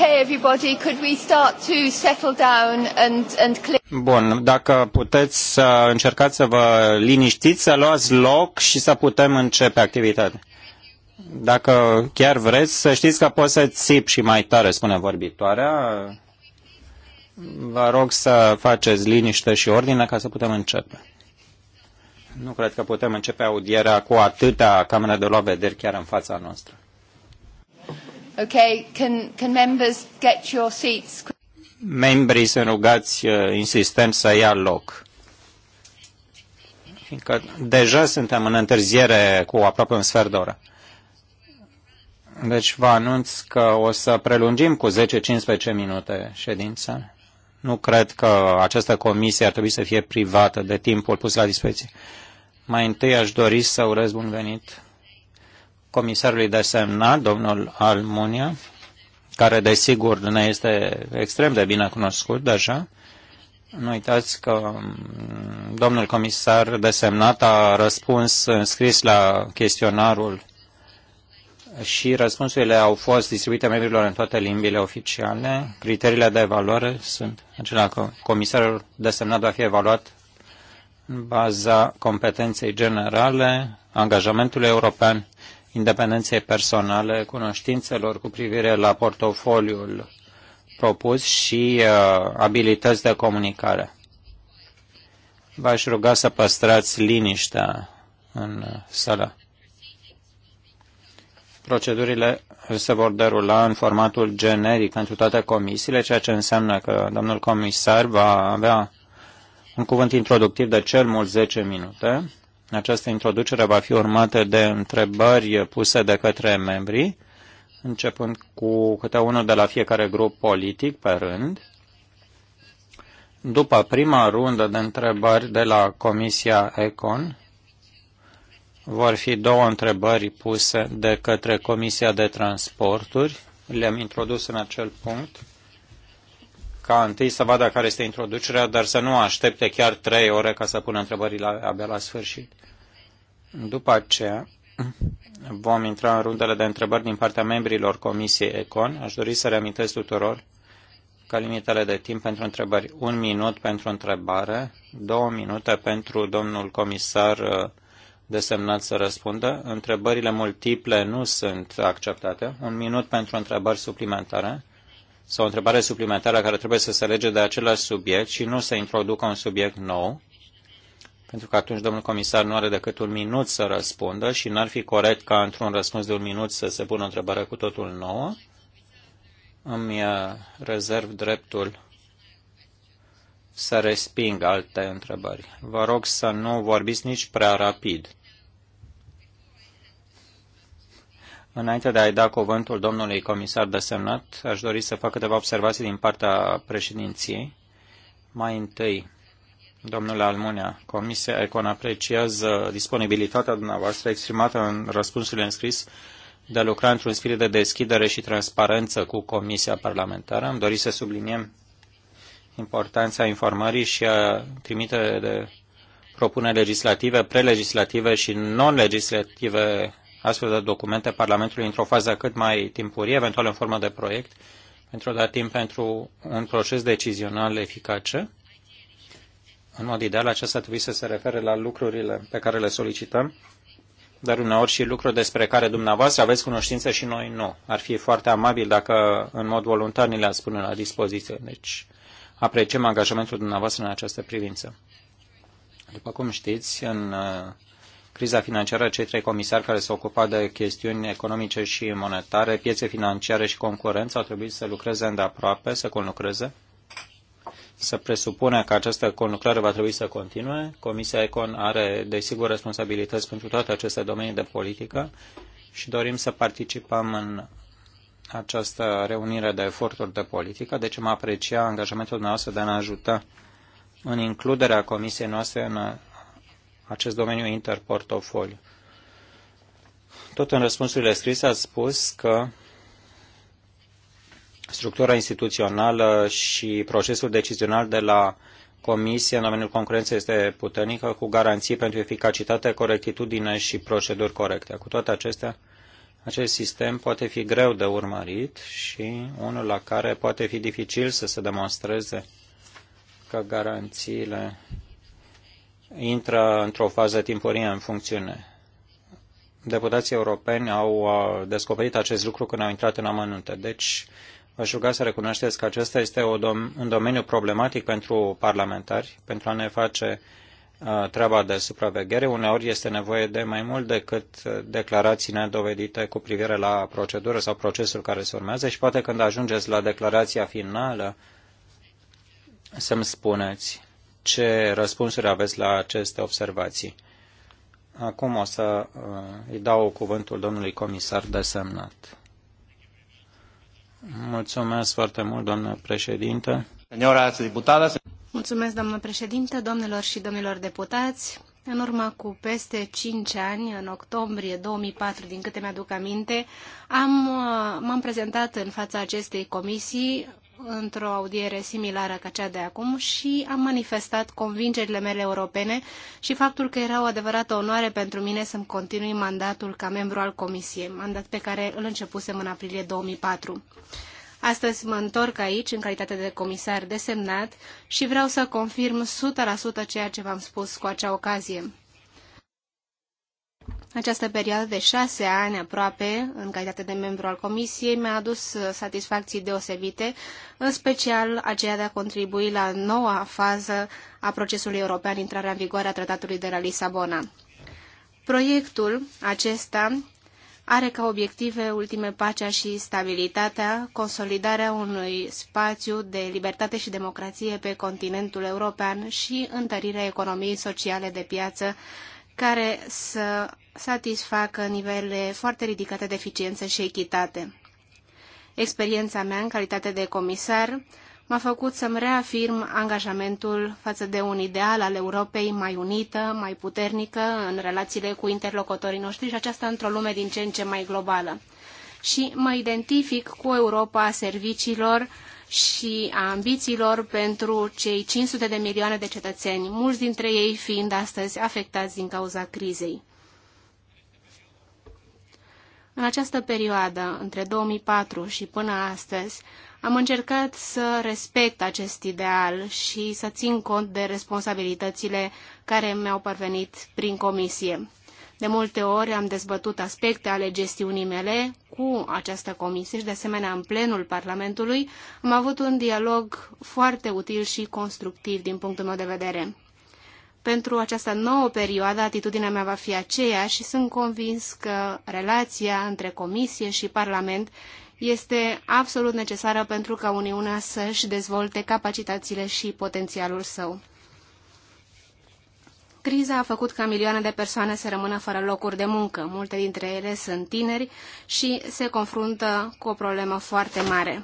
okay, everybody, could we start to settle down and, and clear? Bun, dacă puteți să încercați să vă liniștiți, să luați loc și să putem începe activitatea. Dacă chiar vreți, să știți că poți să țip și mai tare, spune vorbitoarea. Vă rog să faceți liniște și ordine ca să putem începe. Nu cred că putem începe audierea cu atâtea camere de luat vederi chiar în fața noastră. Okay, can, can members get your seats? Membrii sunt rugați uh, insistent să ia loc. Fiindcă deja suntem în întârziere cu aproape un sfert de oră. Deci vă anunț că o să prelungim cu 10-15 minute ședința. Nu cred că această comisie ar trebui să fie privată de timpul pus la dispoziție. Mai întâi aș dori să urez bun venit comisarului desemnat, domnul Almunia, care desigur ne este extrem de bine cunoscut deja. Nu uitați că mm, domnul comisar desemnat a răspuns în scris la chestionarul și răspunsurile au fost distribuite membrilor în toate limbile oficiale. Criteriile de evaluare sunt acelea că comisarul desemnat va fi evaluat în baza competenței generale, angajamentului european independenței personale, cunoștințelor cu privire la portofoliul propus și uh, abilități de comunicare. V-aș ruga să păstrați liniștea în sală. Procedurile se vor derula în formatul generic pentru toate comisiile, ceea ce înseamnă că domnul comisar va avea un cuvânt introductiv de cel mult 10 minute această introducere va fi urmată de întrebări puse de către membrii, începând cu câte unul de la fiecare grup politic pe rând. După prima rundă de întrebări de la Comisia Econ, vor fi două întrebări puse de către Comisia de Transporturi. Le-am introdus în acel punct ca întâi să vadă care este introducerea, dar să nu aștepte chiar trei ore ca să pună întrebările abia la sfârșit. După aceea vom intra în rundele de întrebări din partea membrilor Comisiei Econ. Aș dori să reamintesc tuturor că limitele de timp pentru întrebări. Un minut pentru întrebare, două minute pentru domnul comisar uh, desemnat să răspundă. Întrebările multiple nu sunt acceptate. Un minut pentru întrebări suplimentare sau o întrebare suplimentară care trebuie să se lege de același subiect și nu să introducă un subiect nou pentru că atunci domnul comisar nu are decât un minut să răspundă și n-ar fi corect ca într-un răspuns de un minut să se pună o întrebare cu totul nouă. Îmi uh, rezerv dreptul să resping alte întrebări. Vă rog să nu vorbiți nici prea rapid. Înainte de a-i da cuvântul domnului comisar desemnat, aș dori să fac câteva observații din partea președinției. Mai întâi, Domnule Almunea, Comisia Econ apreciază disponibilitatea dumneavoastră exprimată în răspunsurile înscris de a lucra într-un spirit de deschidere și transparență cu Comisia Parlamentară. Am dorit să subliniem importanța informării și a trimite de propuneri legislative, prelegislative și non-legislative astfel de documente Parlamentului într-o fază cât mai timpurie, eventual în formă de proiect, pentru a da timp pentru un proces decizional eficace. În mod ideal, aceasta trebuie să se refere la lucrurile pe care le solicităm, dar uneori și lucruri despre care dumneavoastră aveți cunoștință și noi nu. Ar fi foarte amabil dacă în mod voluntar ni le-ați pune la dispoziție. Deci apreciem angajamentul dumneavoastră în această privință. După cum știți, în uh, criza financiară, cei trei comisari care se ocupa de chestiuni economice și monetare, piețe financiare și concurență au trebuit să lucreze îndeaproape, să conlucreze să presupune că această conlucrare va trebui să continue. Comisia Econ are, desigur, responsabilități pentru toate aceste domenii de politică și dorim să participăm în această reunire de eforturi de politică, deci mă aprecia angajamentul nostru de a ne ajuta în includerea comisiei noastre în acest domeniu interportofoliu. Tot în răspunsurile scrise a spus că structura instituțională și procesul decizional de la Comisie în domeniul concurenței este puternică, cu garanții pentru eficacitate, corectitudine și proceduri corecte. Cu toate acestea, acest sistem poate fi greu de urmărit și unul la care poate fi dificil să se demonstreze că garanțiile intră într-o fază timpurie în funcțiune. Deputații europeni au uh, descoperit acest lucru când au intrat în amănunte. Deci, Aș ruga să recunoașteți că acesta este o dom- un domeniu problematic pentru parlamentari, pentru a ne face treaba de supraveghere. Uneori este nevoie de mai mult decât declarații nedovedite cu privire la procedură sau procesul care se urmează și poate când ajungeți la declarația finală să-mi spuneți ce răspunsuri aveți la aceste observații. Acum o să îi dau cuvântul domnului comisar desemnat. Mulțumesc foarte mult, doamnă președintă. Mulțumesc, doamnă președinte, domnilor și domnilor deputați. În urmă cu peste 5 ani, în octombrie 2004, din câte mi-aduc aminte, am, m-am prezentat în fața acestei comisii într-o audiere similară ca cea de acum și am manifestat convingerile mele europene și faptul că era o adevărată onoare pentru mine să-mi continui mandatul ca membru al Comisiei, mandat pe care îl începusem în aprilie 2004. Astăzi mă întorc aici în calitate de comisar desemnat și vreau să confirm 100% ceea ce v-am spus cu acea ocazie. Această perioadă de șase ani aproape, în calitate de membru al Comisiei, mi-a adus uh, satisfacții deosebite, în special aceea de a contribui la noua fază a procesului european, intrarea în vigoare a Tratatului de la Lisabona. Proiectul acesta are ca obiective ultime pacea și stabilitatea, consolidarea unui spațiu de libertate și democrație pe continentul european și întărirea economiei sociale de piață care să satisfacă nivele foarte ridicate de eficiență și echitate. Experiența mea în calitate de comisar m-a făcut să-mi reafirm angajamentul față de un ideal al Europei mai unită, mai puternică în relațiile cu interlocutorii noștri și aceasta într-o lume din ce în ce mai globală. Și mă identific cu Europa a serviciilor, și a ambițiilor pentru cei 500 de milioane de cetățeni, mulți dintre ei fiind astăzi afectați din cauza crizei. În această perioadă, între 2004 și până astăzi, am încercat să respect acest ideal și să țin cont de responsabilitățile care mi-au parvenit prin comisie. De multe ori am dezbătut aspecte ale gestiunii mele cu această comisie și, de asemenea, în plenul Parlamentului am avut un dialog foarte util și constructiv din punctul meu de vedere. Pentru această nouă perioadă, atitudinea mea va fi aceea și sunt convins că relația între Comisie și Parlament este absolut necesară pentru ca Uniunea să-și dezvolte capacitățile și potențialul său. Criza a făcut ca milioane de persoane să rămână fără locuri de muncă. Multe dintre ele sunt tineri și se confruntă cu o problemă foarte mare.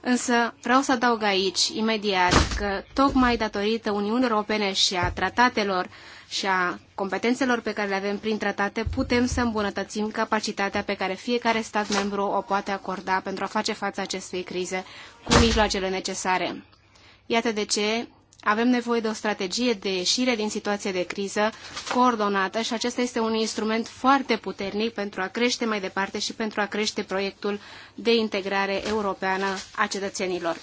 Însă vreau să adaug aici, imediat, că tocmai datorită Uniunii Europene și a tratatelor și a competențelor pe care le avem prin tratate, putem să îmbunătățim capacitatea pe care fiecare stat membru o poate acorda pentru a face față acestei crize cu mijloacele necesare. Iată de ce avem nevoie de o strategie de ieșire din situație de criză coordonată și acesta este un instrument foarte puternic pentru a crește mai departe și pentru a crește proiectul de integrare europeană a cetățenilor.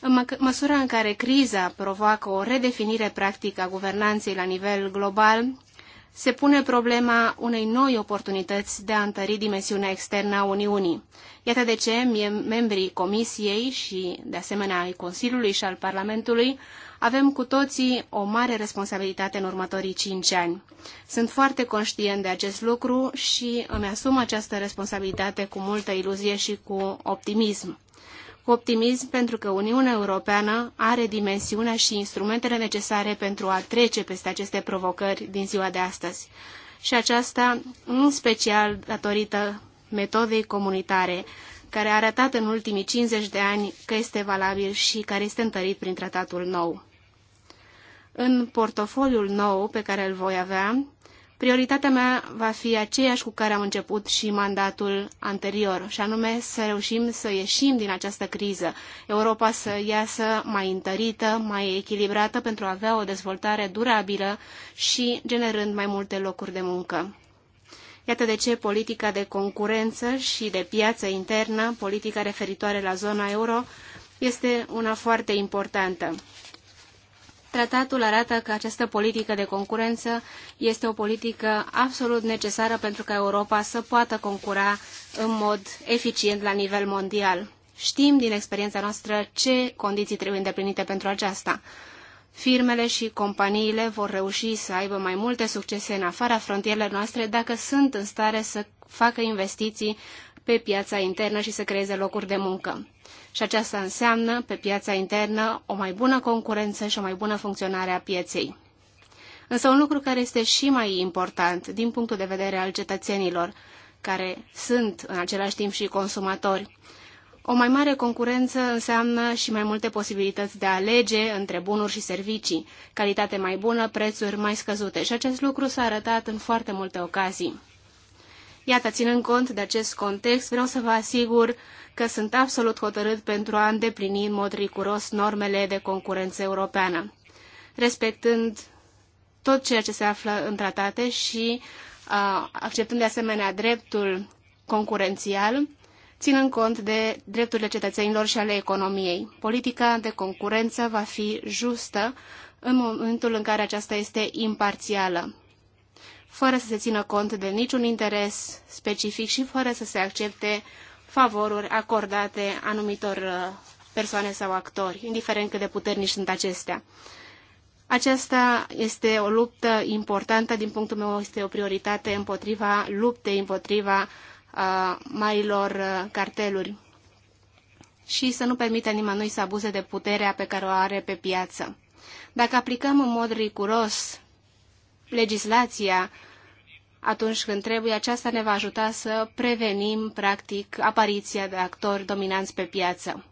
În măsura în care criza provoacă o redefinire practică a guvernanței la nivel global, se pune problema unei noi oportunități de a întări dimensiunea externă a Uniunii. Iată de ce membrii Comisiei și, de asemenea, ai Consiliului și al Parlamentului avem cu toții o mare responsabilitate în următorii cinci ani. Sunt foarte conștient de acest lucru și îmi asum această responsabilitate cu multă iluzie și cu optimism. Cu optimism pentru că Uniunea Europeană are dimensiunea și instrumentele necesare pentru a trece peste aceste provocări din ziua de astăzi. Și aceasta în special datorită metodei comunitare, care a arătat în ultimii 50 de ani că este valabil și care este întărit prin tratatul nou. În portofoliul nou pe care îl voi avea, prioritatea mea va fi aceeași cu care am început și mandatul anterior, și anume să reușim să ieșim din această criză, Europa să iasă mai întărită, mai echilibrată pentru a avea o dezvoltare durabilă și generând mai multe locuri de muncă. Iată de ce politica de concurență și de piață internă, politica referitoare la zona euro, este una foarte importantă. Tratatul arată că această politică de concurență este o politică absolut necesară pentru ca Europa să poată concura în mod eficient la nivel mondial. Știm din experiența noastră ce condiții trebuie îndeplinite pentru aceasta. Firmele și companiile vor reuși să aibă mai multe succese în afara frontierelor noastre dacă sunt în stare să facă investiții pe piața internă și să creeze locuri de muncă. Și aceasta înseamnă, pe piața internă, o mai bună concurență și o mai bună funcționare a pieței. Însă un lucru care este și mai important din punctul de vedere al cetățenilor, care sunt în același timp și consumatori, o mai mare concurență înseamnă și mai multe posibilități de a alege între bunuri și servicii, calitate mai bună, prețuri mai scăzute și acest lucru s-a arătat în foarte multe ocazii. Iată, ținând cont de acest context, vreau să vă asigur că sunt absolut hotărât pentru a îndeplini în mod riguros normele de concurență europeană, respectând tot ceea ce se află în tratate și uh, acceptând de asemenea dreptul concurențial, ținând cont de drepturile cetățenilor și ale economiei. Politica de concurență va fi justă în momentul în care aceasta este imparțială, fără să se țină cont de niciun interes specific și fără să se accepte favoruri acordate anumitor uh, persoane sau actori, indiferent cât de puternici sunt acestea. Aceasta este o luptă importantă, din punctul meu este o prioritate împotriva luptei, împotriva uh, marilor uh, carteluri și să nu permită nimănui să abuze de puterea pe care o are pe piață. Dacă aplicăm în mod riguros legislația atunci când trebuie, aceasta ne va ajuta să prevenim, practic, apariția de actori dominanți pe piață.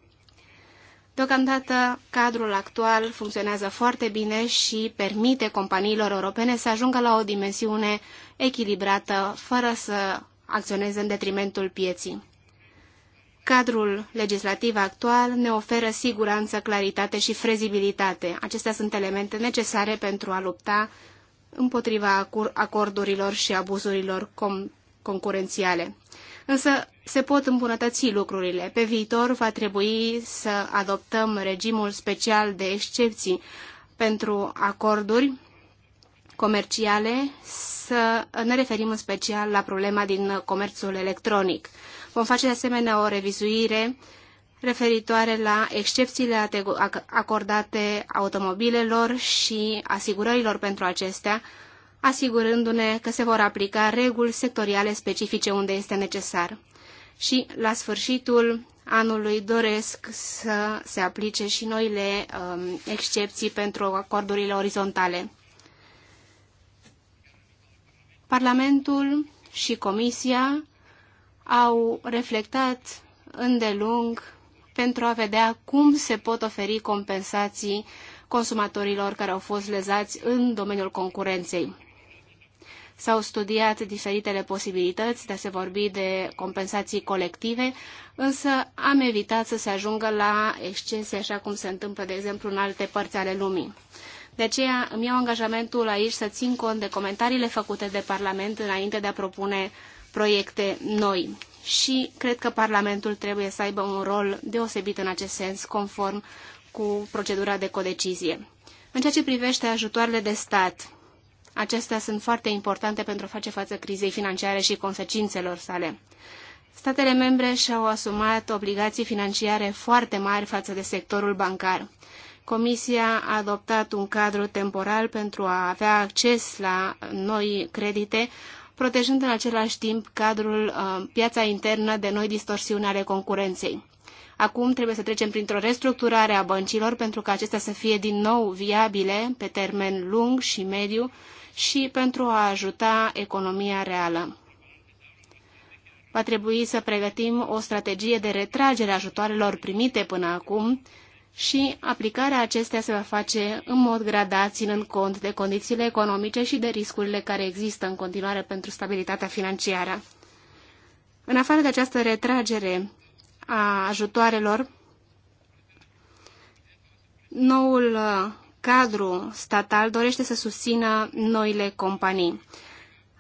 Deocamdată, cadrul actual funcționează foarte bine și permite companiilor europene să ajungă la o dimensiune echilibrată, fără să acționeze în detrimentul pieții. Cadrul legislativ actual ne oferă siguranță, claritate și frezibilitate. Acestea sunt elemente necesare pentru a lupta împotriva acordurilor și abuzurilor com concurențiale. Însă se pot îmbunătăți lucrurile. Pe viitor va trebui să adoptăm regimul special de excepții pentru acorduri comerciale să ne referim în special la problema din comerțul electronic. Vom face de asemenea o revizuire referitoare la excepțiile acordate automobilelor și asigurărilor pentru acestea, asigurându-ne că se vor aplica reguli sectoriale specifice unde este necesar. Și, la sfârșitul anului, doresc să se aplice și noile um, excepții pentru acordurile orizontale. Parlamentul și Comisia au reflectat îndelung pentru a vedea cum se pot oferi compensații consumatorilor care au fost lezați în domeniul concurenței. S-au studiat diferitele posibilități de a se vorbi de compensații colective, însă am evitat să se ajungă la excese, așa cum se întâmplă, de exemplu, în alte părți ale lumii. De aceea îmi iau angajamentul aici să țin cont de comentariile făcute de Parlament înainte de a propune proiecte noi. Și cred că Parlamentul trebuie să aibă un rol deosebit în acest sens, conform cu procedura de codecizie. În ceea ce privește ajutoarele de stat, acestea sunt foarte importante pentru a face față crizei financiare și consecințelor sale. Statele membre și-au asumat obligații financiare foarte mari față de sectorul bancar Comisia a adoptat un cadru temporal pentru a avea acces la noi credite, protejând în același timp cadrul uh, piața internă de noi distorsiuni ale concurenței. Acum trebuie să trecem printr-o restructurare a băncilor pentru ca acestea să fie din nou viabile pe termen lung și mediu și pentru a ajuta economia reală. Va trebui să pregătim o strategie de retragere a ajutoarelor primite până acum, și aplicarea acestea se va face în mod gradat, ținând cont de condițiile economice și de riscurile care există în continuare pentru stabilitatea financiară. În afară de această retragere a ajutoarelor, noul uh, cadru statal dorește să susțină noile companii.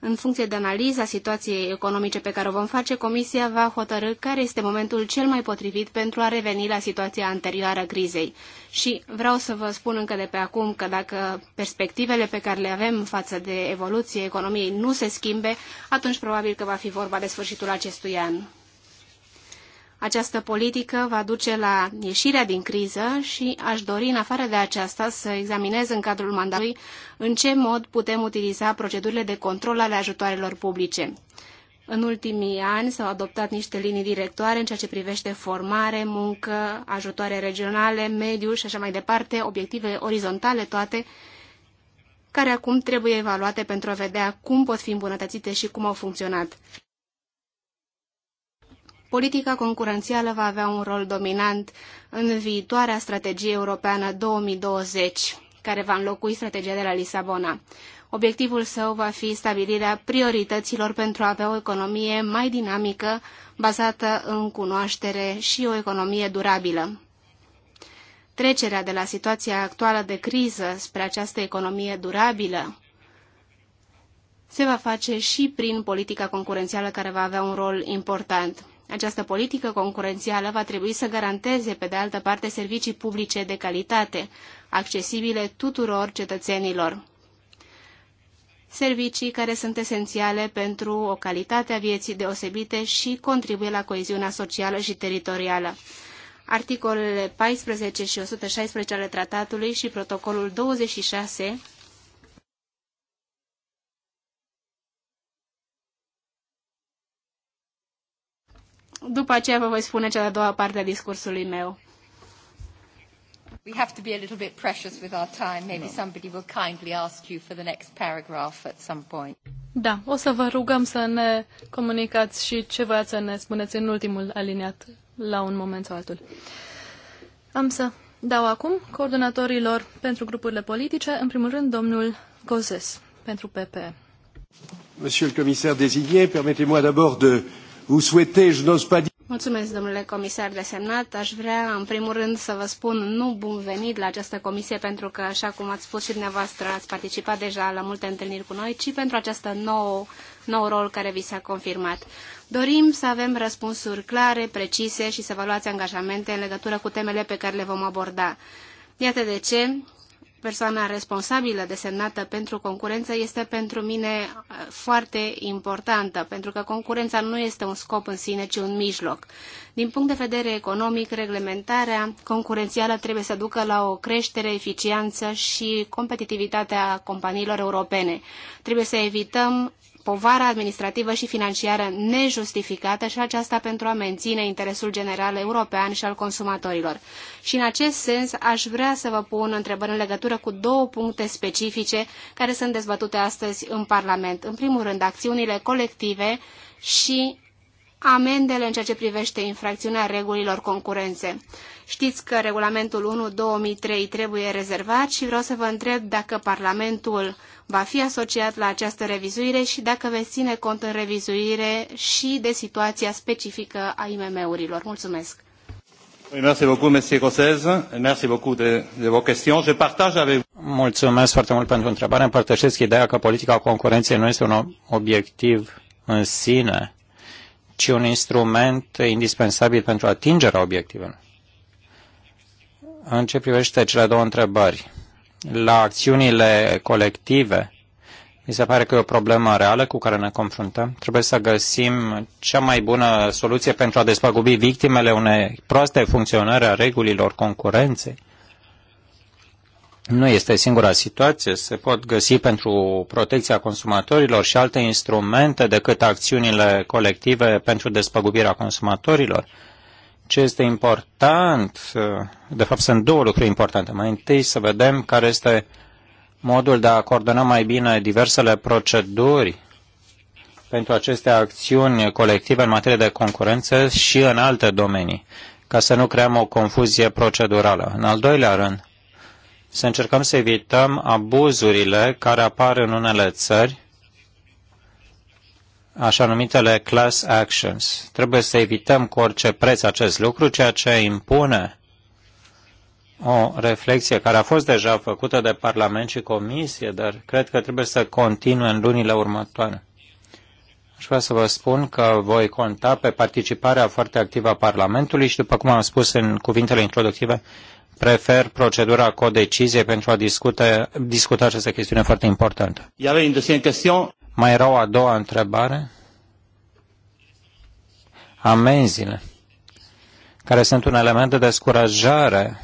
În funcție de analiza situației economice pe care o vom face, Comisia va hotărâ care este momentul cel mai potrivit pentru a reveni la situația anterioară crizei. Și vreau să vă spun încă de pe acum că dacă perspectivele pe care le avem față de evoluție economiei nu se schimbe, atunci probabil că va fi vorba de sfârșitul acestui an. Această politică va duce la ieșirea din criză și aș dori, în afară de aceasta, să examinez în cadrul mandatului în ce mod putem utiliza procedurile de control ale ajutoarelor publice. În ultimii ani s-au adoptat niște linii directoare în ceea ce privește formare, muncă, ajutoare regionale, mediu și așa mai departe, obiective orizontale toate, care acum trebuie evaluate pentru a vedea cum pot fi îmbunătățite și cum au funcționat politica concurențială va avea un rol dominant în viitoarea strategie europeană 2020, care va înlocui strategia de la Lisabona. Obiectivul său va fi stabilirea priorităților pentru a avea o economie mai dinamică, bazată în cunoaștere și o economie durabilă. Trecerea de la situația actuală de criză spre această economie durabilă se va face și prin politica concurențială care va avea un rol important. Această politică concurențială va trebui să garanteze, pe de altă parte, servicii publice de calitate, accesibile tuturor cetățenilor. Servicii care sunt esențiale pentru o calitate a vieții deosebite și contribuie la coeziunea socială și teritorială. Articolele 14 și 116 ale tratatului și protocolul 26 După aceea vă voi spune cea de-a doua parte a discursului meu. We have to be a little bit precious with our time. Maybe somebody will kindly ask you for the next paragraph at some point. Da, o să vă rugăm să ne comunicați și ce voiați să ne spuneți în ultimul aliniat la un moment sau altul. Am să dau acum coordonatorilor pentru grupurile politice, în primul rând domnul Gozes pentru PP. Monsieur le commissaire désigné, permettez-moi d'abord de vous souhaitez, je n'ose pas dire... Mulțumesc, domnule comisar desemnat. Aș vrea, în primul rând, să vă spun nu bun venit la această comisie, pentru că, așa cum ați spus și dumneavoastră, ați participat deja la multe întâlniri cu noi, ci pentru această nouă, nou rol care vi s-a confirmat. Dorim să avem răspunsuri clare, precise și să vă luați angajamente în legătură cu temele pe care le vom aborda. Iată de ce persoana responsabilă desemnată pentru concurență este pentru mine uh, foarte importantă, pentru că concurența nu este un scop în sine, ci un mijloc. Din punct de vedere economic, reglementarea concurențială trebuie să ducă la o creștere, eficiență și competitivitatea companiilor europene. Trebuie să evităm povara administrativă și financiară nejustificată și aceasta pentru a menține interesul general european și al consumatorilor. Și în acest sens aș vrea să vă pun întrebări în legătură cu două puncte specifice care sunt dezbătute astăzi în Parlament. În primul rând, acțiunile colective și amendele în ceea ce privește infracțiunea regulilor concurențe. Știți că regulamentul 1-2003 trebuie rezervat și vreau să vă întreb dacă Parlamentul va fi asociat la această revizuire și dacă veți ține cont în revizuire și de situația specifică a IMM-urilor. Mulțumesc! Mulțumesc foarte mult pentru întrebare. Împărtășesc ideea că politica concurenței nu este un obiectiv în sine, ci un instrument indispensabil pentru atingerea obiectivelor. În ce privește cele două întrebări, la acțiunile colective, mi se pare că e o problemă reală cu care ne confruntăm. Trebuie să găsim cea mai bună soluție pentru a despăgubi victimele unei proaste funcționări a regulilor concurenței nu este singura situație. Se pot găsi pentru protecția consumatorilor și alte instrumente decât acțiunile colective pentru despăgubirea consumatorilor. Ce este important, de fapt sunt două lucruri importante. Mai întâi să vedem care este modul de a coordona mai bine diversele proceduri pentru aceste acțiuni colective în materie de concurență și în alte domenii, ca să nu creăm o confuzie procedurală. În al doilea rând, să încercăm să evităm abuzurile care apar în unele țări, așa numitele class actions. Trebuie să evităm cu orice preț acest lucru, ceea ce impune o reflexie care a fost deja făcută de Parlament și Comisie, dar cred că trebuie să continue în lunile următoare. Aș vrea să vă spun că voi conta pe participarea foarte activă a Parlamentului și, după cum am spus în cuvintele introductive, prefer procedura codecizie pentru a discute, discuta această chestiune foarte importantă. Mai era o a doua întrebare? Amenzile, care sunt un element de descurajare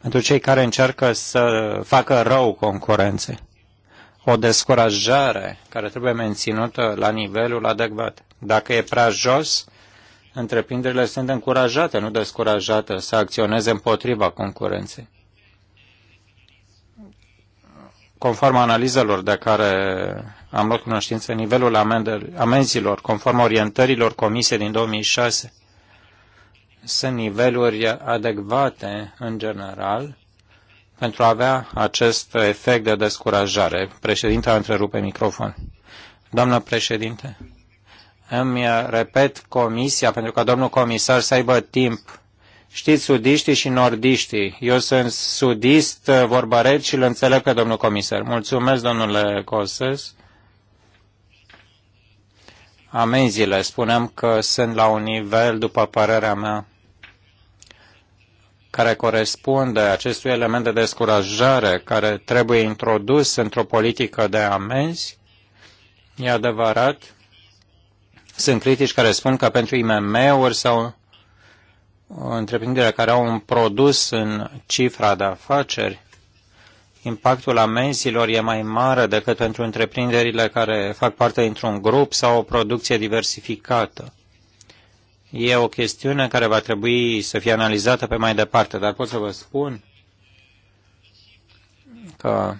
pentru cei care încearcă să facă rău concurenței. O descurajare care trebuie menținută la nivelul adecvat. Dacă e prea jos, întreprinderile sunt încurajate, nu descurajate, să acționeze împotriva concurenței. Conform analizelor de care am luat cunoștință, nivelul amenzilor, conform orientărilor comisiei din 2006, sunt niveluri adecvate în general pentru a avea acest efect de descurajare. Președinte, întrerupe microfon. Doamnă președinte, îmi uh, repet comisia, pentru ca domnul comisar să aibă timp. Știți sudiștii și nordiștii. Eu sunt sudist, uh, vorbăreț și îl înțeleg pe domnul comisar. Mulțumesc, domnule Coses. Amenziile, spunem că sunt la un nivel, după părerea mea, care corespunde acestui element de descurajare care trebuie introdus într-o politică de amenzi, e adevărat, sunt critici care spun că pentru IMM-uri sau întreprinderea care au un produs în cifra de afaceri, impactul amenzilor e mai mare decât pentru întreprinderile care fac parte dintr-un grup sau o producție diversificată. E o chestiune care va trebui să fie analizată pe mai departe, dar pot să vă spun că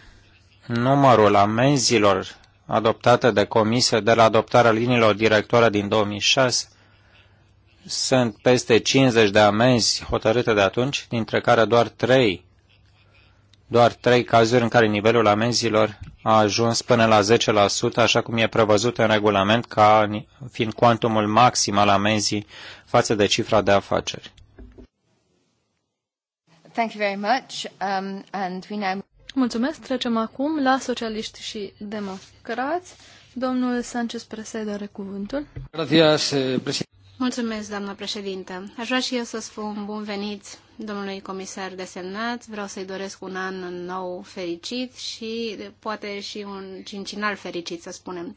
numărul amenzilor adoptată de comisie de la adoptarea liniilor directoare din 2006. Sunt peste 50 de amenzi hotărâte de atunci, dintre care doar trei, doar trei cazuri în care nivelul amenzilor a ajuns până la 10%, așa cum e prevăzut în regulament ca fiind cuantumul maxim al amenzii față de cifra de afaceri. Thank you very much. Um, and we now... Mulțumesc. Trecem acum la socialiști și democrați. Domnul Sanchez Presedo are cuvântul. Gracias, eh, Mulțumesc, doamnă președintă. Aș vrea și eu să spun bun venit domnului comisar desemnat. Vreau să-i doresc un an nou fericit și poate și un cincinal fericit, să spunem.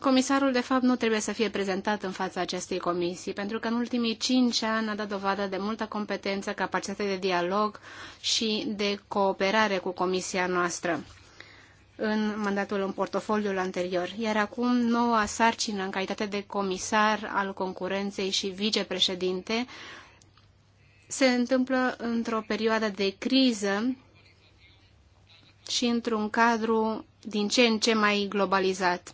Comisarul, de fapt, nu trebuie să fie prezentat în fața acestei comisii, pentru că în ultimii cinci ani a dat dovadă de multă competență, capacitate de dialog și de cooperare cu comisia noastră în mandatul în portofoliul anterior, iar acum noua sarcină în calitate de comisar al concurenței și vicepreședinte se întâmplă într-o perioadă de criză și într-un cadru din ce în ce mai globalizat.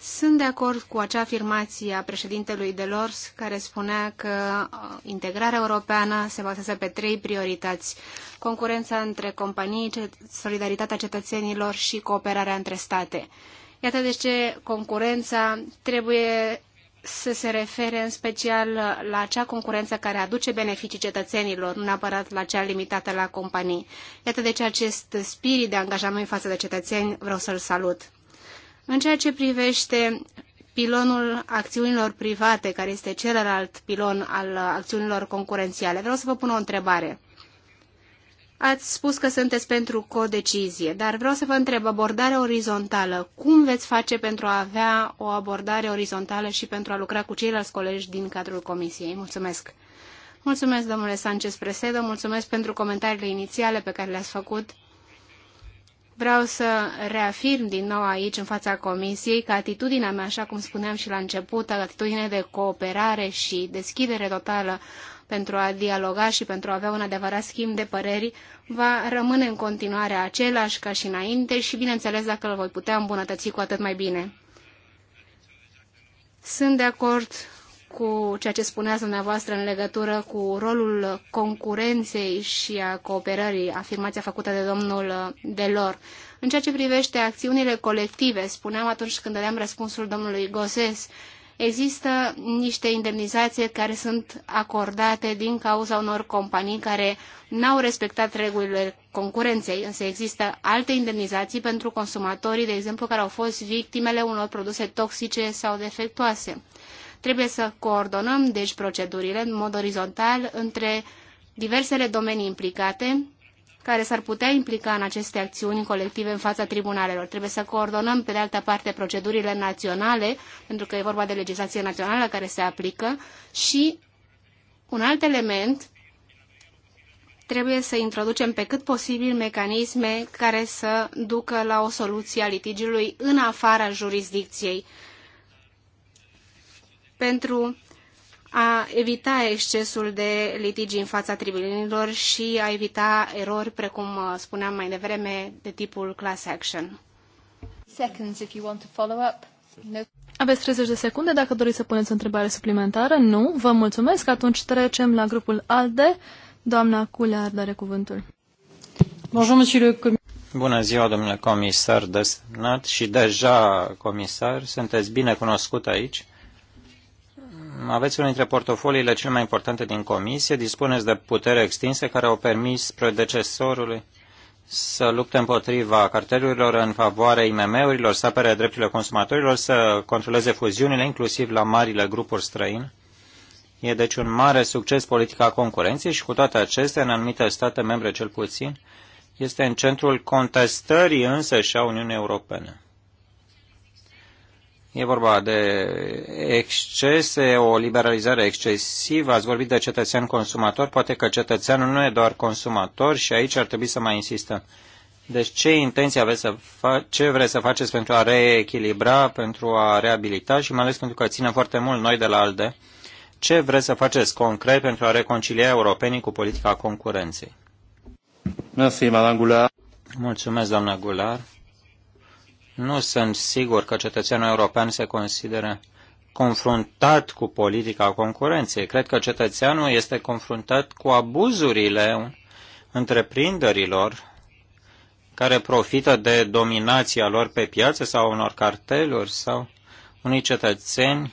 Sunt de acord cu acea afirmație a președintelui Delors care spunea că uh, integrarea europeană se bazează pe trei priorități. Concurența între companii, solidaritatea cetățenilor și cooperarea între state. Iată de ce concurența trebuie să se refere în special la acea concurență care aduce beneficii cetățenilor, nu neapărat la cea limitată la companii. Iată de ce acest spirit de angajament față de cetățeni vreau să-l salut. În ceea ce privește pilonul acțiunilor private, care este celălalt pilon al acțiunilor concurențiale, vreau să vă pun o întrebare. Ați spus că sunteți pentru codecizie, dar vreau să vă întreb, abordare orizontală, cum veți face pentru a avea o abordare orizontală și pentru a lucra cu ceilalți colegi din cadrul comisiei? Mulțumesc! Mulțumesc, domnule Sanchez Presedo, mulțumesc pentru comentariile inițiale pe care le-ați făcut Vreau să reafirm din nou aici, în fața Comisiei, că atitudinea mea, așa cum spuneam și la început, atitudine de cooperare și deschidere totală pentru a dialoga și pentru a avea un adevărat schimb de păreri, va rămâne în continuare același ca și înainte și, bineînțeles, dacă îl voi putea îmbunătăți cu atât mai bine. Sunt de acord cu ceea ce spuneați dumneavoastră în legătură cu rolul concurenței și a cooperării, afirmația făcută de domnul Delor. În ceea ce privește acțiunile colective, spuneam atunci când dădeam răspunsul domnului Goses, există niște indemnizații care sunt acordate din cauza unor companii care n-au respectat regulile concurenței, însă există alte indemnizații pentru consumatorii, de exemplu, care au fost victimele unor produse toxice sau defectuoase. Trebuie să coordonăm, deci, procedurile în mod orizontal între diversele domenii implicate care s-ar putea implica în aceste acțiuni colective în fața tribunalelor. Trebuie să coordonăm, pe de altă parte, procedurile naționale, pentru că e vorba de legislație națională care se aplică și un alt element trebuie să introducem pe cât posibil mecanisme care să ducă la o soluție a litigiului în afara jurisdicției pentru a evita excesul de litigi în fața tribunilor și a evita erori, precum uh, spuneam mai devreme, de tipul class action. Seconds, if you want to follow up. No. Aveți 30 de secunde dacă doriți să puneți o întrebare suplimentară. Nu, vă mulțumesc. Atunci trecem la grupul ALDE. Doamna Culear are cuvântul. Bonjour, monsieur le comisar. Bună ziua, domnule comisar desemnat și deja comisar. Sunteți bine cunoscut aici aveți unul dintre portofoliile cele mai importante din comisie, dispuneți de putere extinse care au permis predecesorului să lupte împotriva cartelurilor în favoarea IMM-urilor, să apere drepturile consumatorilor, să controleze fuziunile, inclusiv la marile grupuri străine. E deci un mare succes politica concurenței și cu toate acestea, în anumite state membre cel puțin, este în centrul contestării însă și a Uniunii Europene. E vorba de excese, o liberalizare excesivă. Ați vorbit de cetățean consumator. Poate că cetățeanul nu e doar consumator și aici ar trebui să mai insistăm. Deci ce intenție aveți să fa- ce vreți să faceți pentru a reechilibra, pentru a reabilita și mai ales pentru că ținem foarte mult noi de la ALDE, ce vreți să faceți concret pentru a reconcilia europenii cu politica concurenței? Mulțumesc, doamna Gular. Nu sunt sigur că cetățeanul european se consideră confruntat cu politica concurenței. Cred că cetățeanul este confruntat cu abuzurile întreprinderilor care profită de dominația lor pe piață sau unor carteluri sau unii cetățeni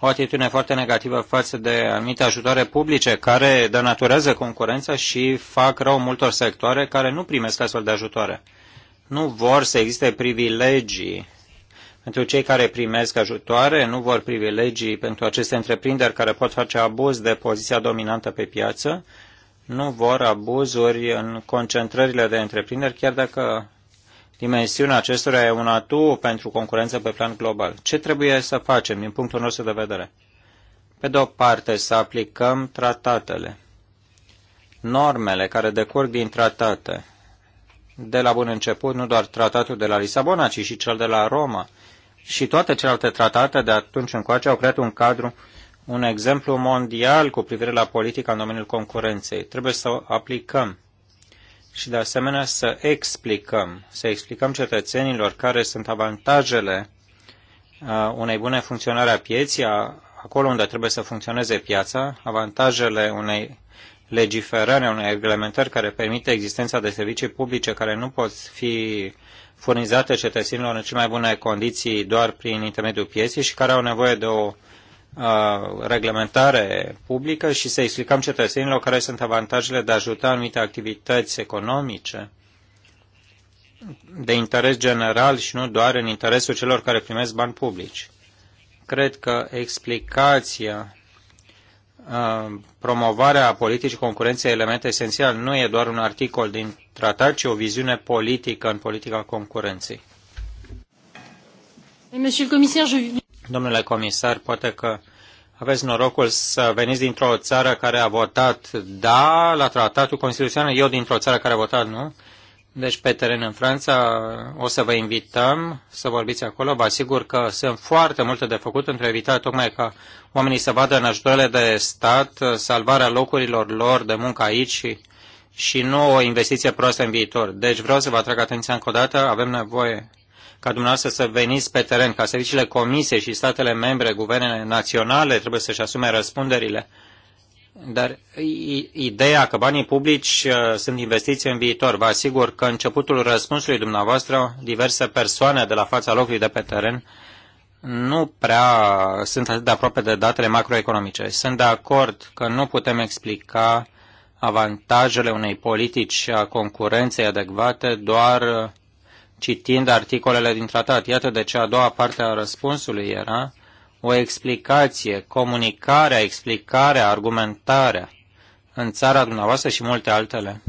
o atitudine foarte negativă față de anumite ajutoare publice care denaturează concurența și fac rău multor sectoare care nu primesc astfel de ajutoare nu vor să existe privilegii pentru cei care primesc ajutoare, nu vor privilegii pentru aceste întreprinderi care pot face abuz de poziția dominantă pe piață, nu vor abuzuri în concentrările de întreprinderi, chiar dacă dimensiunea acestora e un atu pentru concurență pe plan global. Ce trebuie să facem din punctul nostru de vedere? Pe de o parte, să aplicăm tratatele, normele care decurg din tratate, de la bun început nu doar tratatul de la Lisabona, ci și cel de la Roma. Și toate celelalte tratate de atunci încoace au creat un cadru, un exemplu mondial cu privire la politica în domeniul concurenței. Trebuie să o aplicăm și de asemenea să explicăm, să explicăm cetățenilor care sunt avantajele uh, unei bune funcționare a pieții, acolo unde trebuie să funcționeze piața, avantajele unei legiferarea unei reglementări care permite existența de servicii publice care nu pot fi furnizate cetățenilor în cele mai bune condiții doar prin intermediul pieței și care au nevoie de o reglementare publică și să explicăm cetățenilor care sunt avantajele de a ajuta anumite activități economice de interes general și nu doar în interesul celor care primesc bani publici. Cred că explicația Uh, promovarea politicii concurenței e element esențial. Nu e doar un articol din tratat, ci o viziune politică în politica concurenței. Domnule comisar, poate că aveți norocul să veniți dintr-o țară care a votat da la tratatul constituțional, eu dintr-o țară care a votat nu. Deci pe teren în Franța o să vă invităm să vorbiți acolo. Vă asigur că sunt foarte multe de făcut între a evita tocmai ca oamenii să vadă în ajutoarele de stat salvarea locurilor lor de muncă aici și, și nu o investiție proastă în viitor. Deci vreau să vă atrag atenția încă o dată. Avem nevoie ca dumneavoastră să veniți pe teren, ca serviciile comisiei și statele membre, guvernele naționale trebuie să-și asume răspunderile dar ideea că banii publici uh, sunt investiți în viitor, vă asigur că începutul răspunsului dumneavoastră, diverse persoane de la fața locului de pe teren nu prea sunt atât de aproape de datele macroeconomice. Sunt de acord că nu putem explica avantajele unei politici a concurenței adecvate doar citind articolele din tratat. Iată de ce a doua parte a răspunsului era o explicație, comunicarea, explicarea, argumentarea în țara dumneavoastră și multe altele.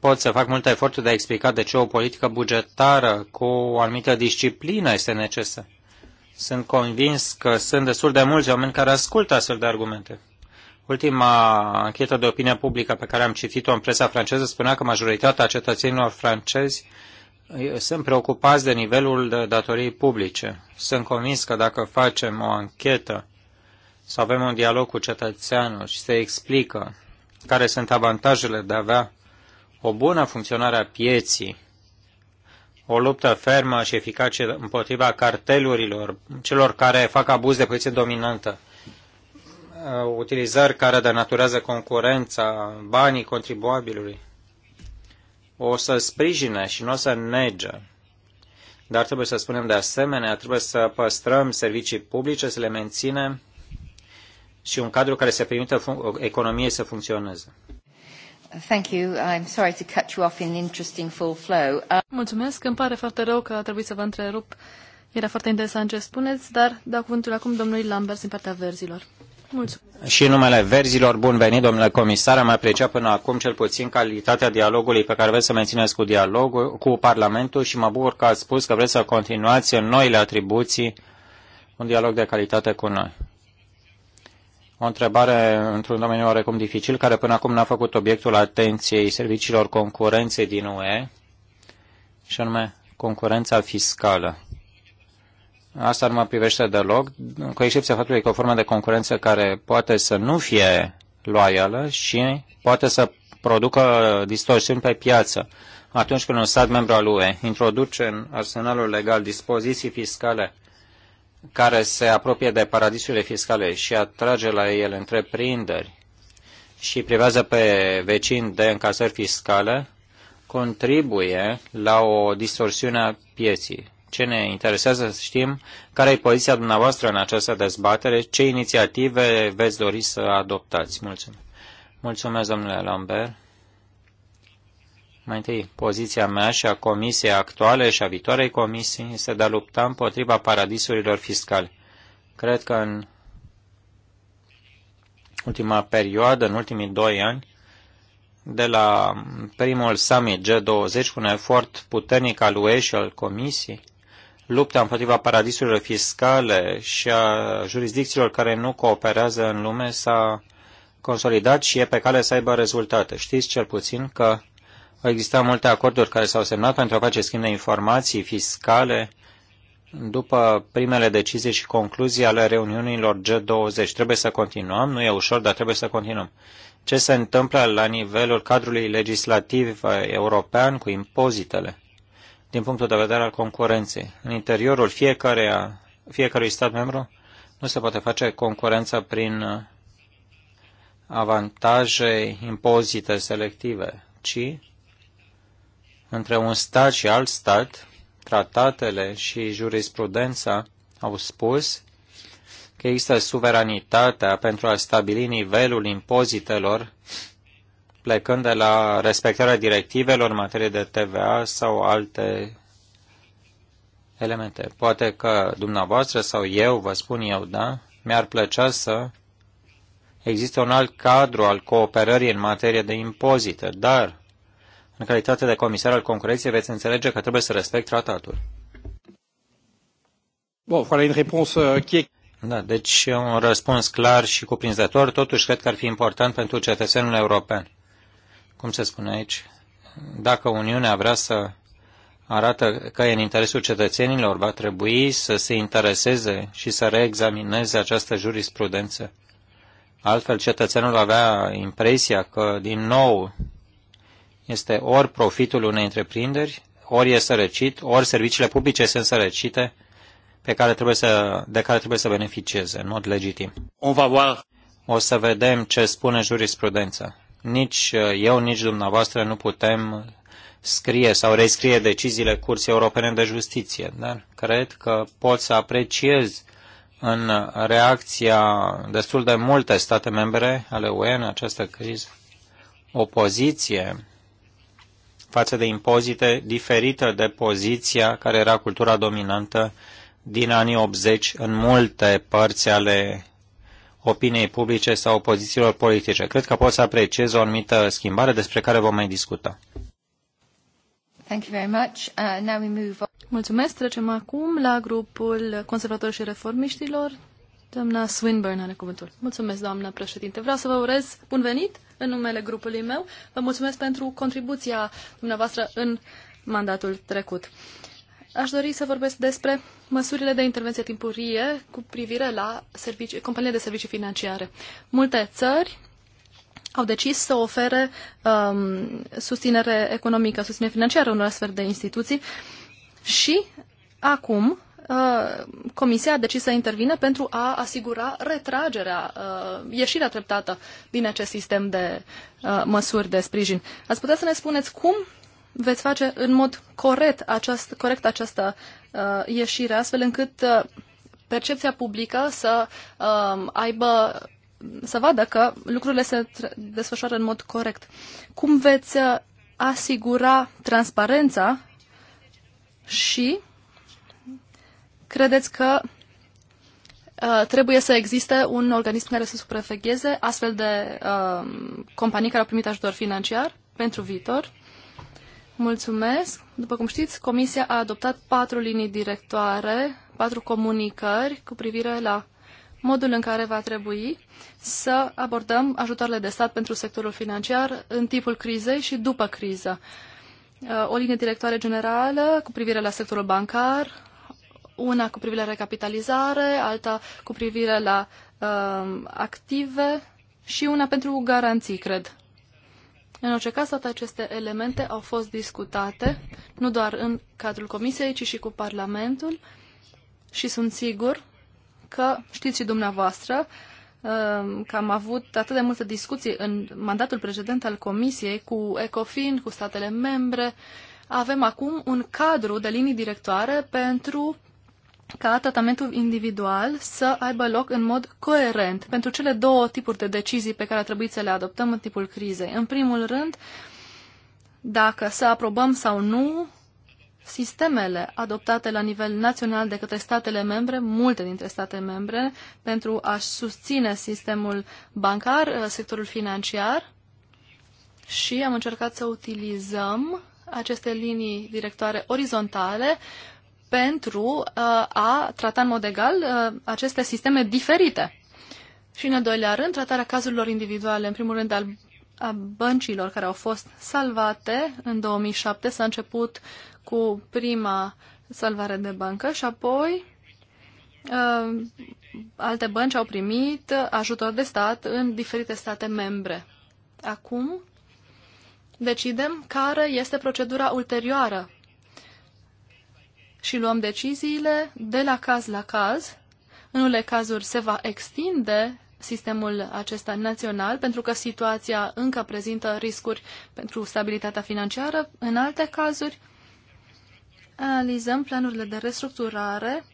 Pot să fac multe eforturi de a explica de ce o politică bugetară cu o anumită disciplină este necesară. Sunt convins că sunt destul de mulți oameni care ascultă astfel de argumente. Ultima anchetă de opinie publică pe care am citit-o în presa franceză spunea că majoritatea cetățenilor francezi sunt preocupați de nivelul de datorii publice. Sunt convins că dacă facem o anchetă sau avem un dialog cu cetățeanul și se explică care sunt avantajele de a avea o bună funcționare a pieții, o luptă fermă și eficace împotriva cartelurilor, celor care fac abuz de poziție dominantă, uh, utilizări care denaturează concurența, banii contribuabilului, o să sprijine și nu o să nege. Dar trebuie să spunem de asemenea, trebuie să păstrăm servicii publice, să le menținem și un cadru care să permită economiei să funcționeze. Thank you. I'm sorry to cut you off in interesting full flow. Uh... Mulțumesc. Îmi pare foarte rău că a trebuit să vă întrerup. Era foarte interesant ce spuneți, dar dau cuvântul acum domnului Lambert din partea verzilor. Mulțumesc. Și numele verzilor, bun venit, domnule comisar, am apreciat până acum cel puțin calitatea dialogului pe care vreți să mențineți cu dialogul, cu Parlamentul și mă bucur că ați spus că vreți să continuați în noile atribuții un dialog de calitate cu noi. O întrebare într-un domeniu oarecum dificil, care până acum n-a făcut obiectul atenției serviciilor concurenței din UE, și anume concurența fiscală. Asta nu mă privește deloc, cu excepția faptului că o formă de concurență care poate să nu fie loială și poate să producă distorsiuni pe piață atunci când un stat membru al UE introduce în arsenalul legal dispoziții fiscale care se apropie de paradisurile fiscale și atrage la ele întreprinderi și privează pe vecini de încasări fiscale, contribuie la o distorsiune a pieții. Ce ne interesează să știm care e poziția dumneavoastră în această dezbatere, ce inițiative veți dori să adoptați. Mulțumesc. Mulțumesc, domnule Lambert. Mai întâi, poziția mea și a comisiei actuale și a viitoarei comisii este de a lupta împotriva paradisurilor fiscale. Cred că în ultima perioadă, în ultimii doi ani, de la primul summit G20 cu un efort puternic al UE și al Comisiei lupta împotriva paradisurilor fiscale și a jurisdicțiilor care nu cooperează în lume s-a consolidat și e pe cale să aibă rezultate. Știți cel puțin că au existat multe acorduri care s-au semnat pentru a face schimb de informații fiscale după primele decizii și concluzii ale reuniunilor G20. Trebuie să continuăm, nu e ușor, dar trebuie să continuăm. Ce se întâmplă la nivelul cadrului legislativ eh, european cu impozitele? din punctul de vedere al concurenței. În interiorul fiecare, fiecărui stat membru nu se poate face concurența prin uh, avantaje impozite selective, ci între un stat și alt stat, tratatele și jurisprudența au spus că există suveranitatea pentru a stabili nivelul impozitelor plecând de la respectarea directivelor în materie de TVA sau alte elemente. Poate că dumneavoastră sau eu, vă spun eu, da, mi-ar plăcea să există un alt cadru al cooperării în materie de impozite, dar în calitate de comisar al concurenței veți înțelege că trebuie să respect tratatul. Bon, voilà une réponse euh, qui est... Da, deci un răspuns clar și cuprinzător, totuși cred că ar fi important pentru cetățenul european cum se spune aici, dacă Uniunea vrea să arată că e în interesul cetățenilor, va trebui să se intereseze și să reexamineze această jurisprudență. Altfel, cetățenul va avea impresia că, din nou, este ori profitul unei întreprinderi, ori e sărăcit, ori serviciile publice sunt sărăcite, pe care trebuie să, de care trebuie să beneficieze în mod legitim. O să vedem ce spune jurisprudența. Nici eh, eu, nici dumneavoastră nu putem scrie sau rescrie deciziile Curții Europene de Justiție, dar cred că pot să apreciez în reacția destul de multe state membre ale UE în această criză o poziție față de impozite diferită de poziția care era cultura dominantă din anii 80 în multe părți ale opiniei publice sau pozițiilor politice. Cred că pot să apreciez o anumită schimbare despre care vom mai discuta. Thank you very much. Uh, now we move on. Mulțumesc. Trecem acum la grupul conservator și reformiștilor. Doamna Swinburne are cuvântul. Mulțumesc, doamna președinte. Vreau să vă urez bun venit în numele grupului meu. Vă mulțumesc pentru contribuția dumneavoastră în mandatul trecut. Uh, Aș dori să vorbesc despre măsurile de intervenție timpurie cu privire la servicii, companiile de servicii financiare. Multe țări au decis să ofere um, susținere economică, susținere financiară unor astfel de instituții și acum uh, Comisia a decis să intervină pentru a asigura retragerea, uh, ieșirea treptată din acest sistem de uh, măsuri de sprijin. Ați putea să ne spuneți cum veți face în mod corect, aceast, corect această uh, ieșire, astfel încât uh, percepția publică să uh, aibă să vadă că lucrurile se desfășoară în mod corect. Cum veți uh, asigura transparența și credeți că uh, trebuie să existe un organism care să supravegheze astfel de uh, companii care au primit ajutor financiar pentru viitor? Mulțumesc. După cum știți, Comisia a adoptat patru linii directoare, patru comunicări cu privire la modul în care va trebui să abordăm ajutoarele de stat pentru sectorul financiar în timpul crizei și după criză. Uh, o linie directoare generală cu privire la sectorul bancar, una cu privire la recapitalizare, alta cu privire la uh, active și una pentru garanții, cred. În orice caz, toate aceste elemente au fost discutate, nu doar în cadrul Comisiei, ci și cu Parlamentul și sunt sigur că știți și dumneavoastră um, că am avut atât de multe discuții în mandatul precedent al Comisiei cu ECOFIN, cu statele membre. Avem acum un cadru de linii directoare pentru ca tratamentul individual să aibă loc în mod coerent pentru cele două tipuri de decizii pe care a trebuit să le adoptăm în timpul crizei. În primul rând, dacă să aprobăm sau nu sistemele adoptate la nivel național de către statele membre, multe dintre statele membre, pentru a susține sistemul bancar, uh, sectorul financiar și am încercat să utilizăm aceste linii directoare orizontale pentru uh, a trata în mod egal uh, aceste sisteme diferite. Și în al doilea rând, tratarea cazurilor individuale, în primul rând al a băncilor care au fost salvate în 2007. S-a început cu prima salvare de bancă și apoi uh, alte bănci au primit ajutor de stat în diferite state membre. Acum decidem care este procedura ulterioară și luăm deciziile de la caz la caz. În unele cazuri se va extinde sistemul acesta național, pentru că situația încă prezintă riscuri pentru stabilitatea financiară. În alte cazuri, analizăm planurile de restructurare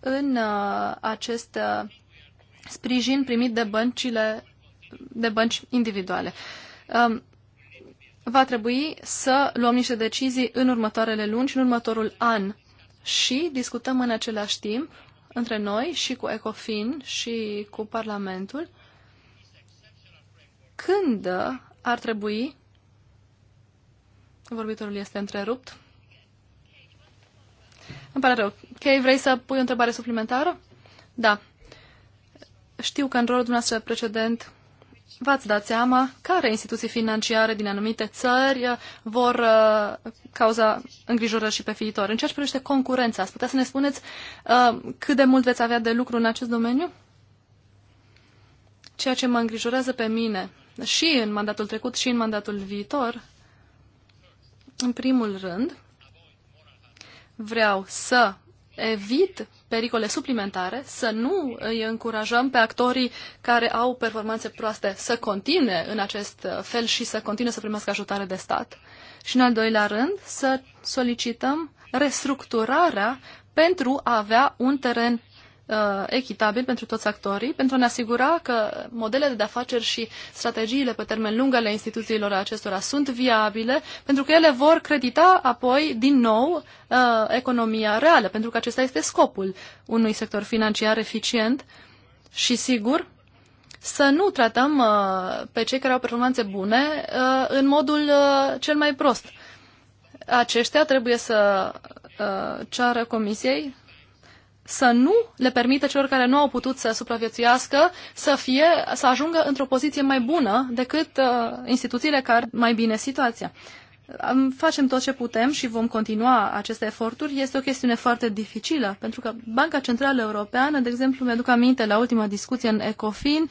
în uh, acest uh, sprijin primit de băncile de bănci individuale. Um, va trebui să luăm niște decizii în următoarele luni și în următorul an. Și discutăm în același timp între noi și cu ECOFIN și cu Parlamentul când ar trebui vorbitorul este întrerupt îmi pare rău. Kay, vrei să pui o întrebare suplimentară? Da. Știu că în rolul dumneavoastră precedent v-ați dat seama care instituții financiare din anumite țări uh, vor uh, cauza îngrijorări și pe viitor. În ceea ce privește concurența, ați putea să ne spuneți uh, cât de mult veți avea de lucru în acest domeniu? Ceea ce mă îngrijorează pe mine și în mandatul trecut și în mandatul viitor, în primul rând, vreau să evit pericole suplimentare, să nu îi încurajăm pe actorii care au performanțe proaste să continue în acest fel și să continue să primească ajutare de stat. Și în al doilea rând, să solicităm restructurarea pentru a avea un teren uh, echitabil pentru toți actorii, pentru a ne asigura că modelele de afaceri și strategiile pe termen lung ale instituțiilor acestora sunt viabile, pentru că ele vor credita apoi din nou uh, economia reală, pentru că acesta este scopul unui sector financiar eficient și sigur să nu tratăm uh, pe cei care au performanțe bune uh, în modul uh, cel mai prost. Aceștia trebuie să uh, ceară comisiei să nu le permită celor care nu au putut să supraviețuiască să, fie, să ajungă într-o poziție mai bună decât uh, instituțiile care mai bine situația. Facem tot ce putem și vom continua aceste eforturi. Este o chestiune foarte dificilă, pentru că Banca Centrală Europeană, de exemplu, mi-aduc aminte la ultima discuție în ECOFIN,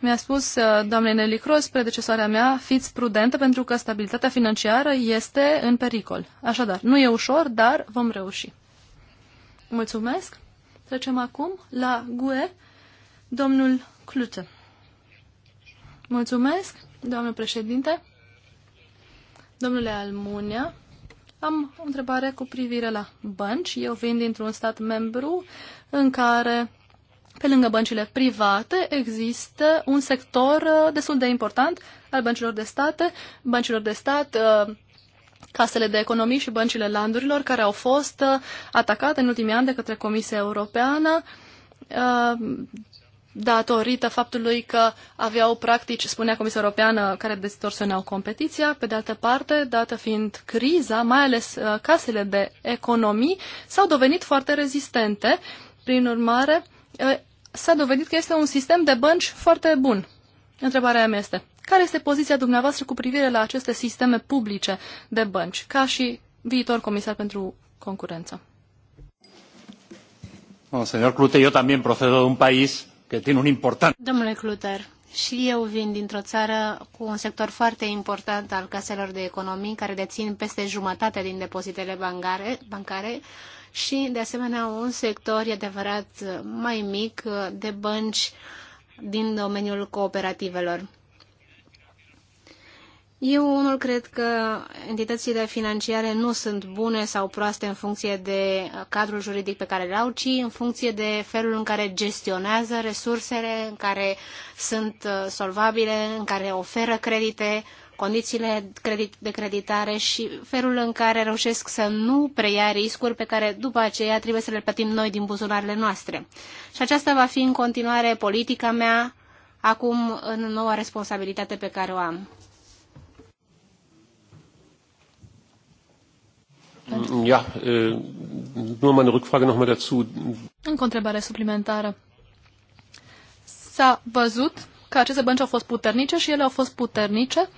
mi-a spus uh, doamnei Nelly Cross, predecesoarea mea, fiți prudentă pentru că stabilitatea financiară este în pericol. Așadar, nu e ușor, dar vom reuși. Mulțumesc. Trecem acum la GUE, domnul Clute. Mulțumesc, doamnă președinte. Domnule Almunia, am o întrebare cu privire la bănci. Eu vin dintr-un stat membru în care, pe lângă băncile private, există un sector uh, destul de important al băncilor de stat. băncilor de stat uh, casele de economii și băncile landurilor care au fost uh, atacate în ultimii ani de către Comisia Europeană uh, datorită faptului că aveau practici, spunea Comisia Europeană, care distorsioneau competiția, pe de altă parte, dată fiind criza, mai ales uh, casele de economii s-au dovedit foarte rezistente. Prin urmare, s-a dovedit că este un sistem de bănci foarte bun. Întrebarea mea este, care este poziția dumneavoastră cu privire la aceste sisteme publice de bănci, ca și viitor comisar pentru concurență? eu de un Domnule Cluter, și eu vin dintr-o țară cu un sector foarte important al caselor de economii, care dețin peste jumătate din depozitele bancare, bancare și, de asemenea, un sector, e adevărat, mai mic de bănci din domeniul cooperativelor. Eu unul cred că entitățile financiare nu sunt bune sau proaste în funcție de cadrul juridic pe care îl au, ci în funcție de felul în care gestionează resursele, în care sunt uh, solvabile, în care oferă credite, condițiile de creditare și felul în care reușesc să nu preia riscuri pe care după aceea trebuie să le plătim noi din buzunarele noastre. Și aceasta va fi în continuare politica mea acum în noua responsabilitate pe care o am. Ja, äh, nur meine Rückfrage dazu. Încă o întrebare suplimentară. S-a văzut că aceste bănci au fost puternice și ele au fost puternice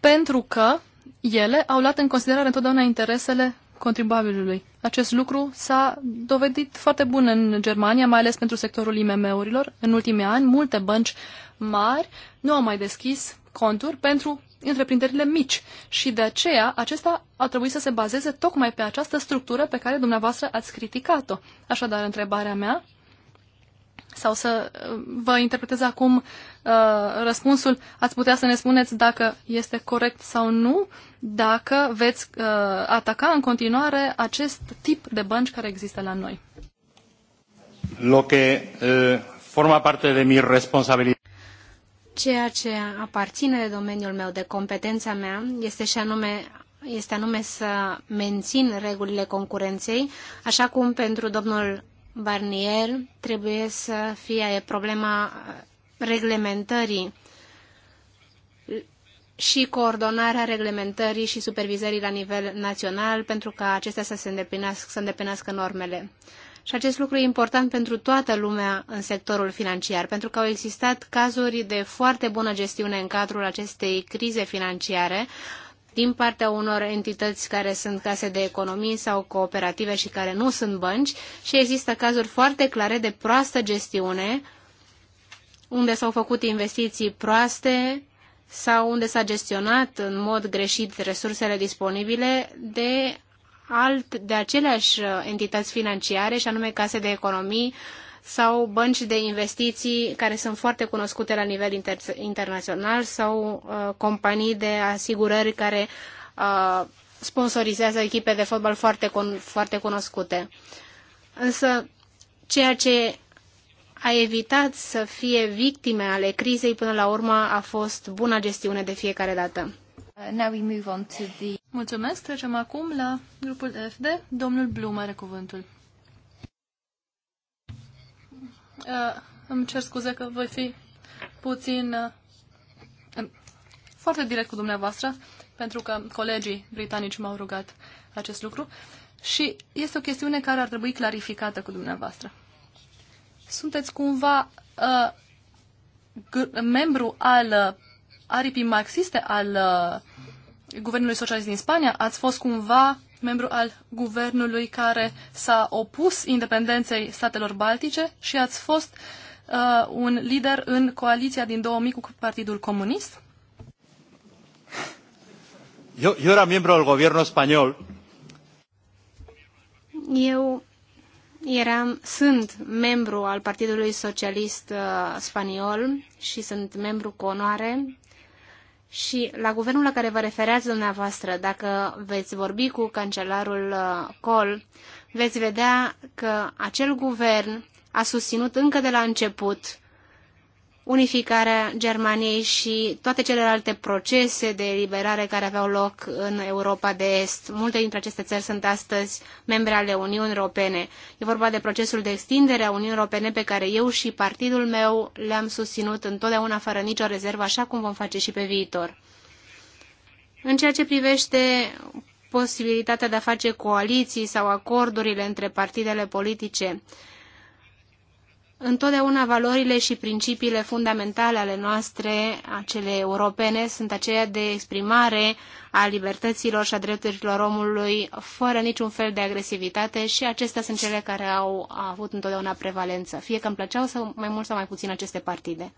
pentru că ele au luat în considerare întotdeauna interesele contribuabilului. Acest lucru s-a dovedit foarte bun în Germania, mai ales pentru sectorul IMM-urilor. În ultimii ani, multe bănci mari nu au mai deschis conturi pentru întreprinderile mici și de aceea acesta ar trebui să se bazeze tocmai pe această structură pe care dumneavoastră ați criticat-o. Așadar, întrebarea mea, sau să uh, vă interpretez acum uh, răspunsul, ați putea să ne spuneți dacă este corect sau nu, dacă veți uh, ataca în continuare acest tip de bănci care există la noi. Lo que uh, forma parte de mi Ceea ce aparține de domeniul meu, de competența mea, este și anume este anume să mențin regulile concurenței, așa cum pentru domnul Barnier trebuie să fie problema uh, reglementării și coordonarea reglementării și supervizării la nivel național pentru ca acestea să se îndeplinească, să îndeplinească normele. Și acest lucru e important pentru toată lumea în sectorul financiar, pentru că au existat cazuri de foarte bună gestiune în cadrul acestei crize financiare din partea unor entități care sunt case de economii sau cooperative și care nu sunt bănci și există cazuri foarte clare de proastă gestiune unde s-au făcut investiții proaste sau unde s-a gestionat în mod greșit resursele disponibile de alt, de aceleași uh, entități financiare, și anume case de economii sau bănci de investiții care sunt foarte cunoscute la nivel inter- internațional sau uh, companii de asigurări care uh, sponsorizează echipe de fotbal foarte, con- foarte cunoscute. Însă, ceea ce a evitat să fie victime ale crizei până la urmă a fost buna gestiune de fiecare dată. Uh, now we move on to the... Mulțumesc. Trecem acum la grupul FD. Domnul Blum are cuvântul. Uh, îmi cer scuze că voi fi puțin uh, foarte direct cu dumneavoastră, pentru că colegii britanici m-au rugat acest lucru și este o chestiune care ar trebui clarificată cu dumneavoastră. Sunteți cumva uh, membru al uh, aripii marxiste al uh, guvernului socialist din Spania, ați fost cumva membru al guvernului care s-a opus independenței statelor baltice și ați fost uh, un lider în coaliția din 2000 cu Partidul Comunist? Eu, eu eram membru al guvernului spaniol. Eu eram, sunt membru al Partidului Socialist uh, Spaniol și sunt membru cu onoare și la guvernul la care vă refereați dumneavoastră, dacă veți vorbi cu cancelarul uh, Col, veți vedea că acel guvern a susținut încă de la început unificarea Germaniei și toate celelalte procese de eliberare care aveau loc în Europa de Est. Multe dintre aceste țări sunt astăzi membre ale Uniunii Europene. E vorba de procesul de extindere a Uniunii Europene pe care eu și partidul meu le-am susținut întotdeauna fără nicio rezervă, așa cum vom face și pe viitor. În ceea ce privește posibilitatea de a face coaliții sau acordurile între partidele politice, Întotdeauna valorile și principiile fundamentale ale noastre, acele europene, sunt aceia de exprimare a libertăților și a drepturilor omului, fără niciun fel de agresivitate și acestea sunt cele care au avut întotdeauna prevalență, fie că îmi plăceau sau mai mult sau mai puțin aceste partide.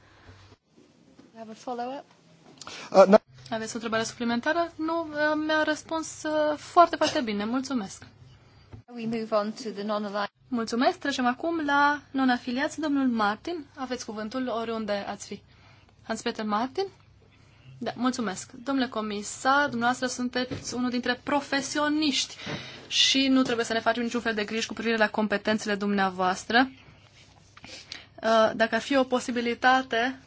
Uh, Aveți o întrebare suplimentară? Nu, mi-a răspuns uh, foarte, foarte bine. Mulțumesc. We move on to the non Mulțumesc. Trecem acum la non-afiliați. Domnul Martin, aveți cuvântul oriunde ați fi. Hans-Peter Martin? Da, mulțumesc. Domnule comisar, dumneavoastră sunteți unul dintre profesioniști și nu trebuie să ne facem niciun fel de griji cu privire la competențele dumneavoastră. Uh, dacă ar fi o posibilitate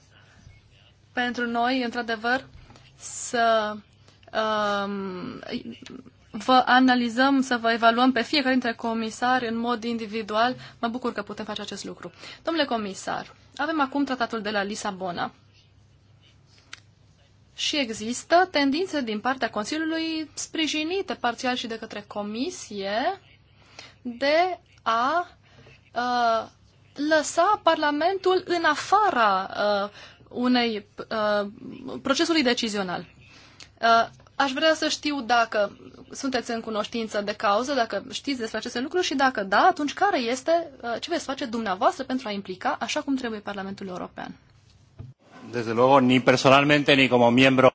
pentru noi, într-adevăr, să um, vă analizăm, să vă evaluăm pe fiecare dintre comisari în mod individual. Mă bucur că putem face acest lucru. Domnule comisar, avem acum tratatul de la Lisabona. Și există tendințe din partea Consiliului sprijinite parțial și de către Comisie de a uh, lăsa Parlamentul în afara uh, unei uh, procesului decizional. Uh, Aș vrea să știu dacă sunteți în cunoștință de cauză, dacă știți despre aceste lucruri și dacă da, atunci care este, uh, ce veți face dumneavoastră pentru a implica așa cum trebuie Parlamentul European? Desde luego, ni personalmente, ni como miembro.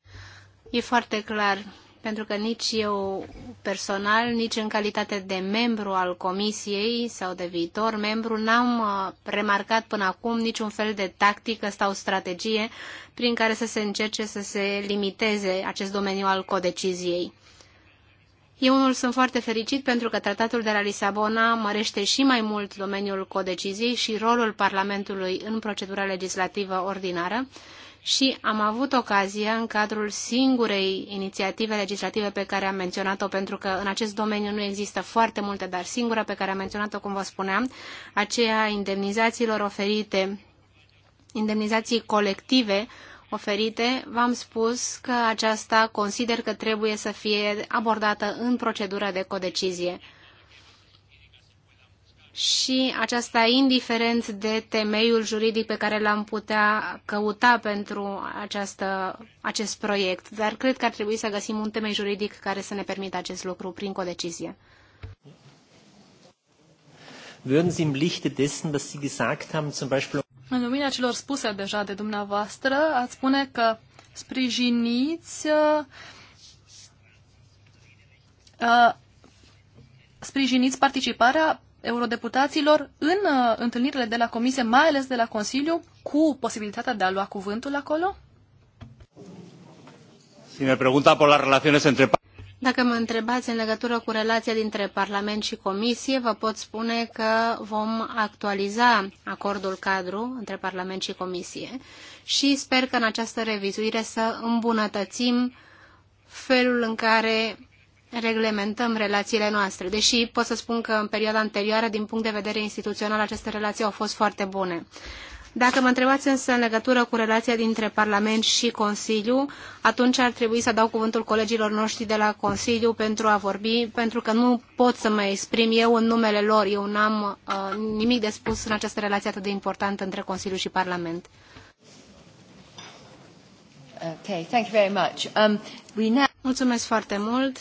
E foarte clar pentru că nici eu personal, nici în calitate de membru al comisiei sau de viitor membru, n-am uh, remarcat până acum niciun fel de tactică sau strategie prin care să se încerce să se limiteze acest domeniu al codeciziei. Eu unul sunt foarte fericit pentru că tratatul de la Lisabona mărește și mai mult domeniul codeciziei și rolul Parlamentului în procedura legislativă ordinară și am avut ocazia în cadrul singurei inițiative legislative pe care am menționat-o, pentru că în acest domeniu nu există foarte multe, dar singura pe care am menționat-o, cum vă spuneam, aceea indemnizațiilor oferite, indemnizații colective oferite, v-am spus că aceasta consider că trebuie să fie abordată în procedura de codecizie și aceasta indiferent de temeiul juridic pe care l-am putea căuta pentru această, acest proiect. Dar cred că ar trebui să găsim un temei juridic care să ne permită acest lucru prin codecizie. Würden Sie im Lichte dessen, was Sie gesagt haben, zum Beispiel... În lumina celor spuse deja de dumneavoastră, ați spune că sprijiniți uh, uh sprijiniți participarea eurodeputaților în uh, întâlnirile de la Comisie, mai ales de la Consiliu, cu posibilitatea de a lua cuvântul acolo? Dacă mă întrebați în legătură cu relația dintre Parlament și Comisie, vă pot spune că vom actualiza acordul cadru între Parlament și Comisie și sper că în această revizuire să îmbunătățim felul în care reglementăm relațiile noastre, deși pot să spun că în perioada anterioară, din punct de vedere instituțional, aceste relații au fost foarte bune. Dacă mă întrebați însă în legătură cu relația dintre Parlament și Consiliu, atunci ar trebui să dau cuvântul colegilor noștri de la Consiliu pentru a vorbi, pentru că nu pot să mă exprim eu în numele lor. Eu n-am uh, nimic de spus în această relație atât de importantă între Consiliu și Parlament. Okay, thank you very much. Um, we now... Mulțumesc foarte mult.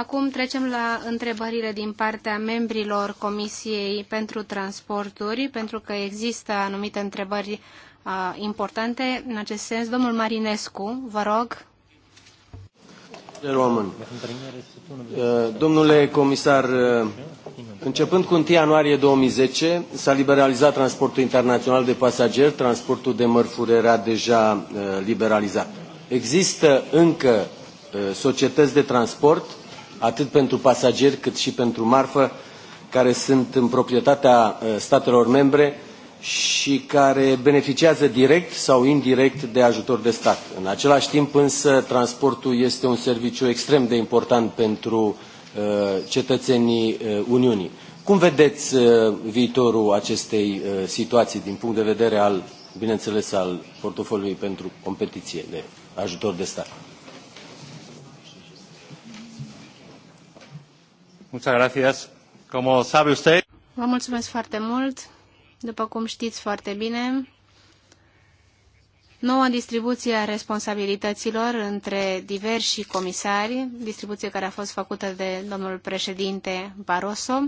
Acum trecem la întrebările din partea membrilor Comisiei pentru Transporturi, pentru că există anumite întrebări uh, importante în acest sens. Domnul Marinescu, vă rog. Român. Uh, domnule comisar, uh, începând cu 1 ianuarie 2010 s-a liberalizat transportul internațional de pasageri, transportul de mărfuri era deja liberalizat. Există încă societăți de transport atât pentru pasageri cât și pentru marfă, care sunt în proprietatea uh, statelor membre și care beneficiază direct sau indirect de ajutor de stat. În același timp însă transportul este un serviciu extrem de important pentru uh, cetățenii uh, Uniunii. Cum vedeți viitorul acestei situații din punct de vedere al, bineînțeles, al portofoliului pentru competiție de ajutor de stat? Vă mulțumesc foarte mult. După cum știți foarte bine, noua distribuție a responsabilităților între diversi comisari, distribuție care a fost făcută de domnul președinte Barroso,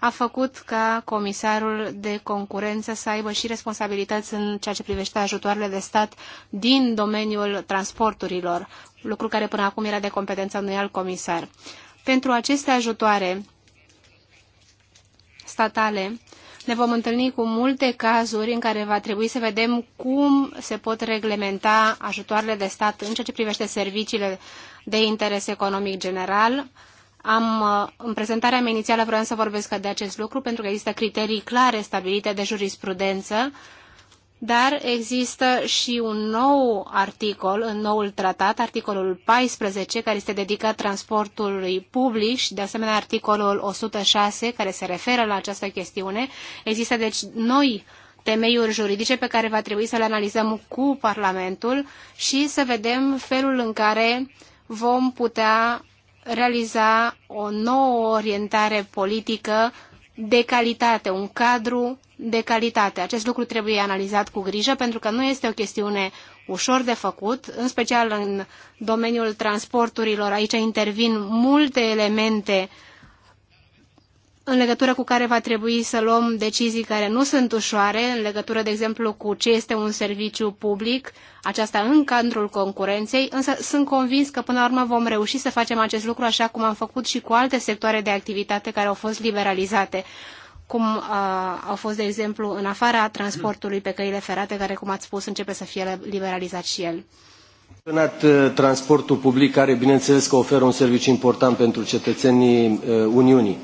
a făcut ca comisarul de concurență să aibă și responsabilități în ceea ce privește ajutoarele de stat din domeniul transporturilor, lucru care până acum era de competența unui alt comisar. Pentru aceste ajutoare statale ne vom întâlni cu multe cazuri în care va trebui să vedem cum se pot reglementa ajutoarele de stat în ceea ce privește serviciile de interes economic general, am, în prezentarea mea inițială vreau să vorbesc de acest lucru pentru că există criterii clare stabilite de jurisprudență dar există și un nou articol în noul tratat, articolul 14, care este dedicat transportului public și de asemenea articolul 106, care se referă la această chestiune. Există deci noi temeiuri juridice pe care va trebui să le analizăm cu Parlamentul și să vedem felul în care vom putea realiza o nouă orientare politică de calitate, un cadru de calitate. Acest lucru trebuie analizat cu grijă pentru că nu este o chestiune ușor de făcut, în special în domeniul transporturilor. Aici intervin multe elemente uh, în legătură cu care va trebui să luăm decizii care nu sunt ușoare, în legătură, de exemplu, cu ce este un serviciu public, aceasta în cadrul concurenței, însă sunt convins că până la urmă vom reuși să facem acest lucru așa cum am făcut și cu alte sectoare de activitate care au fost liberalizate, cum uh, au fost, de exemplu, în afara transportului pe căile ferate, care, cum ați spus, începe să fie liberalizat și el. Uh, transportul public care, bineînțeles, că oferă un serviciu important pentru cetățenii uh, Uniunii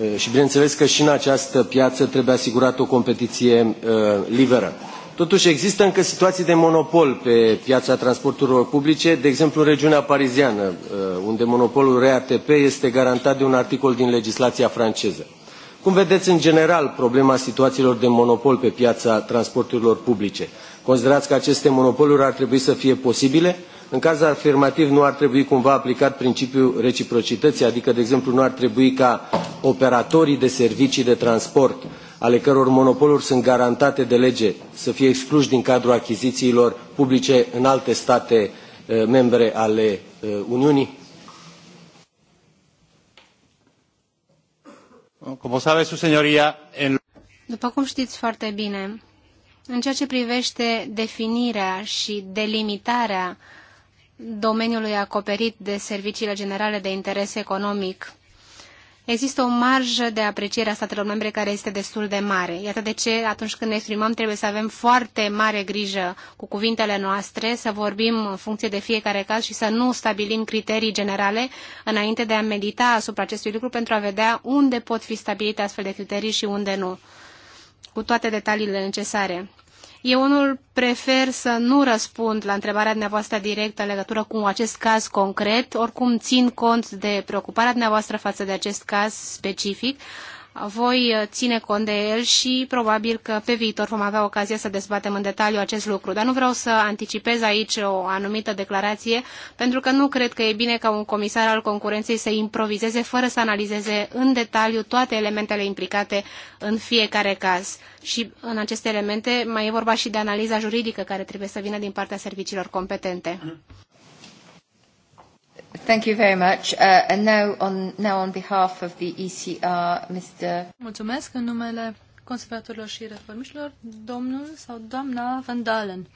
Eh, și bineînțeles că și în această piață trebuie asigurată o competiție eh, liberă. Totuși există încă situații de monopol pe piața transporturilor publice, de exemplu în regiunea pariziană, eh, unde monopolul RATP este garantat de un articol din legislația franceză. Cum vedeți în general problema situațiilor de monopol pe piața transporturilor publice? Considerați că aceste monopoluri ar trebui să fie posibile? În caz afirmativ, nu ar trebui cumva aplicat principiul reciprocității, adică, de exemplu, nu ar trebui ca operatorii de servicii de transport, ale căror monopoluri sunt garantate de lege, să fie excluși din cadrul achizițiilor publice în alte state eh, membre ale eh, Uniunii? După cum știți foarte bine, în ceea ce privește definirea și delimitarea domeniului acoperit de serviciile generale de interes economic. Există o marjă de apreciere a statelor membre care este destul de mare. Iată de ce, atunci când ne exprimăm, trebuie să avem foarte mare grijă cu cuvintele noastre, să vorbim în funcție de fiecare caz și să nu stabilim criterii generale înainte de a medita asupra acestui lucru pentru a vedea unde pot fi stabilite astfel de criterii și unde nu, cu toate detaliile necesare. Eu unul prefer să nu răspund la întrebarea dumneavoastră directă în legătură cu acest caz concret, oricum țin cont de preocuparea dumneavoastră față de acest caz specific, voi uh, ține cont de el și probabil că pe viitor vom avea ocazia să dezbatem în detaliu acest lucru. Dar nu vreau să anticipez aici o anumită declarație, pentru că nu cred că e bine ca un comisar al concurenței să improvizeze fără să analizeze în detaliu toate elementele implicate în fiecare caz. Și în aceste elemente mai e vorba și de analiza juridică care trebuie să vină din partea serviciilor competente. Thank you very much. Uh, and now on, now on behalf of the ECR, Mr. Mulțumesc în numele conservatorilor și reformiștilor, domnul sau doamna Van Dalen.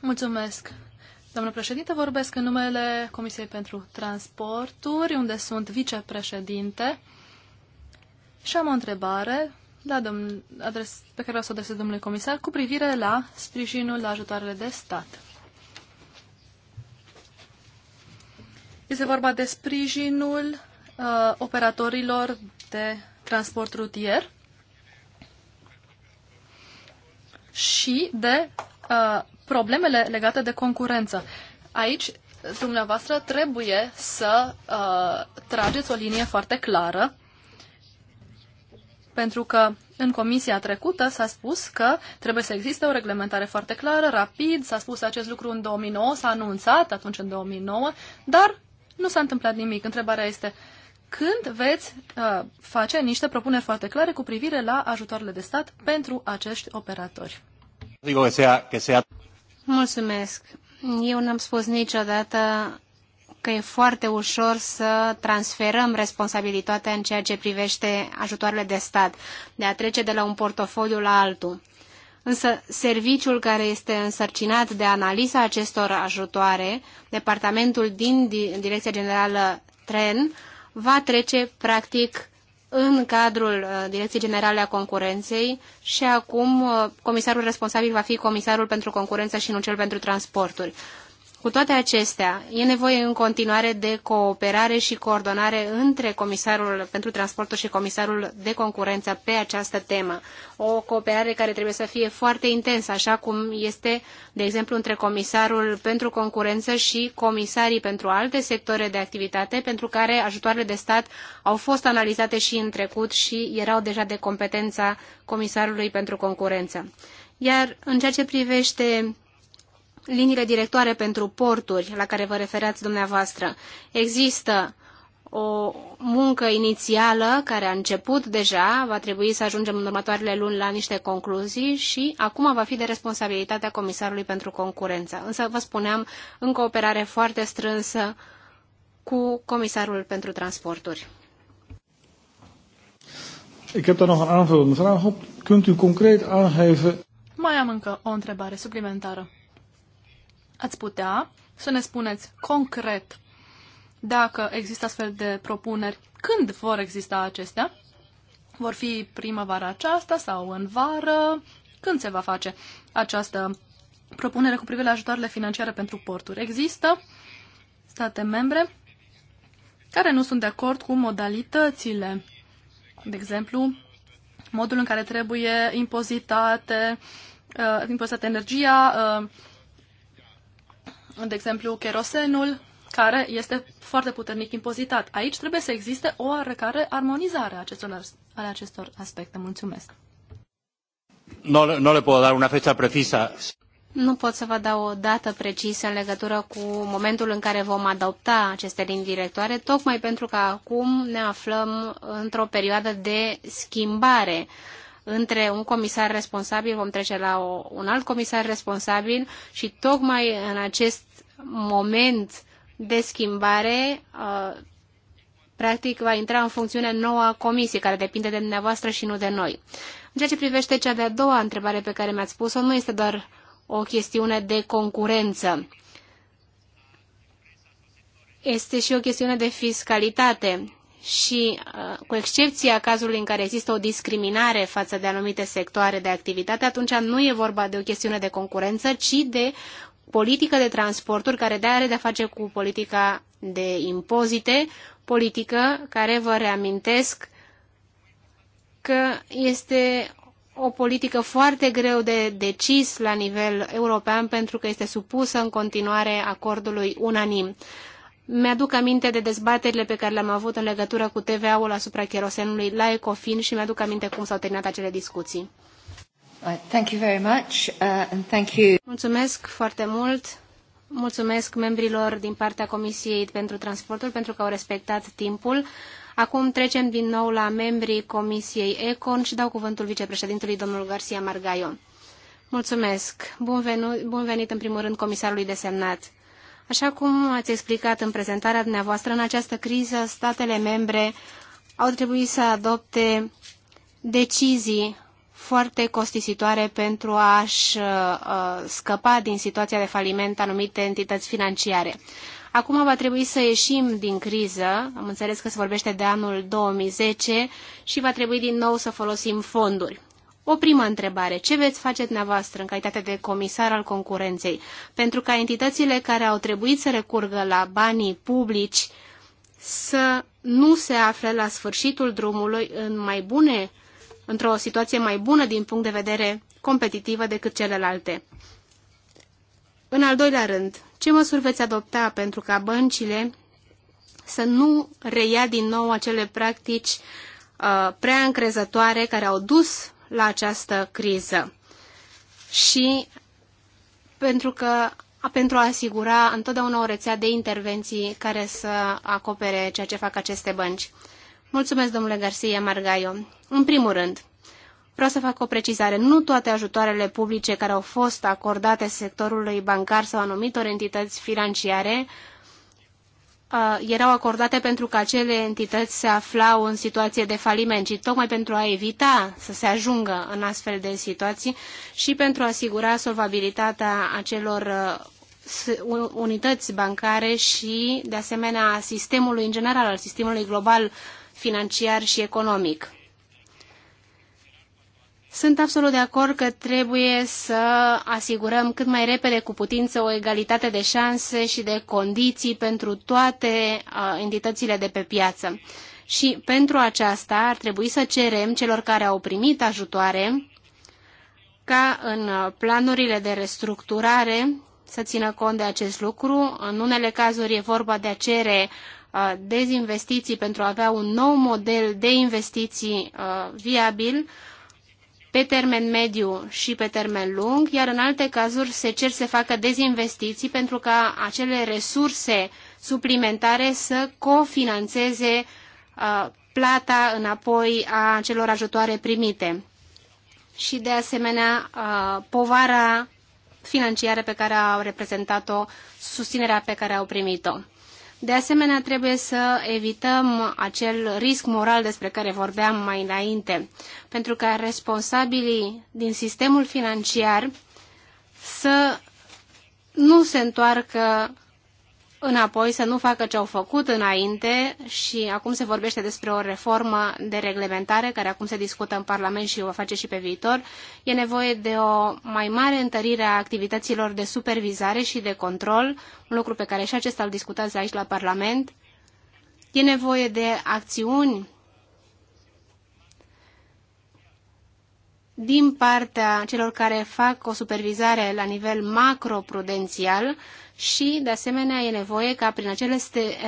Mulțumesc. Doamnă președinte, vorbesc în numele Comisiei pentru Transporturi, unde sunt vicepreședinte. Și am o întrebare la domn, adres, pe care vreau să o adresez domnului comisar cu privire la sprijinul la ajutoarele de stat. Este vorba de sprijinul uh, operatorilor de transport rutier și de uh, problemele legate de concurență. Aici, dumneavoastră, trebuie să uh, trageți o linie foarte clară, pentru că în comisia trecută s-a spus că trebuie să existe o reglementare foarte clară, rapid, s-a spus acest lucru în 2009, s-a anunțat atunci în 2009, dar nu s-a întâmplat nimic. Întrebarea este când veți uh, face niște propuneri foarte clare cu privire la ajutoarele de stat pentru acești operatori. Mulțumesc. Eu n-am spus niciodată că e foarte ușor să transferăm responsabilitatea în ceea ce privește ajutoarele de stat, de a trece de la un portofoliu la altul. Însă serviciul care este însărcinat de analiza acestor ajutoare, departamentul din Direcția Generală Tren, va trece practic în cadrul uh, Direcției Generale a Concurenței și acum uh, comisarul responsabil va fi comisarul pentru concurență și nu cel pentru transporturi. Cu toate acestea, e nevoie în continuare de cooperare și coordonare între Comisarul pentru Transportul și Comisarul de Concurență pe această temă. O cooperare care trebuie să fie foarte intensă, așa cum este, de exemplu, între Comisarul pentru Concurență și comisarii pentru alte sectoare de activitate, pentru care ajutoarele de stat au fost analizate și în trecut și erau deja de competența Comisarului pentru Concurență. Iar în ceea ce privește liniile directoare pentru porturi la care vă referați dumneavoastră. Există o muncă inițială care a început deja, va trebui să ajungem în următoarele luni la niște concluzii și acum va fi de responsabilitatea Comisarului pentru Concurență. Însă vă spuneam în cooperare foarte strânsă cu Comisarul pentru Transporturi. Ik heb daar nog een aanvullende vraag op. Kunt u concreet aangeven... Mai am încă o întrebare suplimentară ați putea să ne spuneți concret dacă există astfel de propuneri, când vor exista acestea? Vor fi primăvara aceasta sau în vară? Când se va face această propunere cu privire la ajutoarele financiare pentru porturi? Există state membre care nu sunt de acord cu modalitățile, de exemplu, modul în care trebuie impozitate, uh, impozitate energia, uh, de exemplu, cherosenul, care este foarte puternic impozitat. Aici trebuie să existe o oarecare armonizare a acestor, ale acestor aspecte. Mulțumesc. Nu, no, no le pot da una fecha precisa. Nu pot să vă dau o dată precisă în legătură cu momentul în care vom adopta aceste linii directoare, tocmai pentru că acum ne aflăm într-o perioadă de schimbare între un comisar responsabil, vom trece la o, un alt comisar responsabil și tocmai în acest moment de schimbare uh, practic va intra în funcțiune noua comisie, care depinde de dumneavoastră și nu de noi. În ceea ce privește cea de-a doua întrebare pe care mi-ați spus-o, nu este doar o chestiune de concurență. Este și o chestiune de fiscalitate și, uh, cu excepția cazului în care există o discriminare față de anumite sectoare de activitate, atunci nu e vorba de o chestiune de concurență, ci de politică de transporturi care de are de-a face cu politica de impozite, politică care vă reamintesc că este o politică foarte greu de decis la nivel european pentru că este supusă în continuare acordului unanim. Mi-aduc aminte de dezbaterile pe care le-am avut în legătură cu TVA-ul asupra cherosenului la Ecofin și mi-aduc aminte cum s-au terminat acele discuții. Uh, thank you very much uh, and thank you. Mulțumesc foarte mult. Mulțumesc membrilor din partea Comisiei pentru Transportul pentru că au respectat timpul. Acum trecem din nou la membrii Comisiei Econ și dau cuvântul vicepreședintului domnul Garcia Margaio. Mulțumesc. Bun venit, bun venit în primul rând comisarului desemnat. Așa cum ați explicat în prezentarea dumneavoastră, în această criză statele membre au trebuit să adopte decizii foarte costisitoare pentru a-și uh, scăpa din situația de faliment anumite entități financiare. Acum va trebui să ieșim din criză, am înțeles că se vorbește de anul 2010 și va trebui din nou să folosim fonduri. O primă întrebare. Ce veți face dumneavoastră în calitate de comisar al concurenței pentru ca entitățile care au trebuit să recurgă la banii publici să nu se afle la sfârșitul drumului în mai bune într-o situație mai bună din punct de vedere competitivă decât celelalte. În al doilea rând, ce măsuri veți adopta pentru ca băncile să nu reia din nou acele practici uh, prea încrezătoare care au dus la această criză? Și pentru că pentru a asigura întotdeauna o rețea de intervenții care să acopere ceea ce fac aceste bănci. Mulțumesc, domnule Garcia Margaio. În primul rând, vreau să fac o precizare. Nu toate ajutoarele publice care au fost acordate sectorului bancar sau anumitor entități financiare erau acordate pentru că acele entități se aflau în situație de faliment, ci tocmai pentru a evita să se ajungă în astfel de situații și pentru a asigura solvabilitatea acelor unități bancare și, de asemenea, a sistemului în general, al sistemului global financiar și economic. Sunt absolut de acord că trebuie să asigurăm cât mai repede cu putință o egalitate de șanse și de condiții pentru toate uh, entitățile de pe piață. Și pentru aceasta ar trebui să cerem celor care au primit ajutoare ca în planurile de restructurare să țină cont de acest lucru. În unele cazuri e vorba de a cere dezinvestiții pentru a avea un nou model de investiții uh, viabil pe termen mediu și pe termen lung, iar în alte cazuri se cer să facă dezinvestiții pentru ca acele resurse suplimentare să cofinanțeze uh, plata înapoi a celor ajutoare primite și de asemenea uh, povara financiară pe care au reprezentat-o, susținerea pe care au primit-o. De asemenea, trebuie să evităm acel risc moral despre care vorbeam mai înainte, pentru ca responsabilii din sistemul financiar să nu se întoarcă înapoi, să nu facă ce au făcut înainte și acum se vorbește despre o reformă de reglementare care acum se discută în Parlament și o va face și pe viitor. E nevoie de o mai mare întărire a activităților de supervizare și de control, un lucru pe care și acesta îl discutați aici la Parlament. E nevoie de acțiuni din partea celor care fac o supervizare la nivel macroprudențial și, de asemenea, e nevoie ca prin acele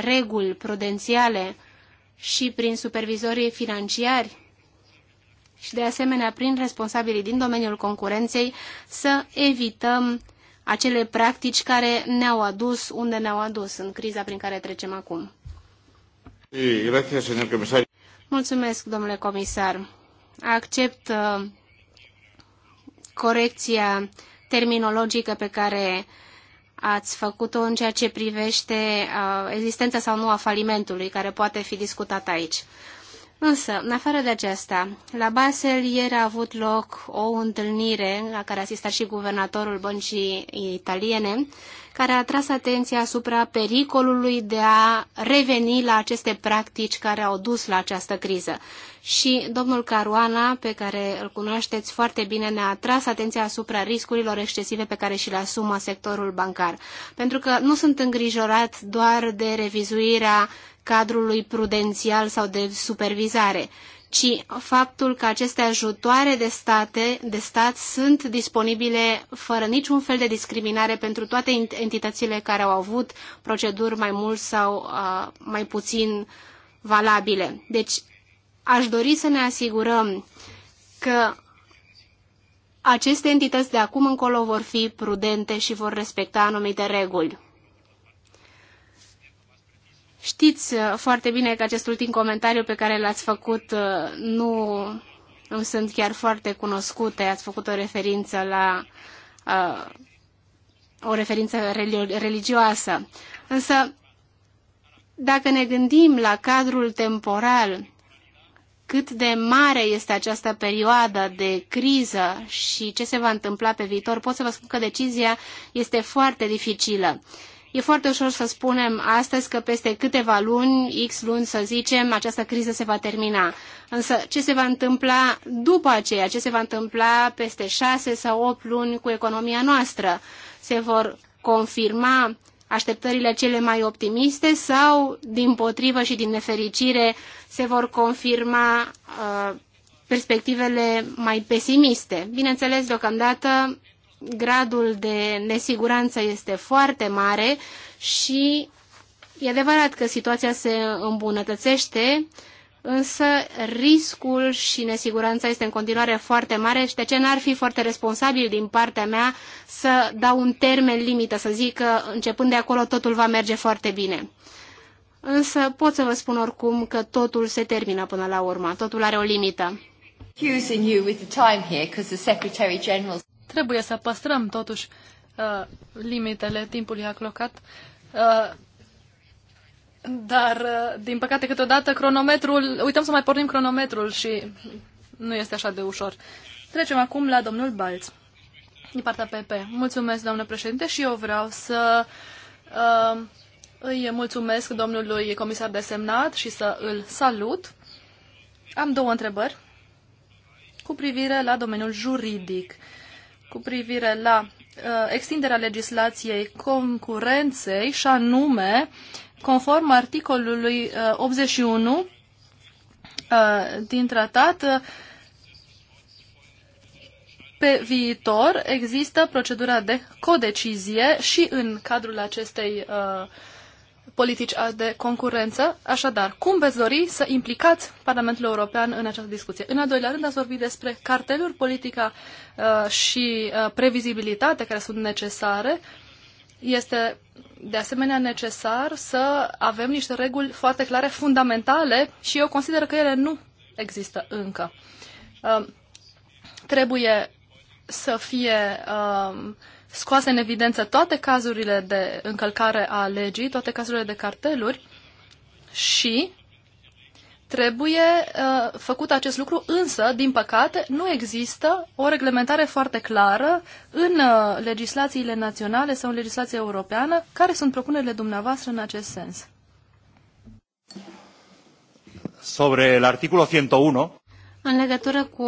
reguli prudențiale și prin supervizorii financiari și, de asemenea, prin responsabilii din domeniul concurenței să evităm acele practici care ne-au adus unde ne-au adus în criza prin care trecem acum. Mulțumesc, domnule comisar. Accept uh, corecția terminologică pe care ați făcut-o în ceea ce privește uh, existența sau nu a falimentului, care poate fi discutat aici. Însă, în afară de aceasta, la Basel ieri a avut loc o întâlnire la care a asistat și guvernatorul băncii italiene, care a atras atenția asupra pericolului de a reveni la aceste practici care au dus la această criză. Și domnul Caruana, pe care îl cunoașteți foarte bine, ne-a atras atenția asupra riscurilor excesive pe care și le asumă sectorul bancar. Pentru că nu sunt îngrijorat doar de revizuirea cadrului prudențial sau de supervizare, ci faptul că aceste ajutoare de, state, de stat sunt disponibile fără niciun fel de discriminare pentru toate entitățile care au avut proceduri mai mult sau uh, mai puțin valabile. Deci aș dori să ne asigurăm că aceste entități de acum încolo vor fi prudente și vor respecta anumite reguli. Știți uh, foarte bine că acest ultim comentariu pe care l-ați făcut uh, nu îmi sunt chiar foarte cunoscute. Ați făcut o referință la uh, o referință religioasă. Însă, dacă ne gândim la cadrul temporal, cât de mare este această perioadă de criză și ce se va întâmpla pe viitor, pot să vă spun că decizia este foarte dificilă. Uh, E foarte ușor să spunem astăzi că peste câteva luni, X luni să zicem, această criză se va termina. Însă ce se va întâmpla după aceea? Ce se va întâmpla peste șase sau opt luni cu economia noastră? Se vor confirma așteptările cele mai optimiste sau, din potrivă și din nefericire, se vor confirma uh, perspectivele mai pesimiste. Bineînțeles, deocamdată, gradul de nesiguranță este foarte mare și e adevărat că situația se îmbunătățește, însă riscul și nesiguranța este în continuare foarte mare și de ce n-ar fi foarte responsabil din partea mea să dau un termen limită, să zic că începând de acolo totul va merge foarte bine. Însă pot să vă spun oricum că totul se termină până la urmă, totul are o limită trebuie să păstrăm totuși uh, limitele timpului aclocat. Uh, dar, uh, din păcate, câteodată cronometrul, uităm să mai pornim cronometrul și nu este așa de ușor. Trecem acum la domnul Balț, din partea PP. Mulțumesc, domnule președinte, și eu vreau să uh, îi mulțumesc domnului comisar desemnat și să îl salut. Am două întrebări cu privire la domeniul juridic. Uh, cu privire la uh, extinderea legislației concurenței și anume, conform articolului 81 uh, uh, din tratat, pe viitor există procedura de codecizie și în cadrul acestei uh, politici de concurență. Așadar, cum veți dori să implicați Parlamentul European în această discuție? În al doilea rând, ați vorbit despre carteluri, politica uh, și uh, previzibilitate care sunt necesare. Este de asemenea necesar să avem niște reguli foarte clare, fundamentale și eu consider că ele nu există încă. Uh, trebuie să fie uh, scoase în evidență toate cazurile de încălcare a legii, toate cazurile de carteluri și trebuie uh, făcut acest lucru, însă, din păcate, nu există o reglementare foarte clară în uh, legislațiile naționale sau în legislația europeană. Care sunt propunerile dumneavoastră în acest sens? Sobre el articolul 101. În legătură cu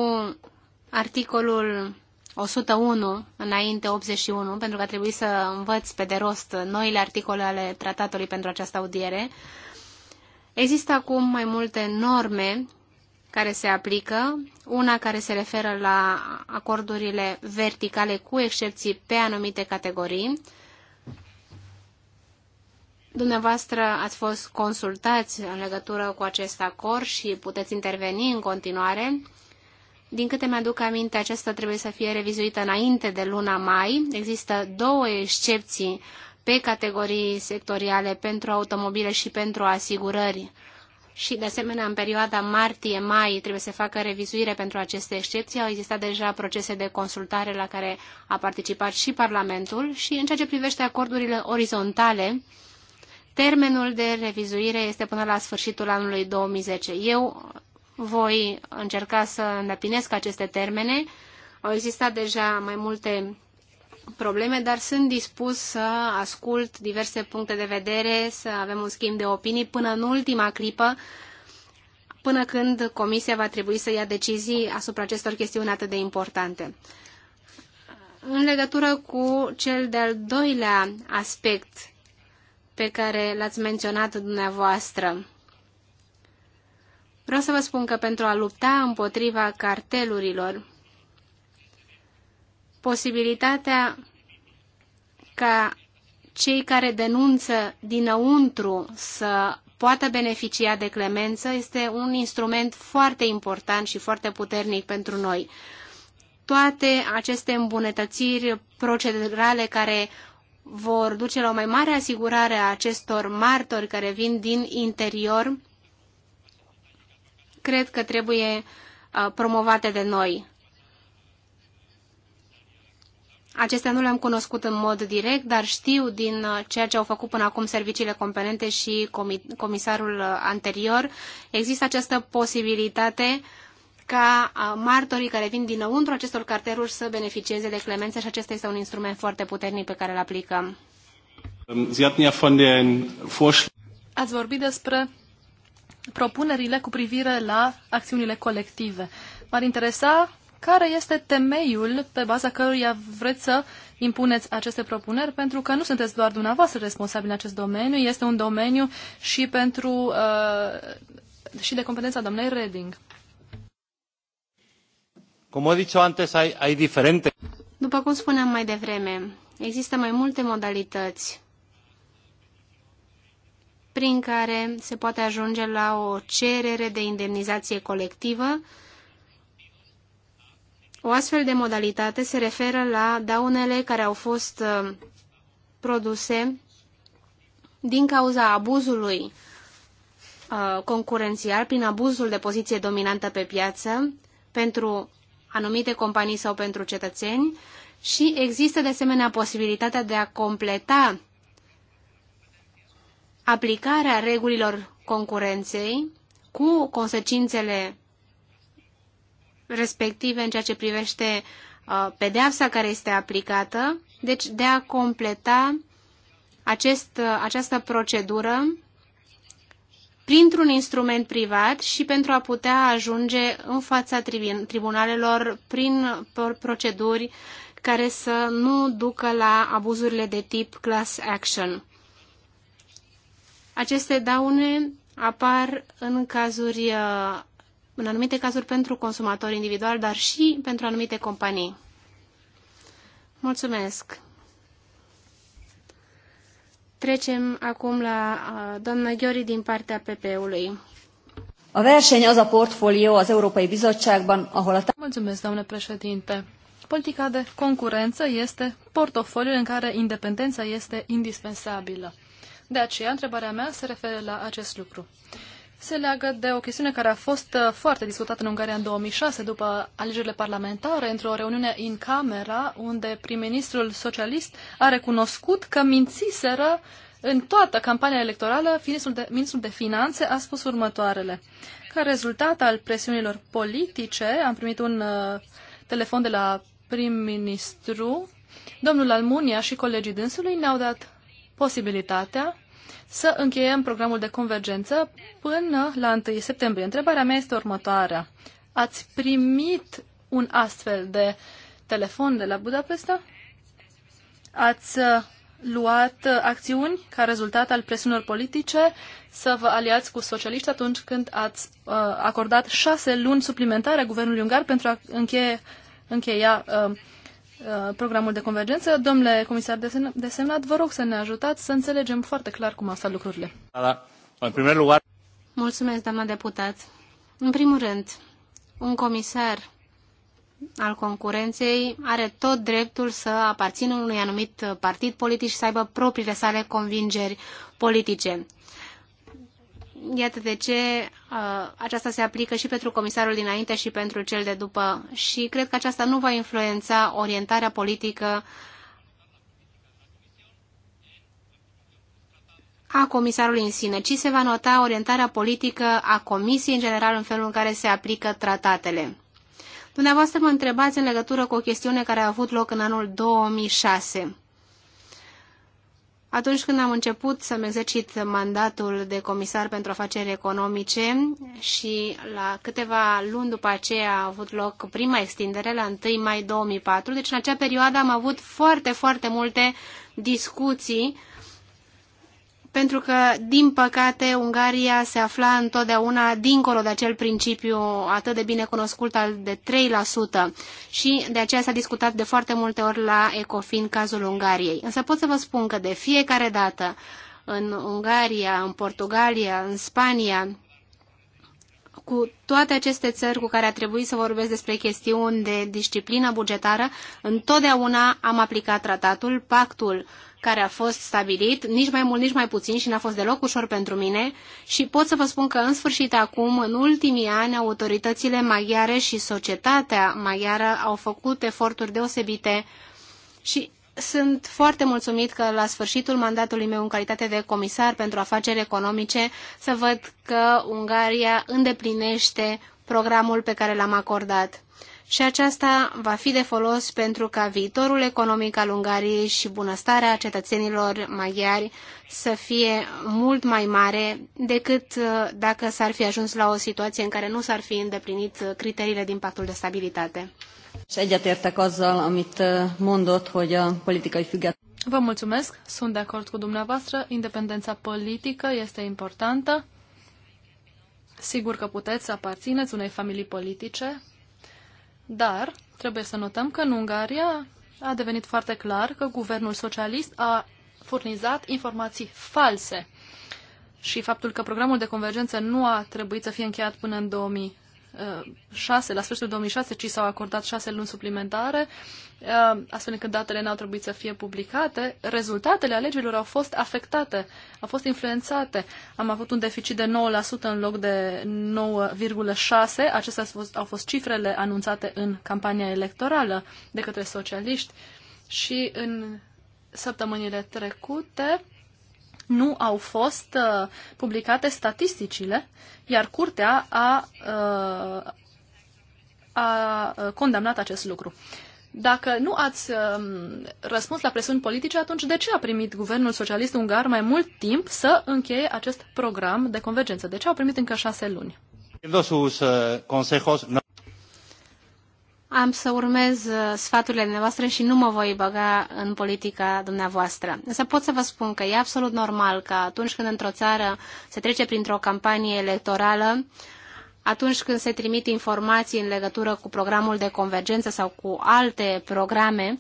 articolul 101 înainte 81, pentru că a trebuit să învăț pe de rost noile articole ale tratatului pentru această audiere. Există acum mai multe norme care se aplică, una care se referă la acordurile verticale cu excepții pe anumite categorii. Dumneavoastră ați fost consultați în legătură cu acest acord și puteți interveni în continuare. Din câte mi-aduc aminte, aceasta trebuie să fie revizuită înainte de luna mai. Există două excepții pe categorii sectoriale pentru automobile și pentru asigurări. Și, de asemenea, în perioada martie-mai trebuie să facă revizuire pentru aceste excepții. Au existat deja procese de consultare la care a participat și Parlamentul și, în ceea ce privește acordurile orizontale, termenul de revizuire este până la sfârșitul anului 2010. Eu voi încerca să îndeplinesc aceste termene. Au existat deja mai multe probleme, dar sunt dispus să ascult diverse puncte de vedere, să avem un schimb de opinii până în ultima clipă, până când Comisia va trebui să ia decizii asupra acestor chestiuni atât de importante. În legătură cu cel de-al doilea aspect pe care l-ați menționat dumneavoastră, Vreau să vă spun că pentru a lupta împotriva cartelurilor, posibilitatea ca cei care denunță dinăuntru să poată beneficia de clemență este un instrument foarte important și foarte puternic pentru noi. Toate aceste îmbunătățiri procedurale care vor duce la o mai mare asigurare a acestor martori care vin din interior cred că trebuie uh, promovate de noi. Acestea nu le-am cunoscut în mod direct, dar știu din uh, ceea ce au făcut până acum serviciile competente și comisarul uh, anterior, există această posibilitate ca martorii care vin dinăuntru acestor carteruri să beneficieze de clemență și acesta este un instrument foarte puternic pe care îl aplicăm. Ähm, Ați vorbit despre propunerile cu privire la acțiunile colective. M-ar interesa care este temeiul pe baza căruia vreți să impuneți aceste propuneri, pentru că nu sunteți doar dumneavoastră responsabili în acest domeniu, este un domeniu și pentru uh, și de competența doamnei Reding. Cum he dicho antes, diferente. După cum spuneam mai devreme, există mai multe modalități prin care se poate ajunge la o cerere de indemnizație colectivă. O astfel de modalitate se referă la daunele care au fost uh, produse din cauza abuzului uh, concurențial, prin abuzul de poziție dominantă pe piață pentru anumite companii sau pentru cetățeni și există de asemenea posibilitatea de a completa aplicarea regulilor concurenței cu consecințele respective în ceea ce privește uh, pedeapsa care este aplicată, deci de a completa acest, uh, această procedură printr-un instrument privat și pentru a putea ajunge în fața tribunalelor prin proceduri care să nu ducă la abuzurile de tip class action. Aceste daune apar în cazuri uh, în anumite cazuri pentru consumatori individual, dar și pentru anumite companii. Mulțumesc! Trecem acum la uh, doamna Ghiori din partea PP-ului. A verseny az a portfólió az Európai Bizottságban, ahol a... Mulțumesc, doamne președinte! Politica de concurență este portofoliul în care independența este indispensabilă. De aceea, întrebarea mea se referă la acest lucru. Se leagă de o chestiune care a fost uh, foarte discutată în Ungaria în 2006, după alegerile parlamentare, într-o reuniune în camera, unde prim-ministrul socialist a recunoscut că mințiseră în toată campania electorală, ministrul de, ministrul de Finanțe a spus următoarele. Ca rezultat al presiunilor politice, am primit un uh, telefon de la prim-ministru, domnul Almunia și colegii dânsului ne-au dat posibilitatea să încheiem programul de convergență până la 1 septembrie. Întrebarea mea este următoarea. Ați primit un astfel de telefon de la Budapesta? Ați uh, luat uh, acțiuni ca rezultat al presiunilor politice să vă aliați cu socialiști atunci când ați uh, acordat șase luni suplimentare guvernului ungar pentru a încheie, încheia uh, Uh, programul de convergență. Domnule comisar de semnat, vă rog să ne ajutați să înțelegem foarte clar cum au stat lucrurile. Da, da. În primul lugar... Mulțumesc, doamna deputat. În primul rând, un comisar al concurenței are tot dreptul să aparțină unui anumit partid politic și să aibă propriile sale convingeri politice. Iată de ce uh, aceasta se aplică și pentru comisarul dinainte și pentru cel de după și cred că aceasta nu va influența orientarea politică a comisarului în sine, ci se va nota orientarea politică a comisiei în general în felul în care se aplică tratatele. Dumneavoastră mă întrebați în legătură cu o chestiune care a avut loc în anul 2006. Atunci când am început să-mi exercit mandatul de comisar pentru afaceri economice și la câteva luni după aceea a avut loc prima extindere la 1 mai 2004, deci în acea perioadă am avut foarte, foarte multe discuții pentru că, din păcate, Ungaria se afla întotdeauna dincolo de acel principiu atât de bine cunoscut al de 3% și de aceea s-a discutat de foarte multe ori la Ecofin cazul Ungariei. Însă pot să vă spun că de fiecare dată în Ungaria, în Portugalia, în Spania, cu toate aceste țări cu care a trebuit să vorbesc despre chestiuni de disciplină bugetară, întotdeauna am aplicat tratatul, pactul care a fost stabilit, nici mai mult, nici mai puțin și n-a fost deloc ușor pentru mine și pot să vă spun că în sfârșit acum, în ultimii ani, autoritățile maghiare și societatea maghiară au făcut eforturi deosebite și sunt foarte mulțumit că la sfârșitul mandatului meu în calitate de comisar pentru afaceri economice să văd că Ungaria îndeplinește programul pe care l-am acordat și aceasta va fi de folos pentru ca viitorul economic al Ungariei și bunăstarea cetățenilor maghiari să fie mult mai mare decât uh, dacă s-ar fi ajuns la o situație în care nu s-ar fi îndeplinit uh, criteriile din pactul de stabilitate. És egyetértek azzal, amit uh, mondott, hogy a politikai független... Vă mulțumesc, sunt de acord cu dumneavoastră, independența politică este importantă. Sigur că puteți să aparțineți unei familii politice, dar trebuie să notăm că în Ungaria a devenit foarte clar că guvernul socialist a furnizat informații false și faptul că programul de convergență nu a trebuit să fie încheiat până în 2000 2006, la sfârșitul 2006, ci s-au acordat șase luni suplimentare, uh, astfel încât datele n-au trebuit să fie publicate. Rezultatele alegerilor au fost afectate, au fost influențate. Am avut un deficit de 9% în loc de 9,6%. Acestea au fost, au fost cifrele anunțate în campania electorală de către socialiști. Și în săptămânile trecute, nu au fost uh, publicate statisticile, iar curtea a, uh, a uh, condamnat acest lucru. Dacă nu ați uh, răspuns la presiuni politice, atunci de ce a primit guvernul socialist ungar mai mult timp să încheie acest program de convergență? De ce au primit încă șase luni? Uh, am să urmez uh, sfaturile dumneavoastră și nu mă voi băga în politica dumneavoastră. Însă pot să vă spun că e absolut normal că atunci când într-o țară se trece printr-o campanie electorală, atunci când se trimit informații în legătură cu programul de convergență sau cu alte programe,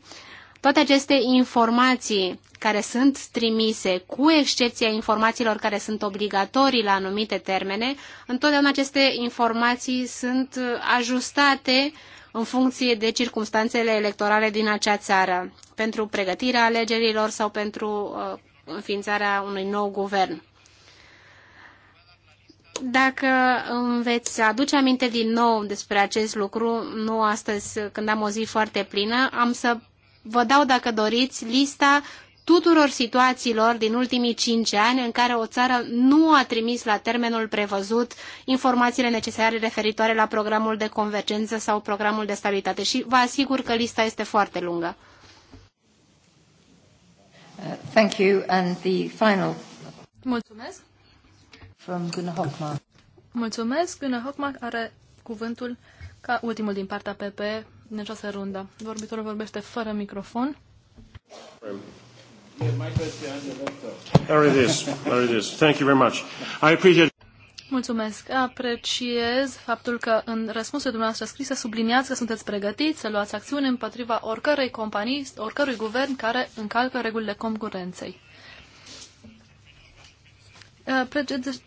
toate aceste informații care sunt trimise, cu excepția informațiilor care sunt obligatorii la anumite termene, întotdeauna aceste informații sunt uh, ajustate în funcție de circunstanțele electorale din acea țară, pentru pregătirea alegerilor sau pentru uh, înființarea unui nou guvern. Dacă îmi veți aduce aminte din nou despre acest lucru, nu astăzi când am o zi foarte plină, am să vă dau, dacă doriți, lista tuturor situațiilor din ultimii cinci ani în care o țară nu a trimis la termenul prevăzut informațiile necesare referitoare la programul de convergență sau programul de stabilitate. Și vă asigur că lista este foarte lungă. Uh, thank you. And the final... Mulțumesc. From Gunnar Hockmark. Mulțumesc. Gunnar Hockmark are cuvântul ca ultimul din partea PP în această rundă. Vorbitorul vorbește fără microfon. Um, There it is. There it is. Thank you very much. I appreciate Mulțumesc. Apreciez faptul că în răspunsul dumneavoastră scrisă subliniați că sunteți pregătiți să luați acțiune împotriva oricărei companii, oricărui guvern care încalcă regulile concurenței.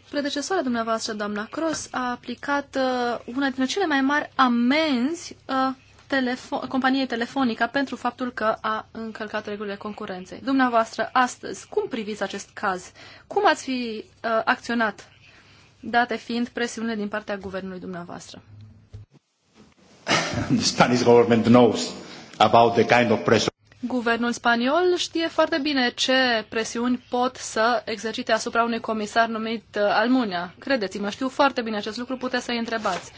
Predecesoarea dumneavoastră, doamna Cross, a aplicat uh, una dintre cele mai mari amenzi uh, telefo- companiei Telefonica pentru faptul că a încălcat regulile concurenței. Dumneavoastră, astăzi, cum priviți acest caz? Cum ați fi uh, acționat, date fiind presiunile din partea guvernului dumneavoastră? The Spanish government knows about the kind of pressure. Guvernul spaniol știe foarte bine ce presiuni pot să exercite asupra unui comisar numit uh, Almunia. Credeți-mă, știu foarte bine acest lucru, puteți să-i întrebați.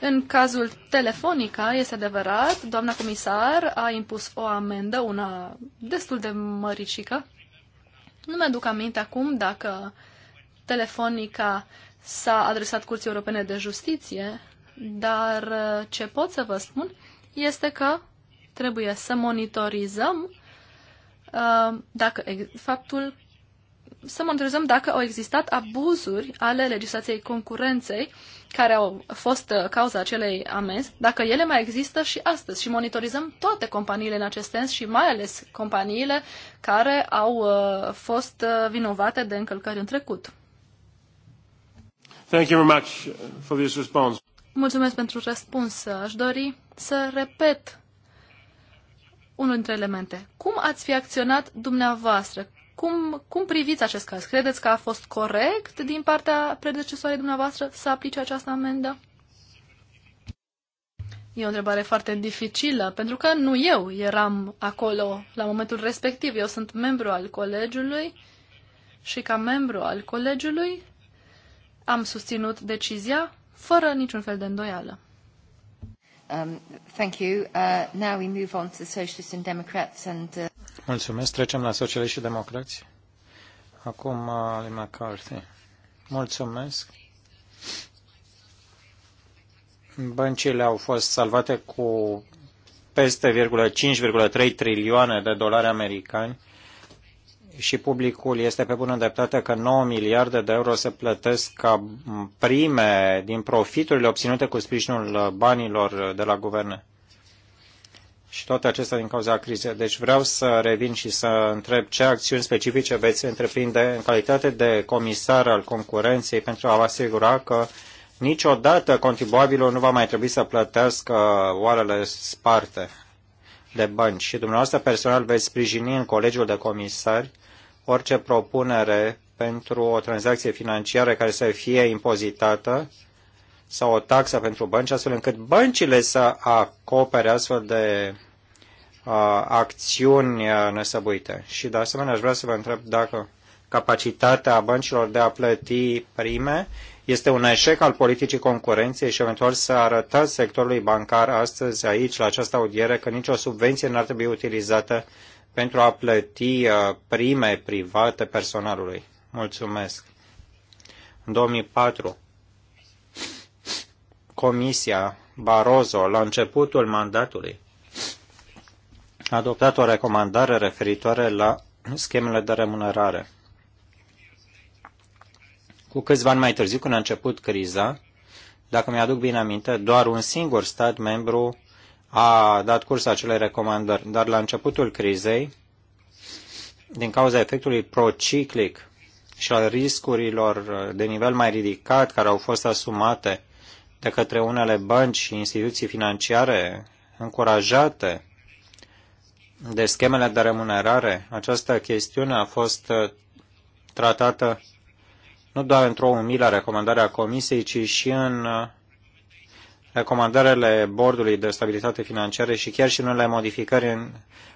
În cazul Telefonica, este adevărat, doamna comisar a impus o amendă, una destul de măricică. Nu mi-aduc aminte acum dacă Telefonica s-a adresat Curții Europene de Justiție, dar uh, ce pot să vă spun este că trebuie să monitorizăm uh, dacă faptul să monitorizăm dacă au existat abuzuri ale legislației concurenței care au fost uh, cauza acelei amenzi, dacă ele mai există și astăzi și monitorizăm toate companiile în acest sens și mai ales companiile care au uh, fost uh, vinovate de încălcări în trecut. Thank you very much for this response. Mulțumesc pentru răspuns. Aș dori să repet unul dintre elemente. Cum ați fi acționat dumneavoastră? Cum, cum priviți acest caz? Credeți că a fost corect din partea predecesoarei dumneavoastră să aplice această amendă? E o întrebare foarte dificilă, pentru că nu eu eram acolo la momentul respectiv. Eu sunt membru al colegiului și ca membru al colegiului am susținut decizia fără niciun fel de îndoială. Um, thank you. Uh, now we move on to the Socialists and Democrats and... Uh... Mulțumesc. Trecem la socialiști și democrați. Acum, uh, Ali McCarthy. Mulțumesc. Băncile au fost salvate cu peste 5,3 trilioane de dolari americani și publicul este pe bună dreptate că 9 miliarde de euro se plătesc ca prime din profiturile obținute cu sprijinul banilor de la guverne și toate acestea din cauza crizei. Deci vreau să revin și să întreb ce acțiuni specifice veți întreprinde în calitate de comisar al concurenței pentru a vă asigura că niciodată contribuabilul nu va mai trebui să plătească oarele sparte de bănci. Și dumneavoastră personal veți sprijini în colegiul de comisari orice propunere pentru o tranzacție financiară care să fie impozitată sau o taxă pentru bănci, astfel încât băncile să acopere astfel de acțiuni nesăbuite. Și de asemenea aș vrea să vă întreb dacă capacitatea băncilor de a plăti prime este un eșec al politicii concurenței și eventual să arătați sectorului bancar astăzi aici, la această audiere, că nicio subvenție n-ar trebui utilizată pentru a plăti prime private personalului. Mulțumesc. În 2004, Comisia Barroso, la începutul mandatului, a adoptat o recomandare referitoare la schemele de remunerare. Cu câțiva ani mai târziu, când a început criza, dacă mi-aduc bine aminte, doar un singur stat membru a dat curs acelei recomandări, dar la începutul crizei, din cauza efectului prociclic și al riscurilor de nivel mai ridicat care au fost asumate de către unele bănci și instituții financiare încurajate de schemele de remunerare, această chestiune a fost uh, tratată nu doar într-o umilă recomandare a Comisiei, ci și în uh, recomandările Bordului de Stabilitate Financiară și chiar și în unele modificări în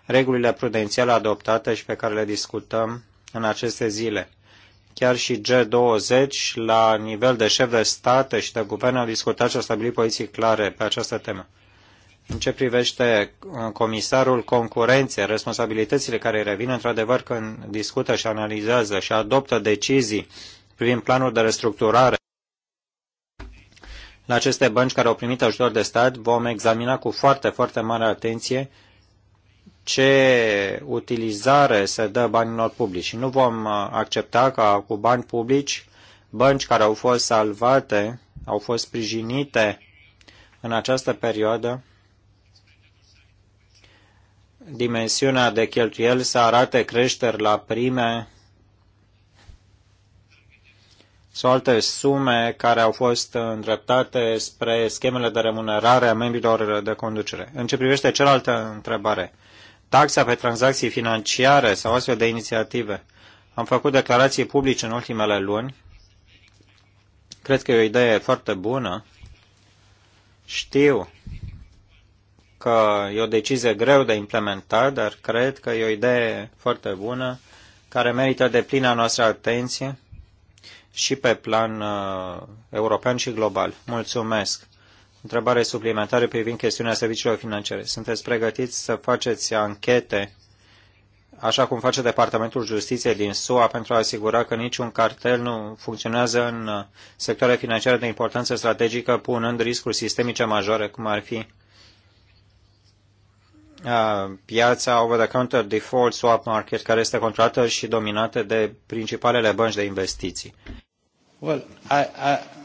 regulile prudențiale adoptate și pe care le discutăm în aceste zile. Chiar și G20, la nivel de șef de state și de guvern, au discutat și au stabilit poziții clare pe această temă. În ce privește uh, comisarul concurenței, responsabilitățile care revin, într-adevăr, când discută și analizează și adoptă decizii privind planul de restructurare la aceste bănci care au primit ajutor de stat, vom examina cu foarte, foarte mare atenție ce utilizare se dă banilor publici. nu vom uh, accepta ca cu bani publici bănci care au fost salvate, au fost sprijinite în această perioadă, dimensiunea de cheltuieli să arate creșteri la prime sau alte sume care au fost îndreptate spre schemele de remunerare a membrilor de conducere. În ce privește cealaltă întrebare, taxa pe tranzacții financiare sau astfel de inițiative, am făcut declarații publice în ultimele luni. Cred că e o idee foarte bună. Știu că e o decizie greu de implementat, dar cred că e o idee foarte bună care merită de plina noastră atenție și pe plan uh, european și global. Mulțumesc! Întrebare suplimentară privind chestiunea serviciilor financiare. Sunteți pregătiți să faceți anchete, așa cum face Departamentul Justiției din SUA, pentru a asigura că niciun cartel nu funcționează în uh, sectoare financiare de importanță strategică, punând riscuri sistemice majore, cum ar fi piața over-the-counter default swap market, care este controlată și dominată de principalele bănci de investiții. Well, I, I...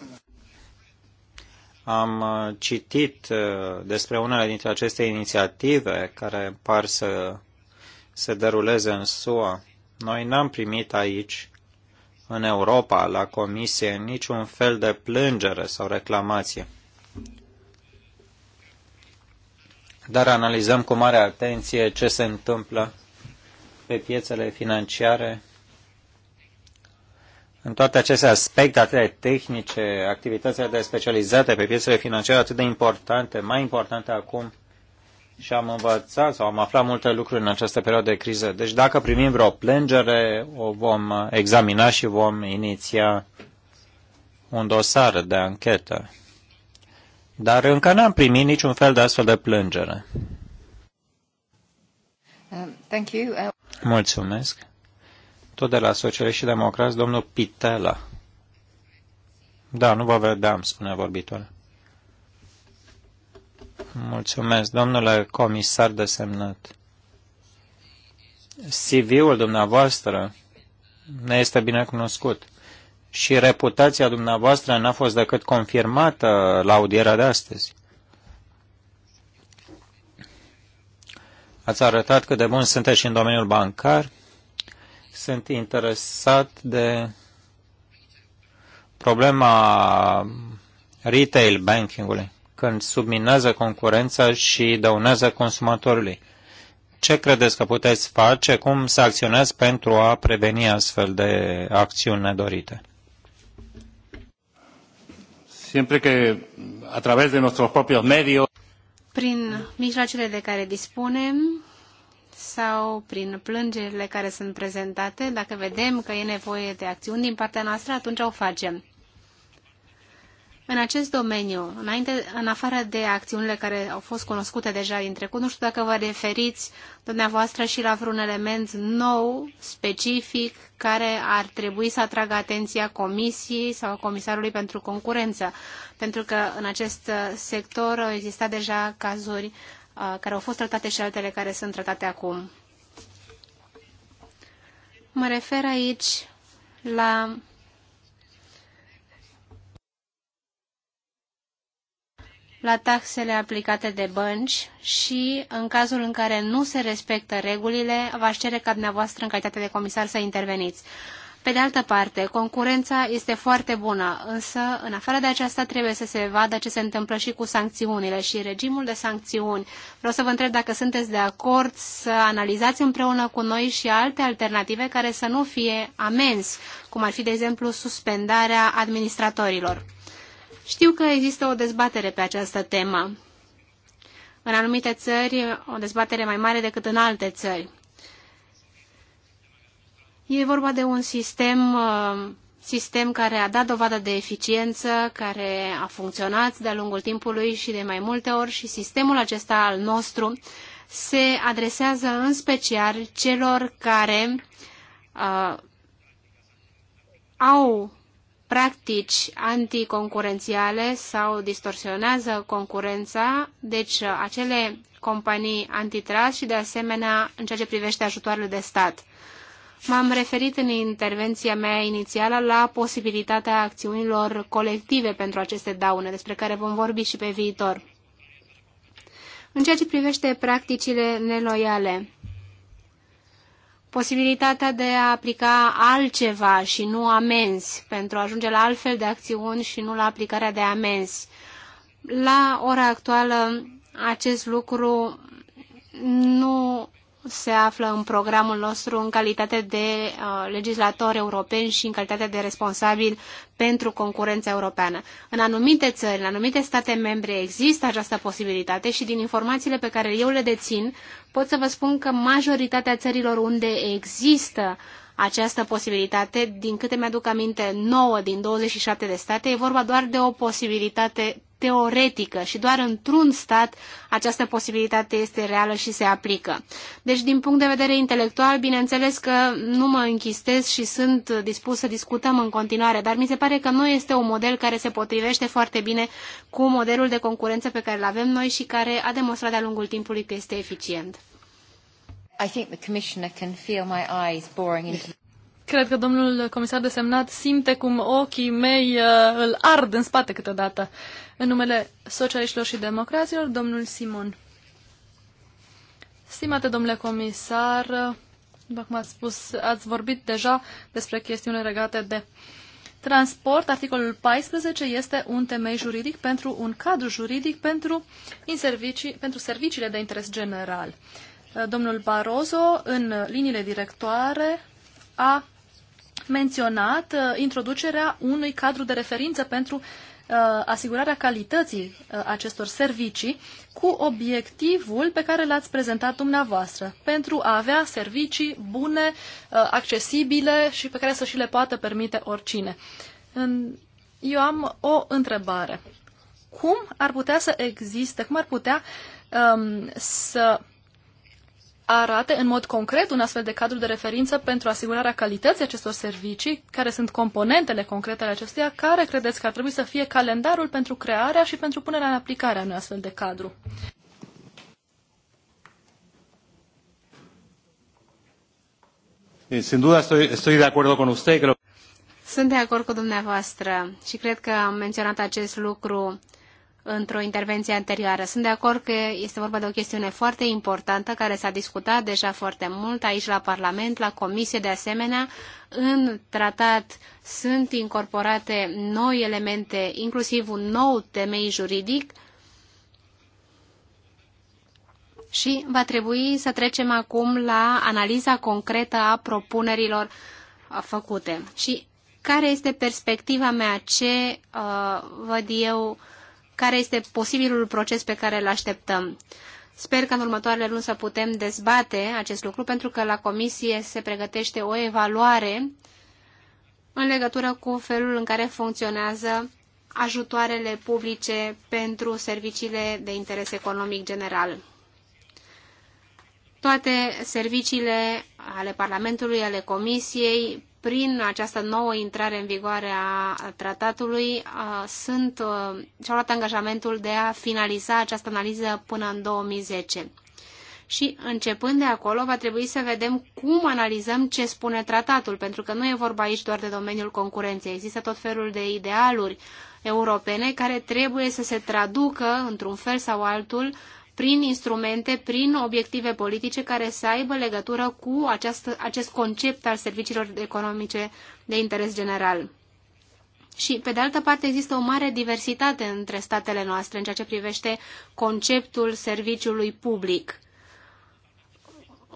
Am uh, citit uh, despre unele dintre aceste inițiative care par să se deruleze în SUA. Noi n-am primit aici, în Europa, la Comisie, niciun fel de plângere sau reclamație. dar analizăm cu mare atenție ce se întâmplă pe piețele financiare în toate aceste aspecte atât de tehnice, activitățile de specializate pe piețele financiare atât de importante, mai importante acum și am învățat sau am aflat multe lucruri în această perioadă de criză. Deci dacă primim vreo plângere, o vom examina și vom iniția un dosar de anchetă. Dar încă n-am primit niciun fel de astfel de plângere. Um, thank you. Uh, Mulțumesc. Tot de la Socialiști și Democrați, domnul Pitela. Da, nu vă vedeam, spune vorbitoare. Mulțumesc, domnule comisar desemnat. CV-ul dumneavoastră ne este bine cunoscut și reputația dumneavoastră n-a fost decât confirmată la audierea de astăzi. Ați arătat cât de bun sunteți și în domeniul bancar. Sunt interesat de problema retail banking-ului, când subminează concurența și dăunează consumatorului. Ce credeți că puteți face? Cum să acționați pentru a preveni astfel de acțiuni nedorite? siempre que a través de nuestros propios medios. Prin mijloacele de care dispunem sau prin plângerile care sunt prezentate, dacă vedem că e nevoie de acțiuni din partea noastră, atunci o facem. În acest domeniu, înainte, în afară de acțiunile care au fost cunoscute deja din trecut, nu știu dacă vă referiți dumneavoastră și la vreun element nou, specific, care ar trebui să atragă atenția Comisiei sau Comisarului pentru Concurență, pentru că în acest sector au existat deja cazuri uh, care au fost tratate și altele care sunt tratate acum. Mă refer aici la la taxele aplicate de bănci și, în cazul în care nu se respectă regulile, v-aș cere ca dumneavoastră, în calitate de comisar, să interveniți. Pe de altă parte, concurența este foarte bună, însă, în afară de aceasta, trebuie să se vadă ce se întâmplă și cu sancțiunile și regimul de sancțiuni. Vreau să vă întreb dacă sunteți de acord să analizați împreună cu noi și alte alternative care să nu fie amenzi, cum ar fi, de exemplu, suspendarea administratorilor. Știu că există o dezbatere pe această temă. În anumite țări, o dezbatere mai mare decât în alte țări. E vorba de un sistem, uh, sistem care a dat dovadă de eficiență, care a funcționat de-a lungul timpului și de mai multe ori și sistemul acesta al nostru se adresează în special celor care uh, au practici anticoncurențiale sau distorsionează concurența, deci uh, acele companii antitrust și de asemenea în ceea ce privește ajutoarele de stat. M-am referit în intervenția mea inițială la posibilitatea acțiunilor colective pentru aceste daune, despre care vom vorbi și pe viitor. În ceea ce privește practicile neloiale, posibilitatea de a aplica altceva și nu amenzi, pentru a ajunge la altfel de acțiuni și nu la aplicarea de amenzi. La ora actuală, acest lucru nu se află în programul nostru în calitate de uh, european și în calitate de responsabil pentru concurența europeană. În anumite țări, în anumite state membre există această posibilitate și din informațiile pe care eu le dețin pot să vă spun că majoritatea țărilor unde există această posibilitate, din câte mi-aduc aminte, 9 din 27 de state, e vorba doar de o posibilitate teoretică și doar într-un stat această posibilitate este reală și se aplică. Deci, din punct de vedere intelectual, bineînțeles că nu mă închistez și sunt dispus să discutăm în continuare, dar mi se pare că nu este un model care se potrivește foarte bine cu modelul de concurență pe care îl avem noi și care a demonstrat de-a lungul timpului că este eficient. I think the commissioner can feel my eyes boring into Cred că domnul comisar desemnat simte cum ochii mei uh, îl ard în spate câteodată. În numele socialiștilor și democraților, domnul Simon. Stimate domnule comisar, uh, după cum ați spus, ați vorbit deja despre chestiune legate de transport. Articolul 14 este un temei juridic pentru un cadru juridic pentru, în pentru serviciile de interes general. Uh, domnul Barroso, în liniile directoare, a menționat uh, introducerea unui cadru de referință pentru uh, asigurarea calității uh, acestor servicii cu obiectivul pe care l-ați prezentat dumneavoastră, pentru a avea servicii bune, accesibile și pe care să și le poată permite oricine. Eu am o întrebare. Cum ar putea să existe, cum ar putea um, să arate în mod concret un astfel de cadru de referință pentru asigurarea calității acestor servicii, care sunt componentele concrete ale acestuia, care credeți că ar trebui să fie calendarul pentru crearea și pentru punerea în aplicare a unui astfel de cadru? Eh, sin duda estoy, estoy de acuerdo con usted. Creo... Sunt de acord cu dumneavoastră și cred că am menționat acest lucru într-o intervenție anterioară. Sunt de acord că este vorba de o chestiune foarte importantă care s-a discutat deja foarte mult aici la Parlament, la Comisie de asemenea. În tratat sunt incorporate noi elemente, inclusiv un nou temei juridic și va trebui să trecem acum la analiza concretă a propunerilor făcute. Și care este perspectiva mea? Ce uh, văd eu uh, care este posibilul proces pe care îl așteptăm. Sper că în următoarele luni să putem dezbate acest lucru, pentru că la comisie se pregătește o evaluare în legătură cu felul în care funcționează ajutoarele publice pentru serviciile de interes economic general. Toate serviciile ale Parlamentului, ale Comisiei, prin această nouă intrare în vigoare a tratatului uh, sunt, uh, și-au luat angajamentul de a finaliza această analiză până în 2010. Și începând de acolo va trebui să vedem cum analizăm ce spune tratatul, pentru că nu e vorba aici doar de domeniul concurenței. Există tot felul de idealuri europene care trebuie să se traducă într-un fel sau altul prin instrumente, prin obiective politice care să aibă legătură cu această, acest concept al serviciilor economice de interes general. Și, pe de altă parte, există o mare diversitate între statele noastre în ceea ce privește conceptul serviciului public.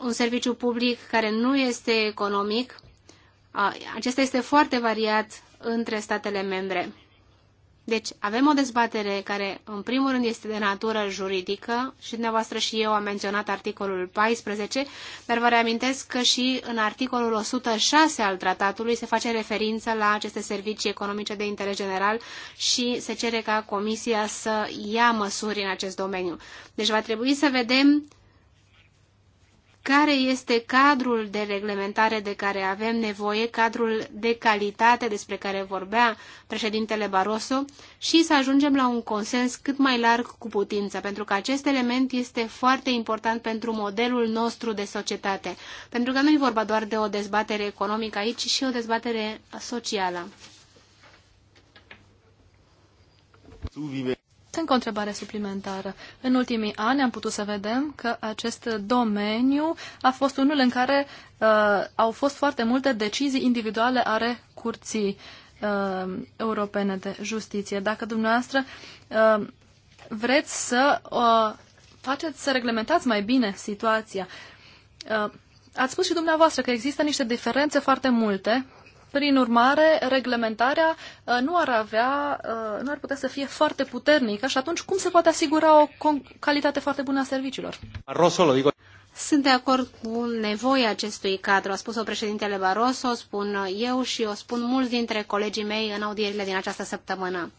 Un serviciu public care nu este economic, acesta este foarte variat între statele membre. Deci, avem o dezbatere care, în primul rând, este de natură juridică și dumneavoastră și eu am menționat articolul 14, dar vă reamintesc că și în articolul 106 al tratatului se face referință la aceste servicii economice de interes general și se cere ca Comisia să ia măsuri în acest domeniu. Deci, va trebui să vedem care este cadrul de reglementare de care avem nevoie, cadrul de calitate despre care vorbea președintele Barroso și să ajungem la un consens cât mai larg cu putință, pentru că acest element este foarte important pentru modelul nostru de societate, pentru că nu e vorba doar de o dezbatere economică aici, ci și o dezbatere socială. Încă o întrebare suplimentară. În ultimii ani am putut să vedem că acest domeniu a fost unul în care uh, au fost foarte multe decizii individuale ale curții uh, europene de justiție. Dacă dumneavoastră uh, vreți să uh, faceți să reglementați mai bine situația, uh, ați spus și dumneavoastră că există niște diferențe foarte multe prin urmare, reglementarea uh, nu ar avea, uh, nu ar putea să fie foarte puternică și atunci cum se poate asigura o calitate foarte bună a serviciilor? Sunt de acord cu nevoia acestui cadru, a spus-o președintele Barroso, o spun eu și o spun mulți dintre colegii mei în audierile din această săptămână.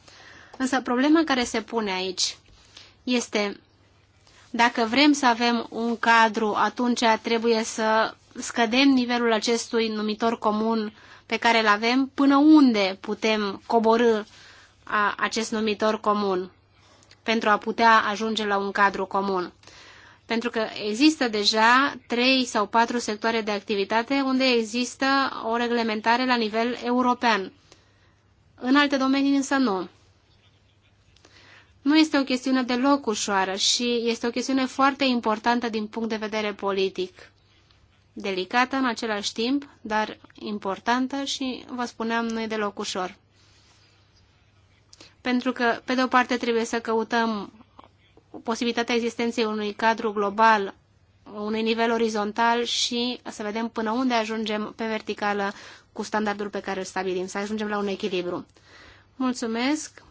Însă problema care se pune aici este dacă vrem să avem un cadru, atunci trebuie să scădem nivelul acestui numitor comun pe care îl avem, până unde putem coborâ a, acest numitor comun pentru a putea ajunge la un cadru comun. Pentru că există deja trei sau patru sectoare de activitate unde există o reglementare la nivel european. În alte domenii însă nu. Nu este o chestiune deloc ușoară și este o chestiune foarte importantă din punct de vedere politic delicată în același timp, dar importantă și, vă spuneam, nu e deloc ușor. Pentru că, pe de o parte, trebuie să căutăm posibilitatea existenței unui cadru global, unui nivel orizontal și să vedem până unde ajungem pe verticală cu standardul pe care îl stabilim, să ajungem la un echilibru. Mulțumesc!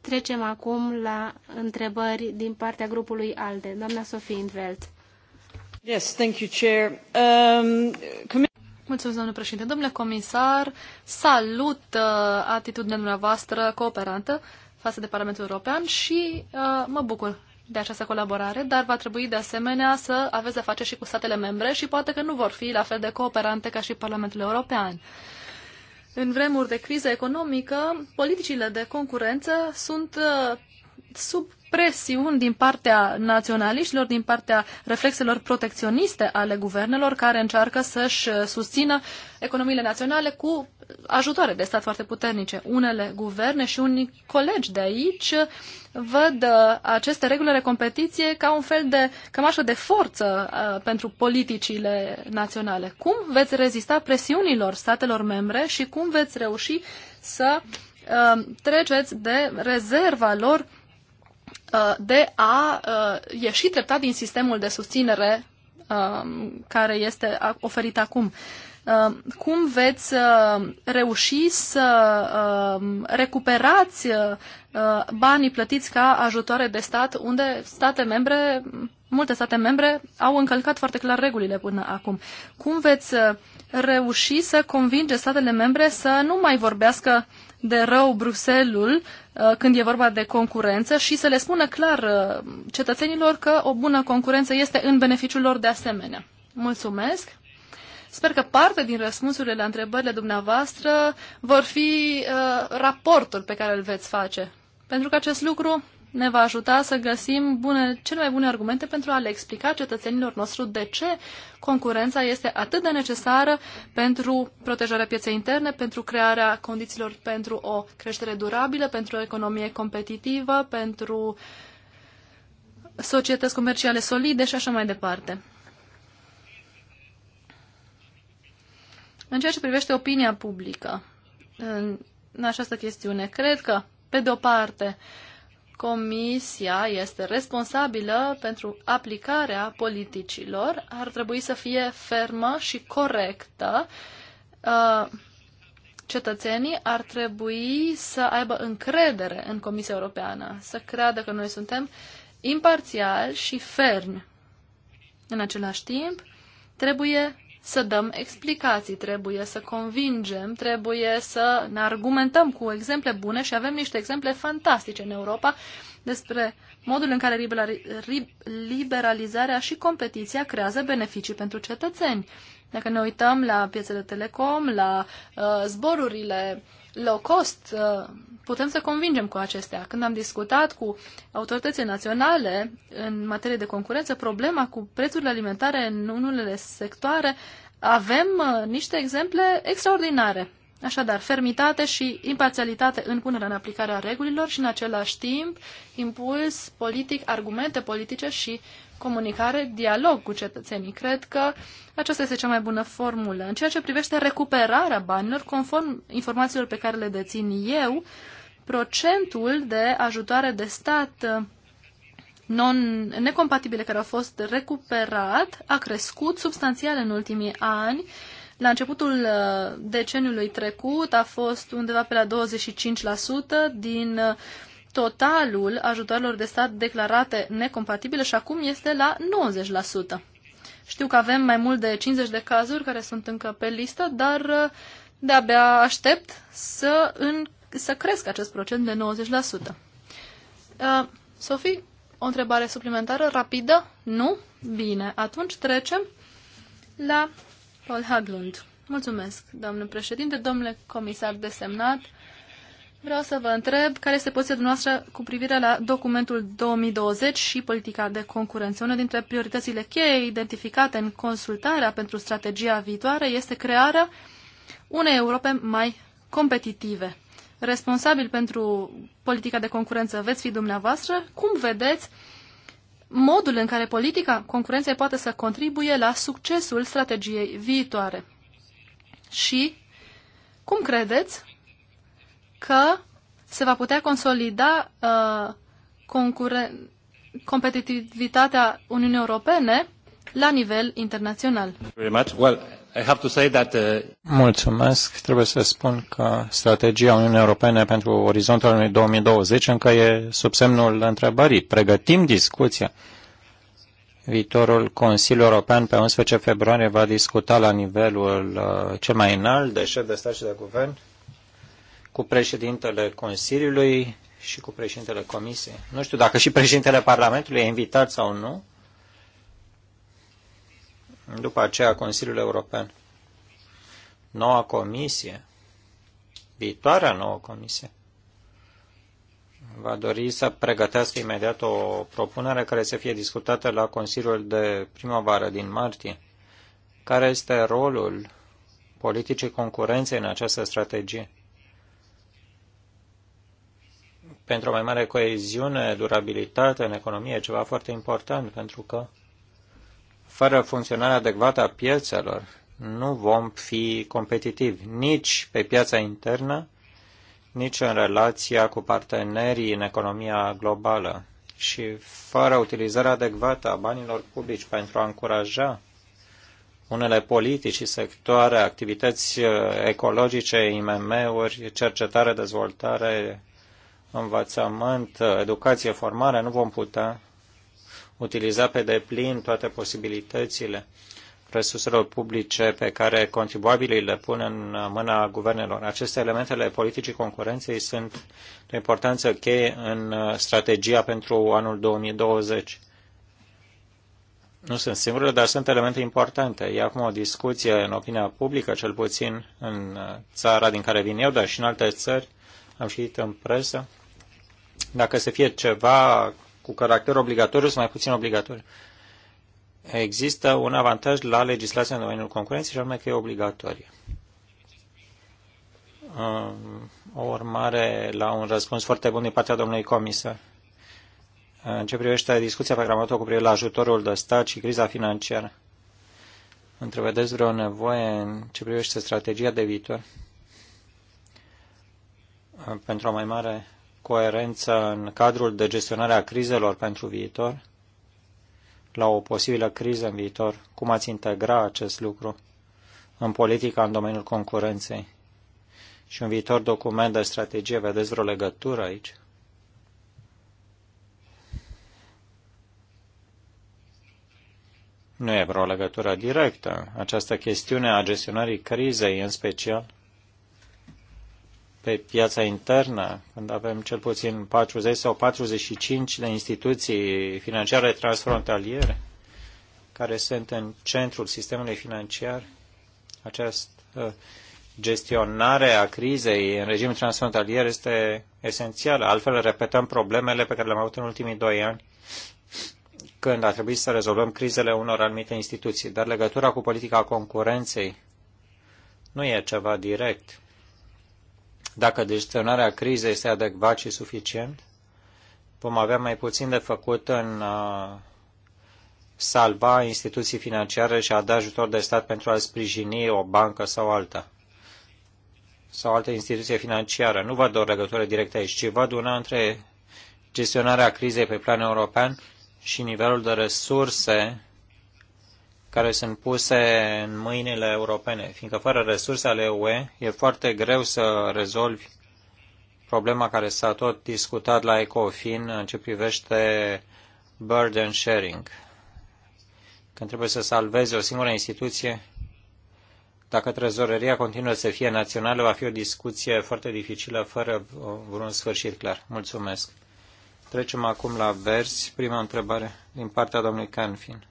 Trecem acum la întrebări din partea grupului ALDE. Doamna Sofie Intveld. Um, Mulțumesc, domnule președinte. Domnule comisar, salut uh, atitudinea dumneavoastră cooperantă față de Parlamentul European și uh, mă bucur de această colaborare, dar va trebui de asemenea să aveți de face și cu statele membre și poate că nu vor fi la fel de cooperante ca și Parlamentul European. În vremuri de criză economică, politicile de concurență sunt uh, sub presiuni din partea naționaliștilor, din partea reflexelor protecționiste ale guvernelor care încearcă să-și uh, susțină economiile naționale cu ajutoare de stat foarte puternice. Unele guverne și unii colegi de aici uh, văd uh, aceste reguli de competiție ca un fel de cămașă de forță pentru politicile naționale. Cum veți rezista presiunilor statelor membre și cum veți reuși să treceți de rezerva lor Uh, de a uh, ieși treptat din sistemul de susținere um, care este oferit acum. Um, cum veți uh, reuși să um, recuperați banii plătiți ca ajutoare de stat, unde state membre, multe state membre au încălcat foarte clar regulile până acum? Cum veți reuși să convinge statele membre să nu mai vorbească uh, de rău Bruselul uh, când e vorba de concurență și să le spună clar uh, cetățenilor că o bună concurență este în beneficiul lor de asemenea. Mulțumesc! Sper că parte din răspunsurile la întrebările dumneavoastră vor fi uh, raportul pe care îl veți face. Pentru că acest lucru ne va ajuta să găsim bune, cele mai bune argumente pentru a le explica cetățenilor nostru de ce concurența este atât de necesară pentru protejarea pieței interne, pentru crearea condițiilor pentru o creștere durabilă, pentru o economie competitivă, pentru societăți comerciale solide și așa mai departe. În ceea ce privește opinia publică în, în această chestiune, cred că, pe de o parte, uh, Comisia este responsabilă pentru aplicarea politicilor, ar trebui să fie fermă și corectă. Uh, cetățenii ar trebui să aibă încredere în Comisia Europeană, să creadă că noi suntem imparțiali și fermi. În același timp, trebuie să dăm explicații, trebuie să convingem, trebuie să ne argumentăm cu exemple bune și avem niște exemple fantastice în Europa despre modul în care liberalizarea și competiția creează beneficii pentru cetățeni. Dacă ne uităm la piețele telecom, la uh, zborurile low cost, uh, putem să convingem cu acestea. Când am discutat cu autoritățile naționale în materie de concurență, problema cu prețurile alimentare în unele sectoare, avem uh, niște exemple extraordinare. Așadar, fermitate și imparțialitate în punerea în aplicare a regulilor și, în același timp, impuls politic, argumente politice și comunicare, dialog cu cetățenii. Cred că aceasta este cea mai bună formulă. În ceea ce privește recuperarea banilor, conform informațiilor pe care le dețin eu, procentul de ajutoare de stat uh, non, necompatibile care au fost recuperat a crescut substanțial în ultimii ani. La începutul uh, deceniului trecut a fost undeva pe la 25% din uh, totalul ajutoarelor de stat declarate necompatibile și acum este la 90%. Știu că avem mai mult de 50 de cazuri care sunt încă pe listă, dar de-abia aștept să, în, să crească acest procent de 90%. Uh, Sofie, o întrebare suplimentară rapidă? Nu? Bine, atunci trecem la Paul Haglund. Mulțumesc, domnule președinte, domnule comisar desemnat. Vreau să vă întreb care este poziția dumneavoastră cu privire la documentul 2020 și politica de concurență. Una dintre prioritățile cheie identificate în consultarea pentru strategia viitoare este crearea unei Europe mai competitive responsabil pentru politica de concurență veți fi dumneavoastră, cum vedeți modul în care politica concurenței poate să contribuie la succesul strategiei viitoare? Și cum credeți că se va putea consolida uh, concuren- competitivitatea Uniunii Europene la nivel internațional? Very much. Well, I have to say that, uh... Mulțumesc. Trebuie să spun că strategia Uniunii Europene pentru orizontul 2020 încă e sub semnul întrebării. Pregătim discuția. Viitorul Consiliu European pe 11 februarie va discuta la nivelul uh, cel mai înalt de șef de stat și de guvern cu președintele Consiliului și cu președintele Comisiei. Nu știu dacă și președintele Parlamentului e invitat sau nu după aceea, Consiliul European. Noua comisie, viitoarea nouă comisie, va dori să pregătească imediat o propunere care să fie discutată la Consiliul de primăvară din martie. Care este rolul politicii concurenței în această strategie? Pentru o mai mare coeziune, durabilitate în economie, ceva foarte important, pentru că fără funcționarea adecvată a piețelor, nu vom fi competitivi nici pe piața internă, nici în relația cu partenerii în economia globală. Și fără utilizarea adecvată a banilor publici pentru a încuraja unele politici și sectoare, activități uh, ecologice, IMM-uri, cercetare, dezvoltare, învățământ, uh, educație, formare, nu vom putea utiliza pe deplin toate posibilitățile resurselor publice pe care contribuabilii le pun în mâna guvernelor. Aceste elemente ale politicii concurenței sunt de importanță cheie în strategia pentru anul 2020. Nu sunt singurele, dar sunt elemente importante. E acum o discuție în opinia publică, cel puțin în țara din care vin eu, dar și în alte țări. Am citit în presă. Dacă să fie ceva cu caracter obligatoriu sau mai puțin obligatoriu. Există un avantaj la legislația în domeniul concurenței și anume că e obligatorie. Um, o urmare la un răspuns foarte bun din partea domnului comisar. În ce privește discuția pe cu privire la ajutorul de stat și criza financiară, întrevedeți vreo nevoie în ce privește strategia de viitor uh, pentru o mai mare coerență în cadrul de gestionare a crizelor pentru viitor, la o posibilă criză în viitor, cum ați integra acest lucru în politica în domeniul concurenței? Și un viitor document de strategie, vedeți vreo legătură aici? Nu e vreo legătură directă. Această chestiune a gestionării crizei, în special, pe piața internă, când avem cel puțin 40 sau 45 de instituții financiare transfrontaliere care sunt în centrul sistemului financiar, această gestionare a crizei în regim transfrontalier este esențială. Altfel repetăm problemele pe care le-am avut în ultimii doi ani când a trebuit să rezolvăm crizele unor anumite instituții. Dar legătura cu politica concurenței nu e ceva direct dacă gestionarea crizei este adecvat și suficient, vom avea mai puțin de făcut în a uh, salva instituții financiare și a da ajutor de stat pentru a sprijini o bancă sau alta sau altă instituție financiară. Nu văd o legătură directă aici, ci văd una între gestionarea crizei pe plan european și nivelul de resurse care sunt puse în mâinile europene, fiindcă fără resurse ale UE e foarte greu să rezolvi problema care s-a tot discutat la ECOFIN în ce privește burden sharing. Când trebuie să salvezi o singură instituție, dacă trezoreria continuă să fie națională, va fi o discuție foarte dificilă, fără vreun sfârșit clar. Mulțumesc. Trecem acum la vers. Prima întrebare din partea domnului Canfin.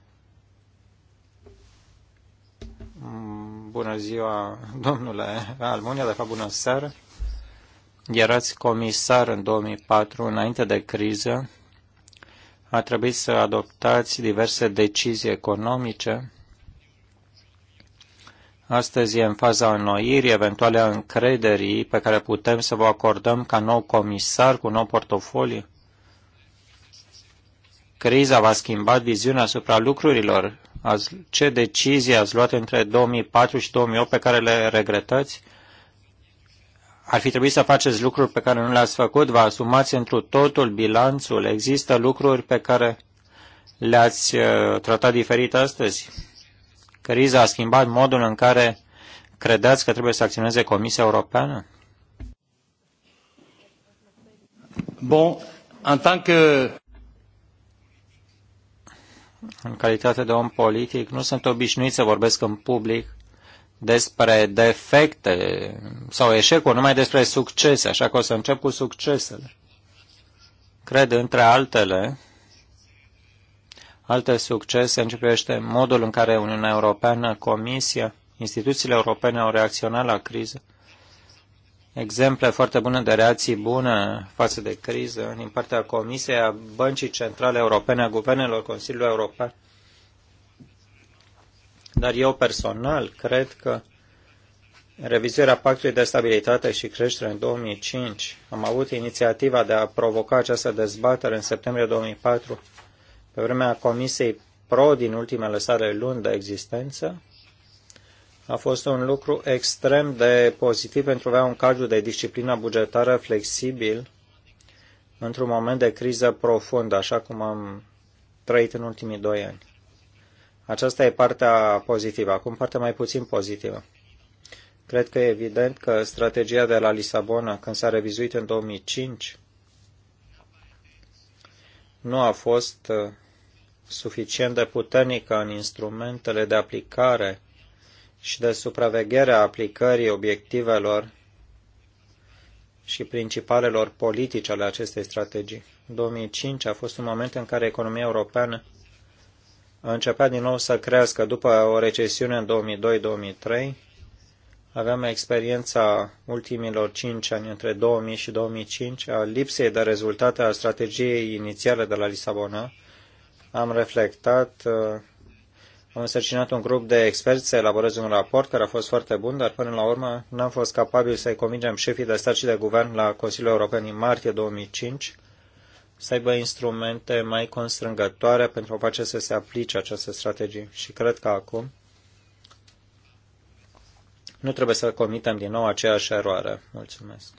Mm, bună ziua, domnule Almunia, de fapt bună seară. Erați comisar în 2004, înainte de criză. A trebuit să adoptați diverse decizii economice. Astăzi e în faza înnoirii, eventuale încrederii pe care putem să vă acordăm ca nou comisar cu nou portofoliu. Criza va schimba viziunea asupra lucrurilor ați, ce decizii ați luat între 2004 și 2008 pe care le regretați? Ar fi trebuit să faceți lucruri pe care nu le-ați făcut? Vă asumați întru totul bilanțul? Există lucruri pe care le-ați uh, tratat diferit astăzi? Criza a schimbat modul în care credeți că trebuie să acționeze Comisia Europeană? Bun, în tant que în calitate de om politic, nu sunt obișnuit să vorbesc în public despre defecte sau eșecuri, numai despre succese, așa că o să încep cu succesele. Cred, între altele, alte succese începește modul în care Uniunea Europeană, Comisia, instituțiile europene au reacționat la criză exemple foarte bune de reacții bune față de criză din partea Comisiei, a Băncii Centrale Europene, a Guvernelor Consiliului European. Dar eu personal cred că revizuirea Pactului de Stabilitate și Creștere în 2005, am avut inițiativa de a provoca această dezbatere în septembrie 2004, pe vremea Comisiei Pro din ultimele sale luni de existență, a fost un lucru extrem de pozitiv pentru a avea un cadru de disciplină bugetară flexibil într-un moment de criză profundă, așa cum am trăit în ultimii doi ani. Aceasta e partea pozitivă. Acum partea mai puțin pozitivă. Cred că e evident că strategia de la Lisabona, când s-a revizuit în 2005, nu a fost uh, suficient de puternică în instrumentele de aplicare și de supraveghere a aplicării obiectivelor și principalelor politici ale acestei strategii. 2005 a fost un moment în care economia europeană a început din nou să crească după o recesiune în 2002-2003. Aveam experiența ultimilor 5 ani, între 2000 și 2005, a lipsei de rezultate a strategiei inițiale de la Lisabona. Am reflectat uh, am însărcinat un grup de experți să elaboreze un raport care a fost foarte bun, dar până la urmă n-am fost capabil să-i convingem șefii de stat și de guvern la Consiliul European din martie 2005 să aibă instrumente mai constrângătoare pentru a face să se aplice această strategie. Și cred că acum nu trebuie să comitem din nou aceeași eroare. Mulțumesc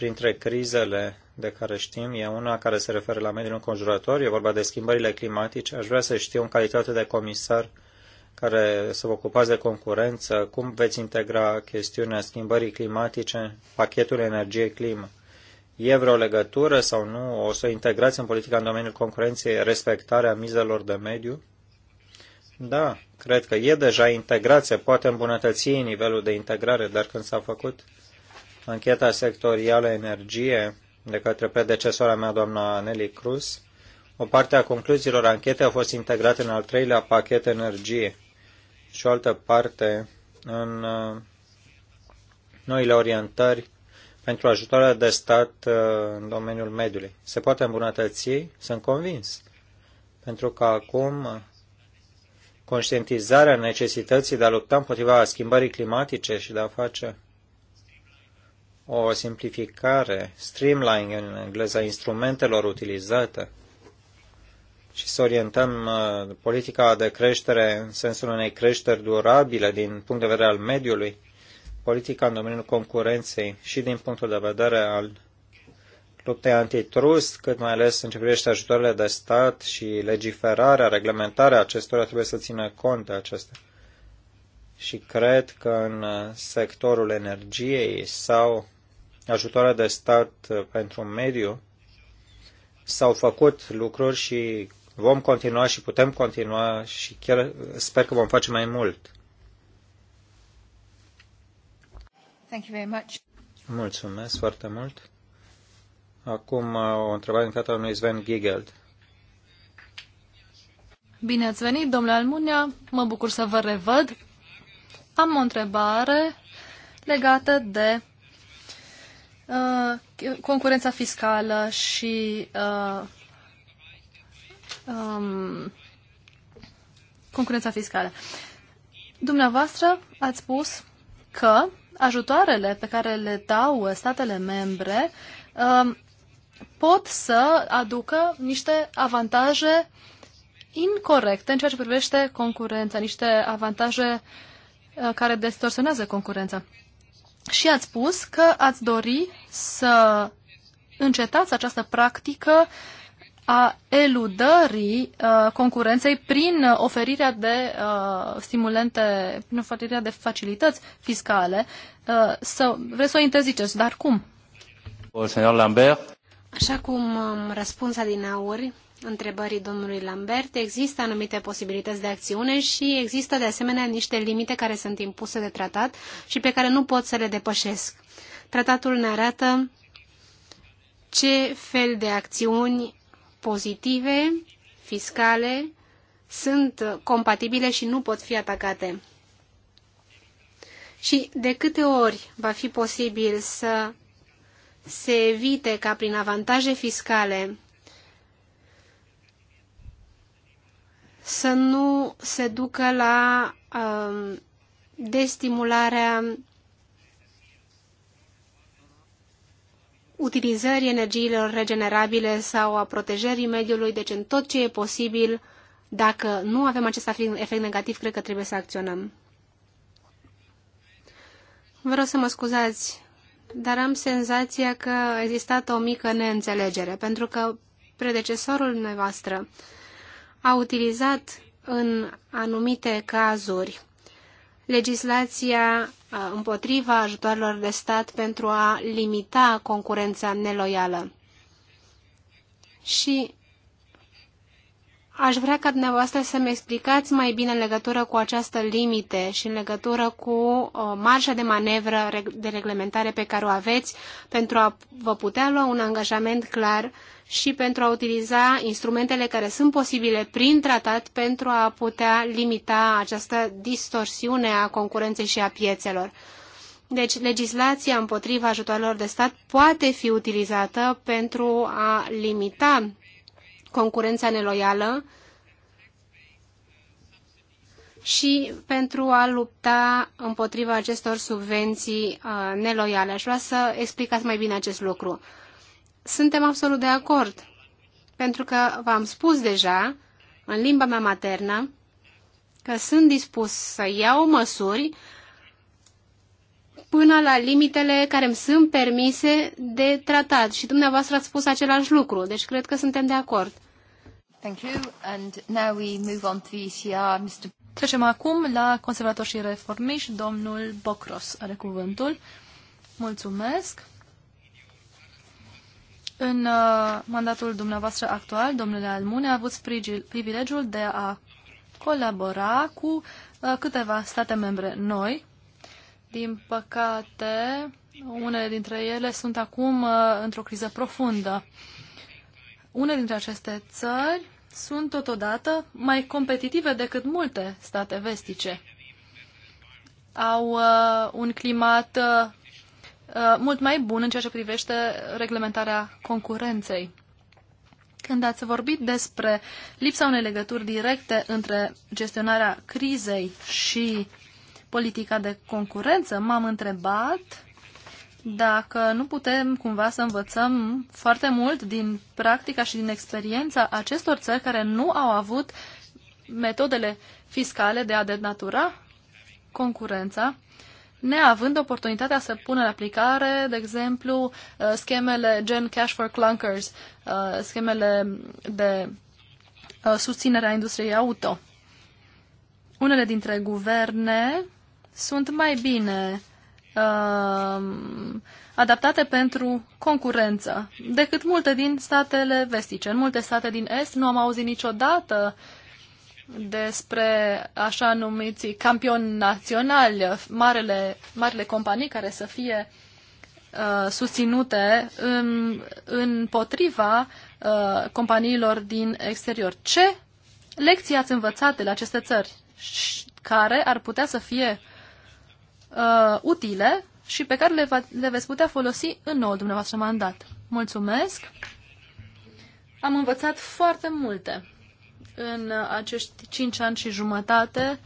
printre crizele de care știm e una care se referă la mediul înconjurător, e vorba de schimbările climatice. Aș vrea să știu, în calitate de comisar care să vă ocupați de concurență, cum veți integra chestiunea schimbării climatice în pachetul energie-climă. E vreo legătură sau nu? O să integrați în politica în domeniul concurenței respectarea mizelor de mediu? Da, cred că e deja integrație, se poate îmbunătăți nivelul de integrare, dar când s-a făcut ancheta sectorială energie de către predecesoarea mea, doamna Nelly Cruz, o parte a concluziilor anchetei a fost integrată în al treilea pachet energie și o altă parte în uh, noile orientări pentru ajutoarea de stat uh, în domeniul mediului. Se poate îmbunătăți? Sunt convins. Pentru că acum uh, conștientizarea necesității de a lupta împotriva schimbării climatice și de a face o simplificare, streamlining în engleză, a instrumentelor utilizate și să orientăm uh, politica de creștere în sensul unei creșteri durabile din punct de vedere al mediului, politica în domeniul concurenței și din punctul de vedere al luptei antitrust, cât mai ales în ce privește ajutoarele de stat și legiferarea, reglementarea acestora trebuie să țină cont de acestea. Și cred că în uh, sectorul energiei sau ajutoare de stat uh, pentru mediu, s-au făcut lucruri și vom continua și putem continua și chiar uh, sper că vom face mai mult. Thank you very much. Mulțumesc foarte mult. Acum uh, o întrebare din partea unui Sven Giegeld. Bine ați venit, domnule Almunia. Mă bucur să vă revăd. Am o întrebare legată de Uh, concurența fiscală și uh, um, concurența fiscală. Dumneavoastră ați spus că ajutoarele pe care le dau statele membre uh, pot să aducă niște avantaje incorrecte în ceea ce privește concurența, niște avantaje uh, care distorsionează concurența. Și ați spus că ați dori să încetați această practică a eludării uh, concurenței prin oferirea de uh, stimulente, prin oferirea de facilități fiscale. Uh, să, vreți să o interziceți, dar cum? Señor Lambert. Așa cum am răspuns adineauri întrebării domnului Lambert, există anumite posibilități de acțiune și există de asemenea niște limite care sunt impuse de tratat și pe care nu pot să le depășesc. Tratatul ne arată ce fel de acțiuni pozitive, fiscale, sunt compatibile și nu pot fi atacate. Și de câte ori va fi posibil să se evite ca prin avantaje fiscale să nu se ducă la um, destimularea utilizării energiilor regenerabile sau a protejării mediului, deci în tot ce e posibil, dacă nu avem acest efect negativ, cred că trebuie să acționăm. Vreau să mă scuzați, dar am senzația că a existat o mică neînțelegere, pentru că predecesorul dumneavoastră a utilizat în anumite cazuri legislația împotriva ajutoarelor de stat pentru a limita concurența neloială. Și aș vrea ca dumneavoastră să-mi explicați mai bine în legătură cu această limite și în legătură cu o de manevră de reglementare pe care o aveți pentru a vă putea lua un angajament clar și pentru a utiliza instrumentele care sunt posibile prin tratat pentru a putea limita această distorsiune a concurenței și a piețelor. Deci, legislația împotriva ajutoarelor de stat poate fi utilizată pentru a limita concurența neloială și pentru a lupta împotriva acestor subvenții uh, neloiale. Aș vrea să explicați mai bine acest lucru suntem absolut de acord. Pentru că v-am spus deja, în limba mea maternă, că sunt dispus să iau măsuri până la limitele care îmi sunt permise de tratat. Și dumneavoastră ați spus același lucru, deci cred că suntem de acord. Thank you. And now we move on to ECR, Mr. Trecem acum la conservatori și reformiști. Domnul Bocros are cuvântul. Mulțumesc. În uh, mandatul dumneavoastră actual, domnule Almune, a avut privilegiul de a colabora cu uh, câteva state membre noi. Din păcate, unele dintre ele sunt acum uh, într-o criză profundă. Unele dintre aceste țări sunt totodată mai competitive decât multe state vestice. Au uh, un climat uh, Uh, mult mai bun în ceea ce privește reglementarea concurenței. Când ați vorbit despre lipsa unei legături directe între gestionarea crizei și politica de concurență, m-am întrebat dacă nu putem cumva să învățăm foarte mult din practica și din experiența acestor țări care nu au avut metodele fiscale de a denatura concurența neavând oportunitatea să pună în aplicare, de exemplu, uh, schemele gen Cash for Clunkers, uh, schemele de uh, susținere a industriei auto. Unele dintre guverne sunt mai bine adaptate pentru concurență decât multe din statele vestice. În multe state din Est nu am auzit niciodată uh, despre așa numiți campioni naționali, marele, marele companii care să fie uh, susținute în, împotriva uh, companiilor din exterior. Ce lecții ați învățat de la aceste țări care ar putea să fie uh, utile și pe care le, va, le veți putea folosi în noul dumneavoastră mandat? Mulțumesc! Am învățat foarte multe în acești cinci ani și jumătate.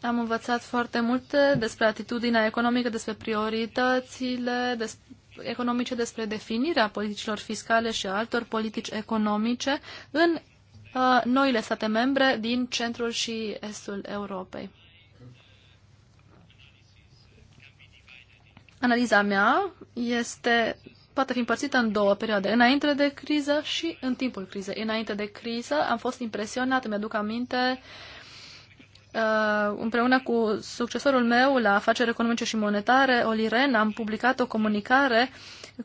Am învățat foarte mult despre atitudinea economică, despre prioritățile despre economice, despre definirea politicilor fiscale și altor politici economice în uh, noile state membre din centrul și estul Europei. Analiza mea este poate fi împărțită în două perioade, înainte de criză și în timpul crizei. Înainte de criză am fost impresionat, îmi aduc aminte, uh, împreună cu succesorul meu la afaceri economice și monetare, Oliren, am publicat o comunicare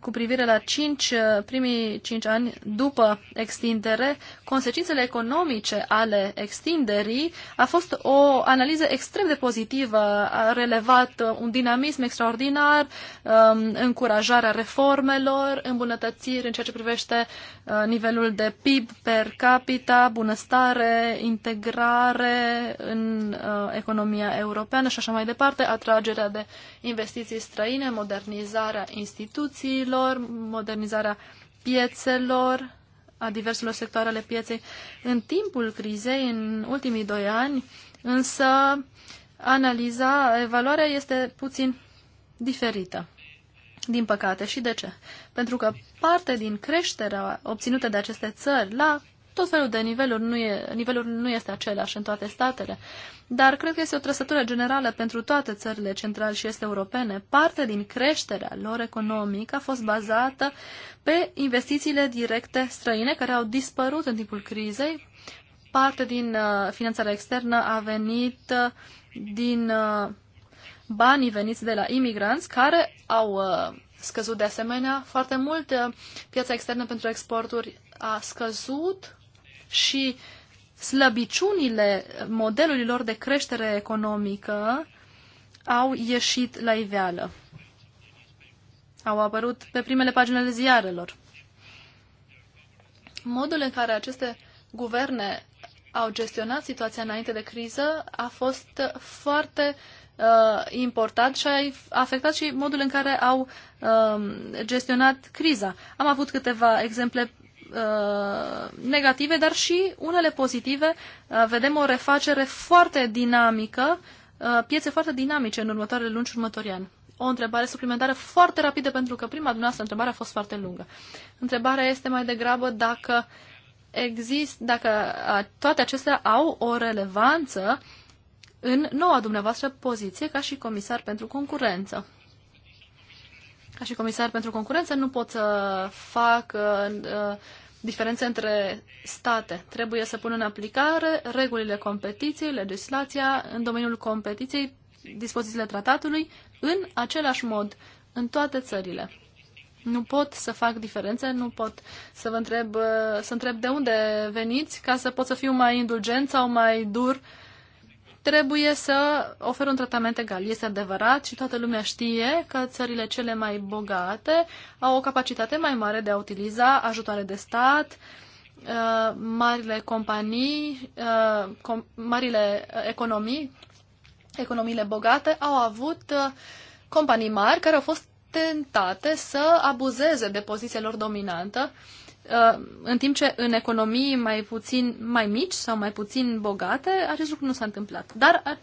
cu privire la cinci, uh, primii cinci ani după extindere, consecințele economice ale extinderii, a fost o analiză extrem de pozitivă, a relevat uh, un dinamism extraordinar, um, încurajarea reformelor, îmbunătățiri în ceea ce privește uh, nivelul de PIB per capita, bunăstare, integrare în economia europeană și așa mai departe, atragerea de investiții străine, modernizarea instituțiilor, măsurilor, modernizarea piețelor, a diverselor sectoare ale pieței. În timpul crizei, în ultimii doi ani, însă, analiza, evaluarea este puțin diferită. Din păcate. Și de ce? Pentru că parte din creșterea obținută de aceste țări la tot felul de niveluri nu, e, niveluri nu este același în toate statele, dar cred că este o trăsătură generală pentru toate țările central și este europene. Parte din creșterea lor economică a fost bazată pe investițiile directe străine care au dispărut în timpul crizei. Parte din uh, finanțarea externă a venit uh, din uh, banii veniți de la imigranți care au uh, scăzut de asemenea foarte mult. Piața externă pentru exporturi a scăzut și slăbiciunile modelului lor de creștere economică au ieșit la iveală. Au apărut pe primele pagini ale ziarelor. Modul în care aceste guverne au gestionat situația înainte de criză a fost foarte uh, important și a afectat și modul în care au uh, gestionat criza. Am avut câteva exemple Uh, negative, dar și unele pozitive. Uh, vedem o refacere foarte dinamică, uh, piețe foarte dinamice în următoarele luni și următorii ani. O întrebare suplimentară foarte rapidă, pentru că prima dumneavoastră întrebare a fost foarte lungă. Întrebarea este mai degrabă dacă există, dacă toate acestea au o relevanță în noua dumneavoastră poziție ca și comisar pentru concurență ca și comisar pentru concurență nu pot să fac uh, diferențe între state. Trebuie să pună în aplicare regulile competiției, legislația în domeniul competiției, dispozițiile tratatului, în același mod, în toate țările. Nu pot să fac diferențe, nu pot să vă întreb, să întreb de unde veniți ca să pot să fiu mai indulgent sau mai dur uh, trebuie să oferă un tratament egal. Este adevărat și toată lumea știe că țările cele mai bogate au o capacitate mai mare de a utiliza ajutoare de stat, uh, marile companii, uh, marile economii, economiile bogate au avut uh, companii mari care au fost tentate să abuzeze de poziția lor dominantă Uh, în timp ce în economii mai puțin mai mici sau mai puțin bogate, acest lucru nu s-a întâmplat. Dar uh,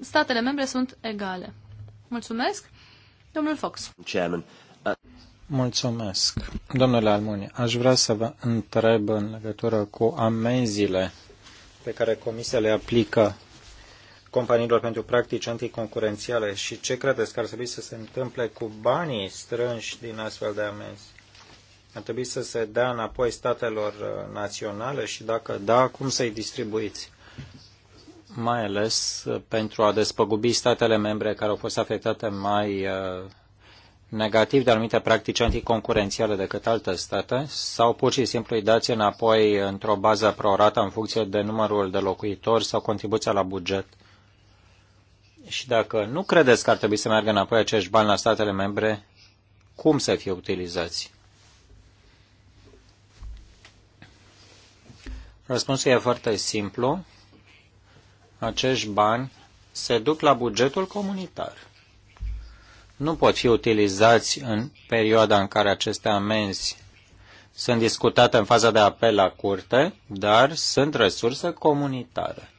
statele membre sunt egale. Mulțumesc. Domnul Fox. Chairman. Uh, Mulțumesc. Domnule Almuni, aș vrea să vă întreb în legătură cu amenziile pe care Comisia le aplică companiilor pentru practici anticoncurențiale și ce credeți că ar trebui să se întâmple cu banii strânși din astfel de amenzi? Ar trebui să se dea înapoi statelor uh, naționale și dacă da, cum să-i distribuiți? Mai ales uh, pentru a despăgubi statele membre care au fost afectate mai uh, negativ de anumite practici anticoncurențiale decât alte state sau pur și simplu îi dați înapoi într-o bază prorată în funcție de numărul de locuitori sau contribuția la buget? Și dacă nu credeți că ar trebui să meargă înapoi acești bani la statele membre, cum să fie utilizați? Răspunsul e foarte simplu. Acești bani se duc la bugetul comunitar. Nu pot fi utilizați în perioada în care aceste amenzi sunt discutate în faza de apel la curte, dar sunt resurse comunitare.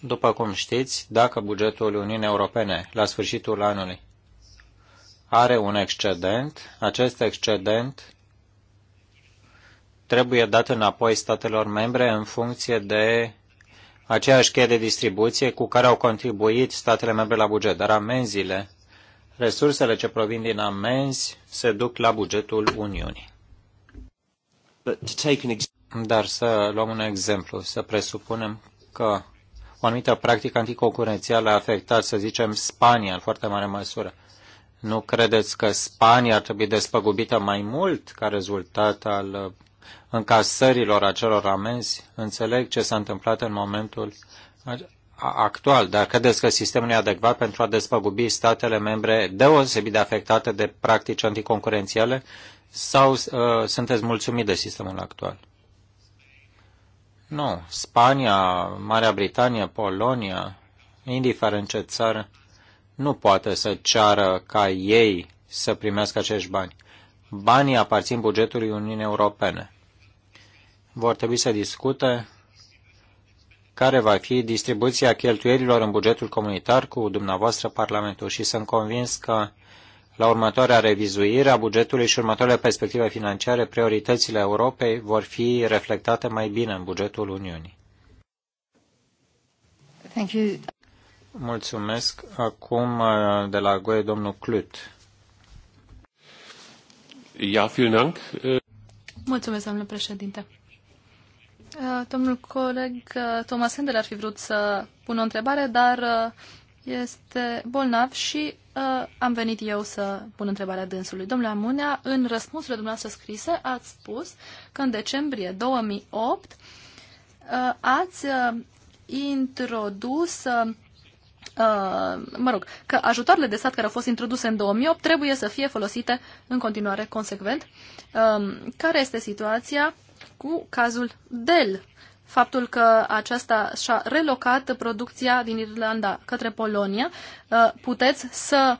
După cum știți, dacă bugetul Uniunii Europene la sfârșitul anului are un excedent, acest excedent trebuie dat înapoi statelor membre în funcție de aceeași cheie de distribuție cu care au contribuit statele membre la buget, dar amenziile, resursele ce provin din amenzi, se duc la bugetul Uniunii. Dar să luăm un exemplu, să presupunem că o anumită practică anticoncurențială a afectat, să zicem, Spania în foarte mare măsură. Nu credeți că Spania ar trebui despăgubită mai mult ca rezultat al încasărilor acelor amenzi, înțeleg ce s-a întâmplat în momentul actual, dar credeți că sistemul e adecvat pentru a despăgubi statele membre deosebit de afectate de practici anticoncurențiale sau uh, sunteți mulțumit de sistemul actual? Nu. Spania, Marea Britanie, Polonia, indiferent ce țară, nu poate să ceară ca ei să primească acești bani. Banii aparțin bugetului Uniunii Europene vor trebui să discute care va fi distribuția cheltuierilor în bugetul comunitar cu dumneavoastră Parlamentul și sunt convins că la următoarea revizuire a bugetului și următoarele perspective financiare, prioritățile Europei vor fi reflectate mai bine în bugetul Uniunii. Thank you. Mulțumesc. Acum de la GUE, domnul Clut. Ja, vielen Dank. Mulțumesc, domnule președinte. Uh, domnul coleg uh, Thomas Hendel ar fi vrut să pună o întrebare, dar uh, este bolnav și am venit eu să pun întrebarea dânsului. Domnule Amunea, în răspunsurile dumneavoastră scrise ați spus că în decembrie 2008 ați introdus mă rog, că ajutoarele de stat care au fost introduse în 2008 trebuie să fie folosite în continuare consecvent. care este situația cu cazul Dell, faptul că aceasta și-a relocat producția din Irlanda către Polonia. Uh, puteți să,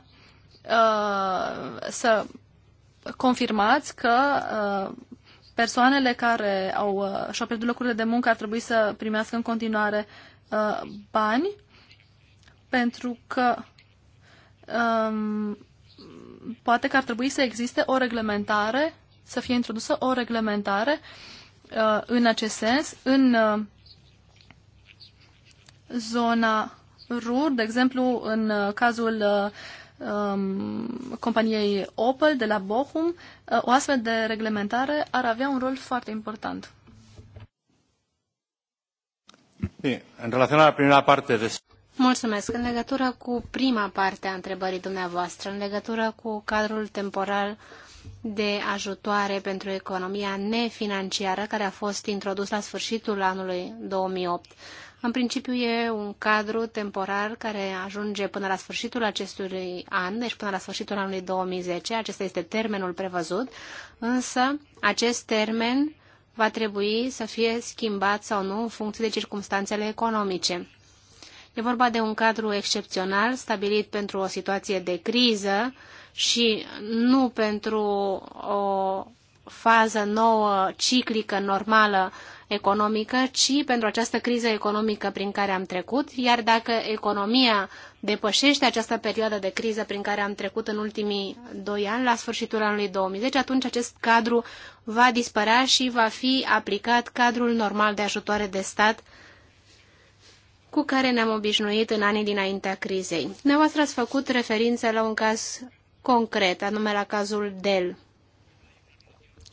uh, să confirmați că uh, persoanele care au și-au pierdut locurile de muncă ar trebui să primească în continuare bani pentru că um, poate că ar trebui să existe o reglementare să fie introdusă o reglementare uh, în acest sens în uh, zona RUR, de exemplu, în uh, cazul uh, um, companiei Opel de la Bochum, uh, o astfel de reglementare ar avea un rol foarte important. în relația la prima parte de... Mulțumesc. În legătură cu prima parte a întrebării dumneavoastră, în legătură cu cadrul temporal de ajutoare pentru economia nefinanciară care a fost introdus la sfârșitul anului 2008. În principiu e un cadru temporar care ajunge până la sfârșitul acestui an, deci până la sfârșitul anului 2010. Acesta este termenul prevăzut, însă acest termen va trebui să fie schimbat sau nu în funcție de circunstanțele economice. E vorba de un cadru excepțional stabilit pentru o situație de criză, și nu pentru o fază nouă, ciclică, normală, economică, ci pentru această criză economică prin care am trecut, iar dacă economia depășește această perioadă de criză prin care am trecut în ultimii doi ani, la sfârșitul anului 2010, atunci acest cadru va dispărea și va fi aplicat cadrul normal de ajutoare de stat cu care ne-am obișnuit în anii dinaintea crizei. ne ați făcut referință la un caz concret, anume la cazul Dell.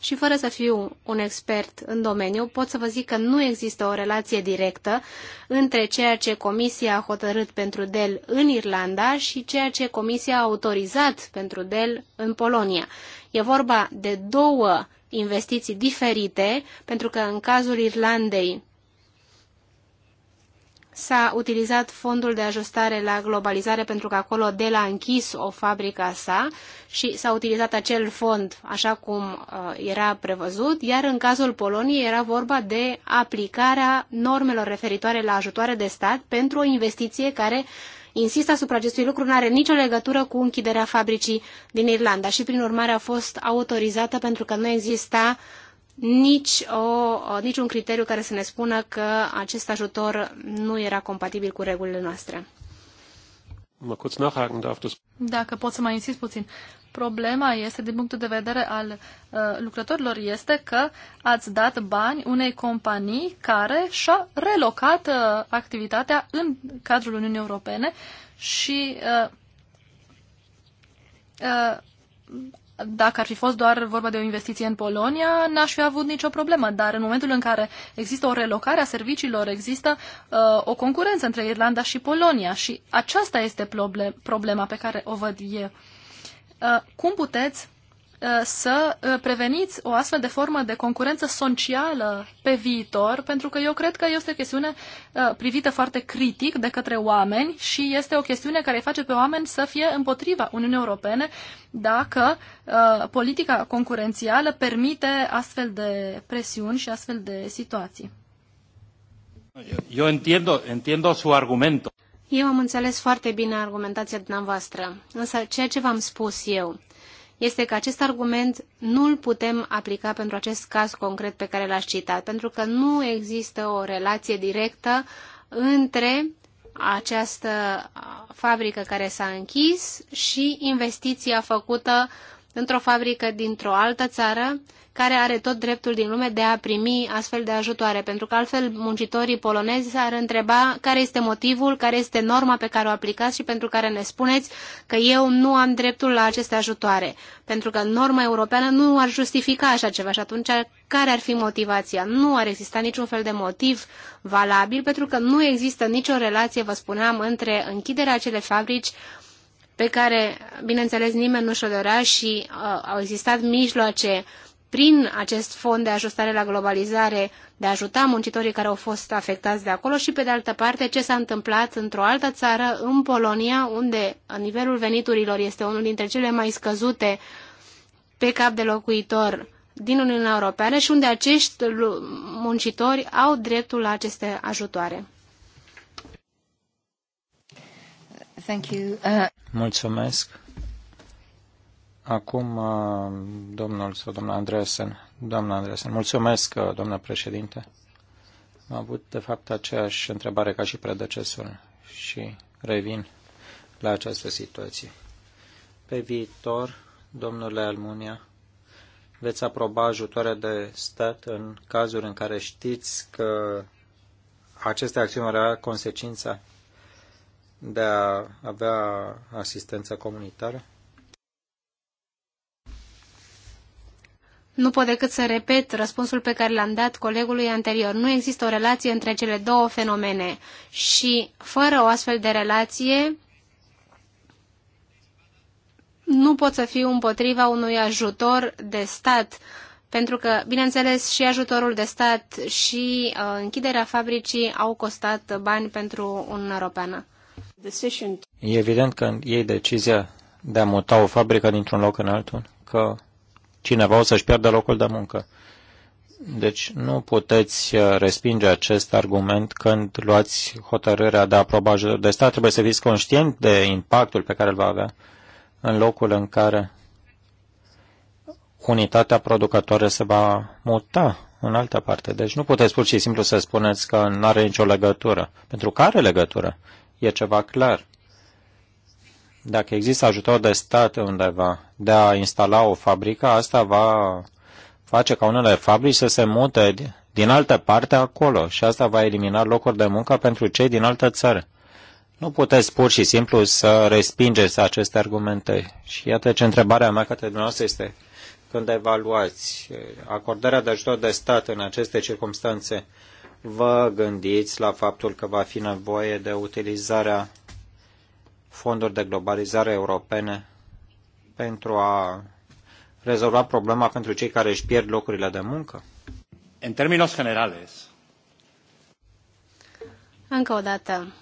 Și fără să fiu un expert în domeniu, pot să vă zic că nu există o relație directă între ceea ce Comisia a hotărât pentru Dell în Irlanda și ceea ce Comisia a autorizat pentru Dell în Polonia. E vorba de două investiții diferite, pentru că în cazul Irlandei s-a utilizat fondul de ajustare la globalizare pentru că acolo de la închis o fabrică sa și s-a utilizat acel fond așa cum uh, era prevăzut, iar în cazul Poloniei era vorba de aplicarea normelor referitoare la ajutoare de stat pentru o investiție care Insist asupra acestui lucru, nu are nicio legătură cu închiderea fabricii din Irlanda și, prin urmare, a fost autorizată pentru că nu exista nici o, niciun criteriu care să ne spună că acest ajutor nu era compatibil cu regulile noastre. Dacă pot să mai insist puțin. Problema este, din punctul de vedere al uh, lucrătorilor, este că ați dat bani unei companii care și-a relocat uh, activitatea în cadrul Uniunii Europene și uh, uh, dacă ar fi fost doar vorba de o investiție în Polonia, n-aș fi avut nicio problemă, dar în momentul în care există o relocare a serviciilor, există uh, o concurență între Irlanda și Polonia și aceasta este problem, problema pe care o văd eu. Uh, cum puteți Uh, să uh, preveniți o astfel de formă de concurență socială pe viitor, pentru că eu cred că este o chestiune uh, privită foarte critic de către oameni și este o chestiune care îi face pe oameni să fie împotriva Uniunii Europene dacă politica concurențială permite astfel de presiuni și astfel de situații. Eu entiendo, entiendo su argumento. Eu am înțeles foarte bine argumentația dumneavoastră, însă ceea ce v-am spus eu este că acest argument nu îl putem aplica pentru acest caz concret pe care l-aș citat, pentru că nu există o relație directă între această fabrică care s-a închis și investiția făcută într-o fabrică dintr-o altă țară care are tot dreptul din lume de a primi astfel de ajutoare, pentru că altfel muncitorii polonezi ar întreba care este motivul, care este norma pe care o aplicați și pentru care ne spuneți că eu nu am dreptul la aceste ajutoare, pentru că norma europeană nu ar justifica așa ceva și atunci care ar fi motivația? Nu ar exista niciun fel de motiv valabil, pentru că nu există nicio relație, vă spuneam, între închiderea acelei fabrici pe care, bineînțeles, nimeni nu și-o dorea și uh, au existat mijloace uh, prin acest fond de ajustare la globalizare de a ajuta muncitorii care au fost afectați de acolo și, pe de altă parte, ce s-a întâmplat într-o altă țară, în Polonia, unde nivelul veniturilor este unul dintre cele mai scăzute pe cap de locuitor din Uniunea Europeană și unde acești muncitori au dreptul la aceste ajutoare. Thank you. Uh... Mulțumesc. Acum, uh, domnul sau doamna Andreasen, Doamna Andreasen, mulțumesc, uh, doamna președinte. Am avut, de fapt, aceeași întrebare ca și predecesorul și revin la această situație. Pe viitor, domnule Almunia, veți aproba ajutoare de stat în cazuri în care știți că aceste acțiuni are consecința de a avea asistență comunitară? Nu pot decât să repet răspunsul pe care l-am dat colegului anterior. Nu există o relație între cele două fenomene și fără o astfel de relație nu pot să fiu împotriva unui ajutor de stat pentru că, bineînțeles, și ajutorul de stat și uh, închiderea fabricii au costat bani pentru Uniunea Europeană. E evident că ei decizia de a muta o fabrică dintr-un loc în altul, că cineva o să-și pierdă locul de muncă. Deci nu puteți uh, respinge acest argument când luați hotărârea de a aproba ajutor de stat. Trebuie să fiți conștient de impactul pe care îl va avea în locul în care unitatea producătoare se va muta în altă parte. Deci nu puteți pur și simplu să spuneți că nu are nicio legătură. Pentru că are legătură. E ceva clar. Dacă există ajutor de stat undeva de a instala o fabrică, asta va face ca unele fabrici să se mute din altă parte acolo și asta va elimina locuri de muncă pentru cei din altă țară. Nu puteți pur și simplu să respingeți aceste argumente. Și iată ce întrebarea mea către dumneavoastră este când evaluați acordarea de ajutor de stat în aceste circunstanțe, vă gândiți la faptul că va fi nevoie de utilizarea fonduri de globalizare europene pentru a rezolva problema pentru cei care își pierd locurile de muncă? În termenos generales. Încă o dată.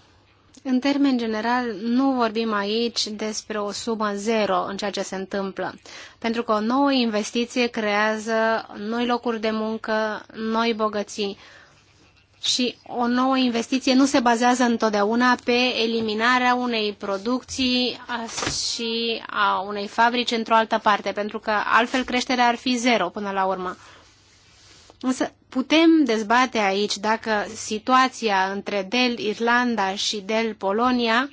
În termen general, nu vorbim aici despre o sumă zero în ceea ce se întâmplă, pentru că o nouă investiție creează noi locuri de muncă, noi bogății, și o nouă investiție nu se bazează întotdeauna pe eliminarea unei producții și a unei fabrici într-o altă parte, pentru că altfel creșterea ar fi zero până la urmă. Însă putem dezbate aici dacă situația între Del Irlanda și Del Polonia,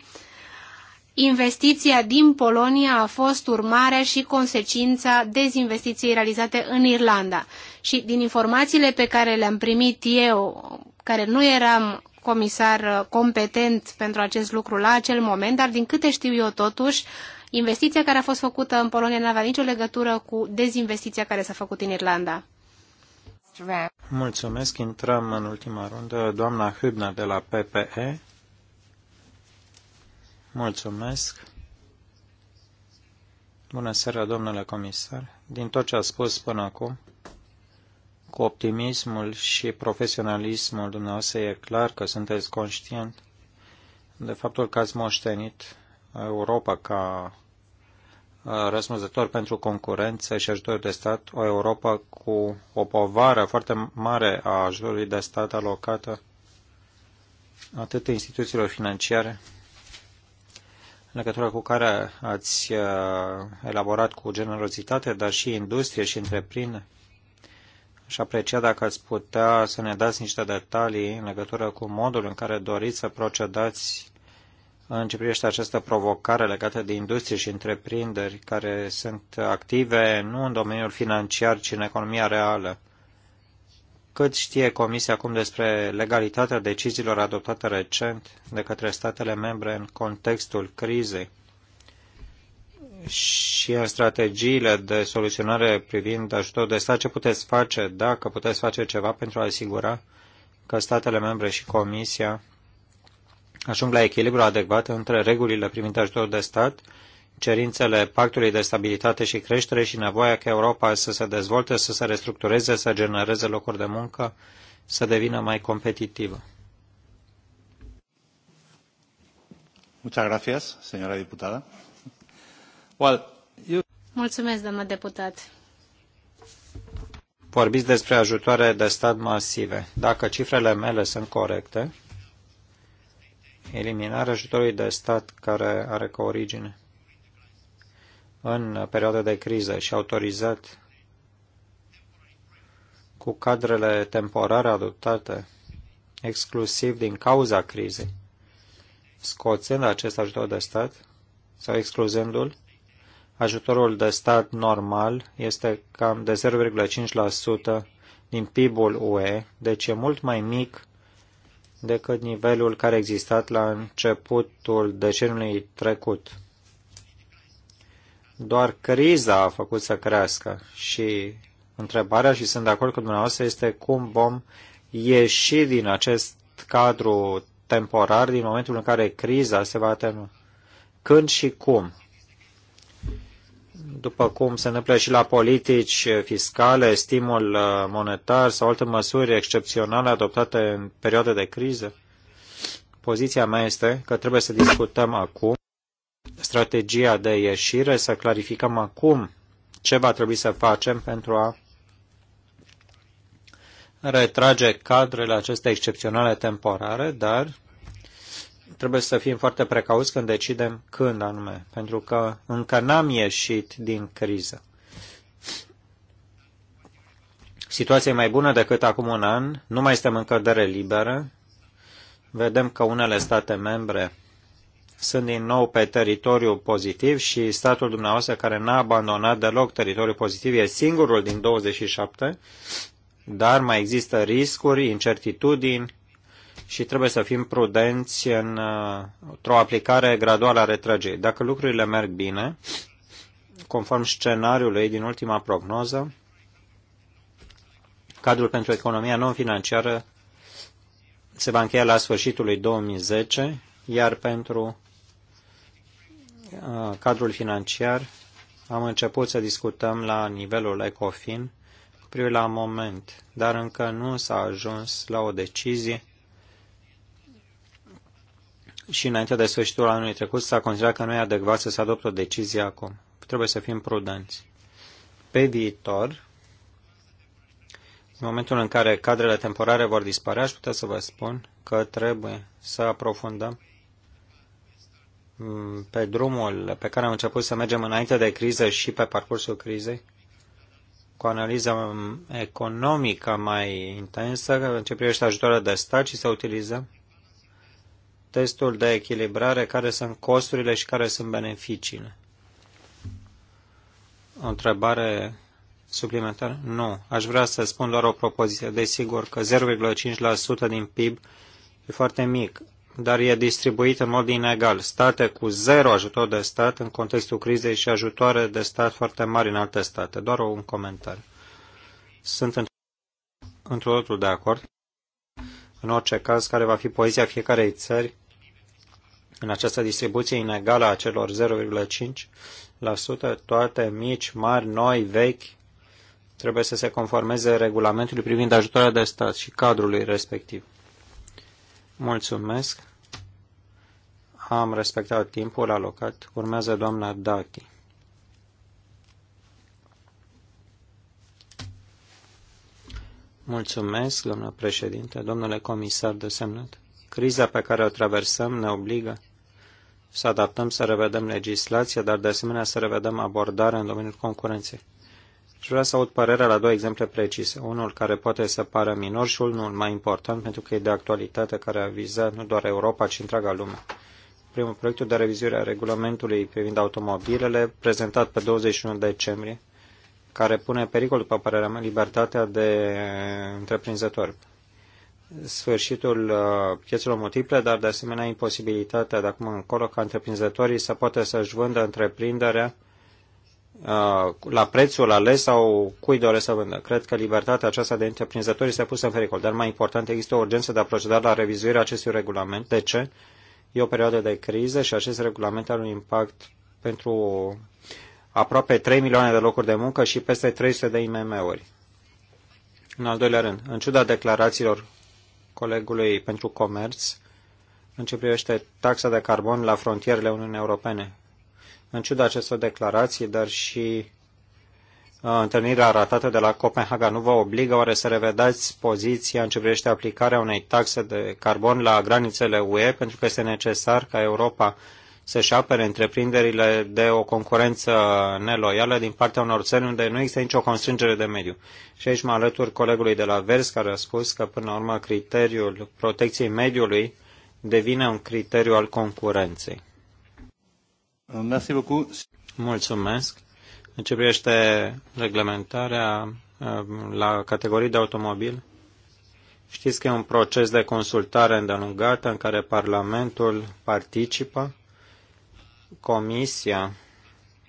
investiția din Polonia a fost urmarea și consecința dezinvestiției realizate în Irlanda. Și din informațiile pe care le-am primit eu care nu eram comisar uh, competent pentru acest lucru la acel moment, dar din câte știu eu totuși, investiția care a fost făcută în Polonia n-avea nicio legătură cu dezinvestiția care s-a făcut în Irlanda. Mulțumesc, intrăm în ultima rundă. Doamna Hübner de la PPE. Mulțumesc. Bună seara, domnule comisar. Din tot ce a spus până acum, cu optimismul și profesionalismul dumneavoastră e clar că sunteți conștient de faptul că ați moștenit Europa ca uh, răspunzător pentru concurență și ajutor de stat, o Europa cu o povară foarte mare a ajutorului de stat alocată atât instituțiilor financiare, în legătură cu care ați uh, elaborat cu generozitate, dar și industrie și întreprinderi și aprecia dacă ați putea să ne dați niște detalii în legătură cu modul în care doriți să procedați în ce privește această provocare legată de industrie și întreprinderi care sunt active nu în domeniul financiar, ci în economia reală. Cât știe Comisia acum despre legalitatea deciziilor adoptate recent de către statele membre în contextul crizei? și în strategiile de soluționare privind ajutorul de stat, ce puteți face, dacă puteți face ceva pentru a asigura că statele membre și Comisia ajung la echilibru adecvat între regulile privind ajutorul de stat, cerințele Pactului de Stabilitate și Creștere și nevoia ca Europa să se dezvolte, să se restructureze, să genereze locuri de muncă, să devină mai competitivă. Muchas gracias, señora diputada. Mulțumesc, doamnă deputat. Vorbiți despre ajutoare de stat masive. Dacă cifrele mele sunt corecte, eliminarea ajutorului de stat care are ca origine în perioada de criză și autorizat cu cadrele temporare adoptate exclusiv din cauza crizei, scoțând acest ajutor de stat sau excluzându-l ajutorul de stat normal este cam de 0,5% din PIB-ul UE, deci e mult mai mic decât nivelul care a existat la începutul deceniului trecut. Doar criza a făcut să crească și întrebarea, și sunt de acord cu dumneavoastră, este cum vom ieși din acest cadru temporar din momentul în care criza se va atenua. Când și cum? după cum se întâmplă și la politici fiscale, stimul uh, monetar sau alte măsuri excepționale adoptate în perioade de criză? Poziția mea este că trebuie să discutăm acum strategia de ieșire, să clarificăm acum ce va trebui să facem pentru a retrage cadrele acestea excepționale temporare, dar trebuie să fim foarte precauți când decidem când anume, pentru că încă n-am ieșit din criză. Situația e mai bună decât acum un an, nu mai suntem în cădere liberă, vedem că unele state membre sunt din nou pe teritoriu pozitiv și statul dumneavoastră care n-a abandonat deloc teritoriul pozitiv e singurul din 27, dar mai există riscuri, incertitudini, și trebuie să fim prudenți în, uh, într-o aplicare graduală a retragerii. Dacă lucrurile merg bine, conform scenariului din ultima prognoză, cadrul pentru economia non-financiară se va încheia la sfârșitul lui 2010, iar pentru uh, cadrul financiar am început să discutăm la nivelul ECOFIN cu privire la moment, dar încă nu s-a ajuns la o decizie și înainte de sfârșitul anului trecut s-a considerat că nu e adecvat să se adopte o decizie acum. Trebuie să fim prudenți. Pe viitor, în momentul în care cadrele temporare vor dispărea, aș putea să vă spun că trebuie să aprofundăm mm, pe drumul pe care am început să mergem înainte de criză și pe parcursul crizei, cu analiza mm, economică mai intensă în ce privește ajutoarele de stat și să utilizăm testul de echilibrare, care sunt costurile și care sunt beneficiile. O întrebare suplimentară? Nu. Aș vrea să spun doar o propoziție. Desigur că 0,5% din PIB e foarte mic, dar e distribuit în mod inegal. State cu zero ajutor de stat în contextul crizei și ajutoare de stat foarte mari în alte state. Doar un comentariu. Sunt într-o totul de acord în orice caz, care va fi poziția fiecarei țări în această distribuție inegală a celor 0,5%, toate mici, mari, noi, vechi, trebuie să se conformeze regulamentului privind ajutoarea de stat și cadrului respectiv. Mulțumesc. Am respectat timpul alocat. Urmează doamna Dati. Mulțumesc, doamnă președinte, domnule comisar desemnat. Criza pe care o traversăm ne obligă să adaptăm, să revedem legislația, dar de asemenea să revedem abordarea în domeniul concurenței. Și vreau să aud părerea la două exemple precise, unul care poate să pară minor și unul mai important pentru că e de actualitate care a vizat nu doar Europa, ci întreaga lume. Primul proiectul de revizuire a regulamentului privind automobilele, prezentat pe 21 decembrie, care pune în pericol, după părerea mea, libertatea de întreprinzător. Sfârșitul uh, piețelor multiple, dar de asemenea imposibilitatea de acum încolo ca întreprinzătorii să poată să-și vândă întreprinderea uh, la prețul ales sau cui doresc să vândă. Cred că libertatea aceasta de întreprinzători este pusă în pericol. Dar mai important, există o urgență de a proceda la revizuirea acestui regulament. De ce? E o perioadă de criză și acest regulament are un impact pentru aproape 3 milioane de locuri de muncă și peste 300 de IMM-uri. În al doilea rând, în ciuda declarațiilor colegului pentru comerț, în ce privește taxa de carbon la frontierele Uniunii Europene, în ciuda acestor declarații, dar și uh, întâlnirea ratată de la Copenhaga nu vă obligă oare să revedați poziția în ce privește aplicarea unei taxe de carbon la granițele UE, pentru că este necesar ca Europa să-și apere întreprinderile de o concurență neloială din partea unor țări unde nu există nicio constrângere de mediu. Și aici mă alătur colegului de la Vers care a spus că până la urmă criteriul protecției mediului devine un criteriu al concurenței. Mulțumesc. În ce privește reglementarea uh, la categorii de automobil, știți că e un proces de consultare îndelungată în care Parlamentul participă Comisia,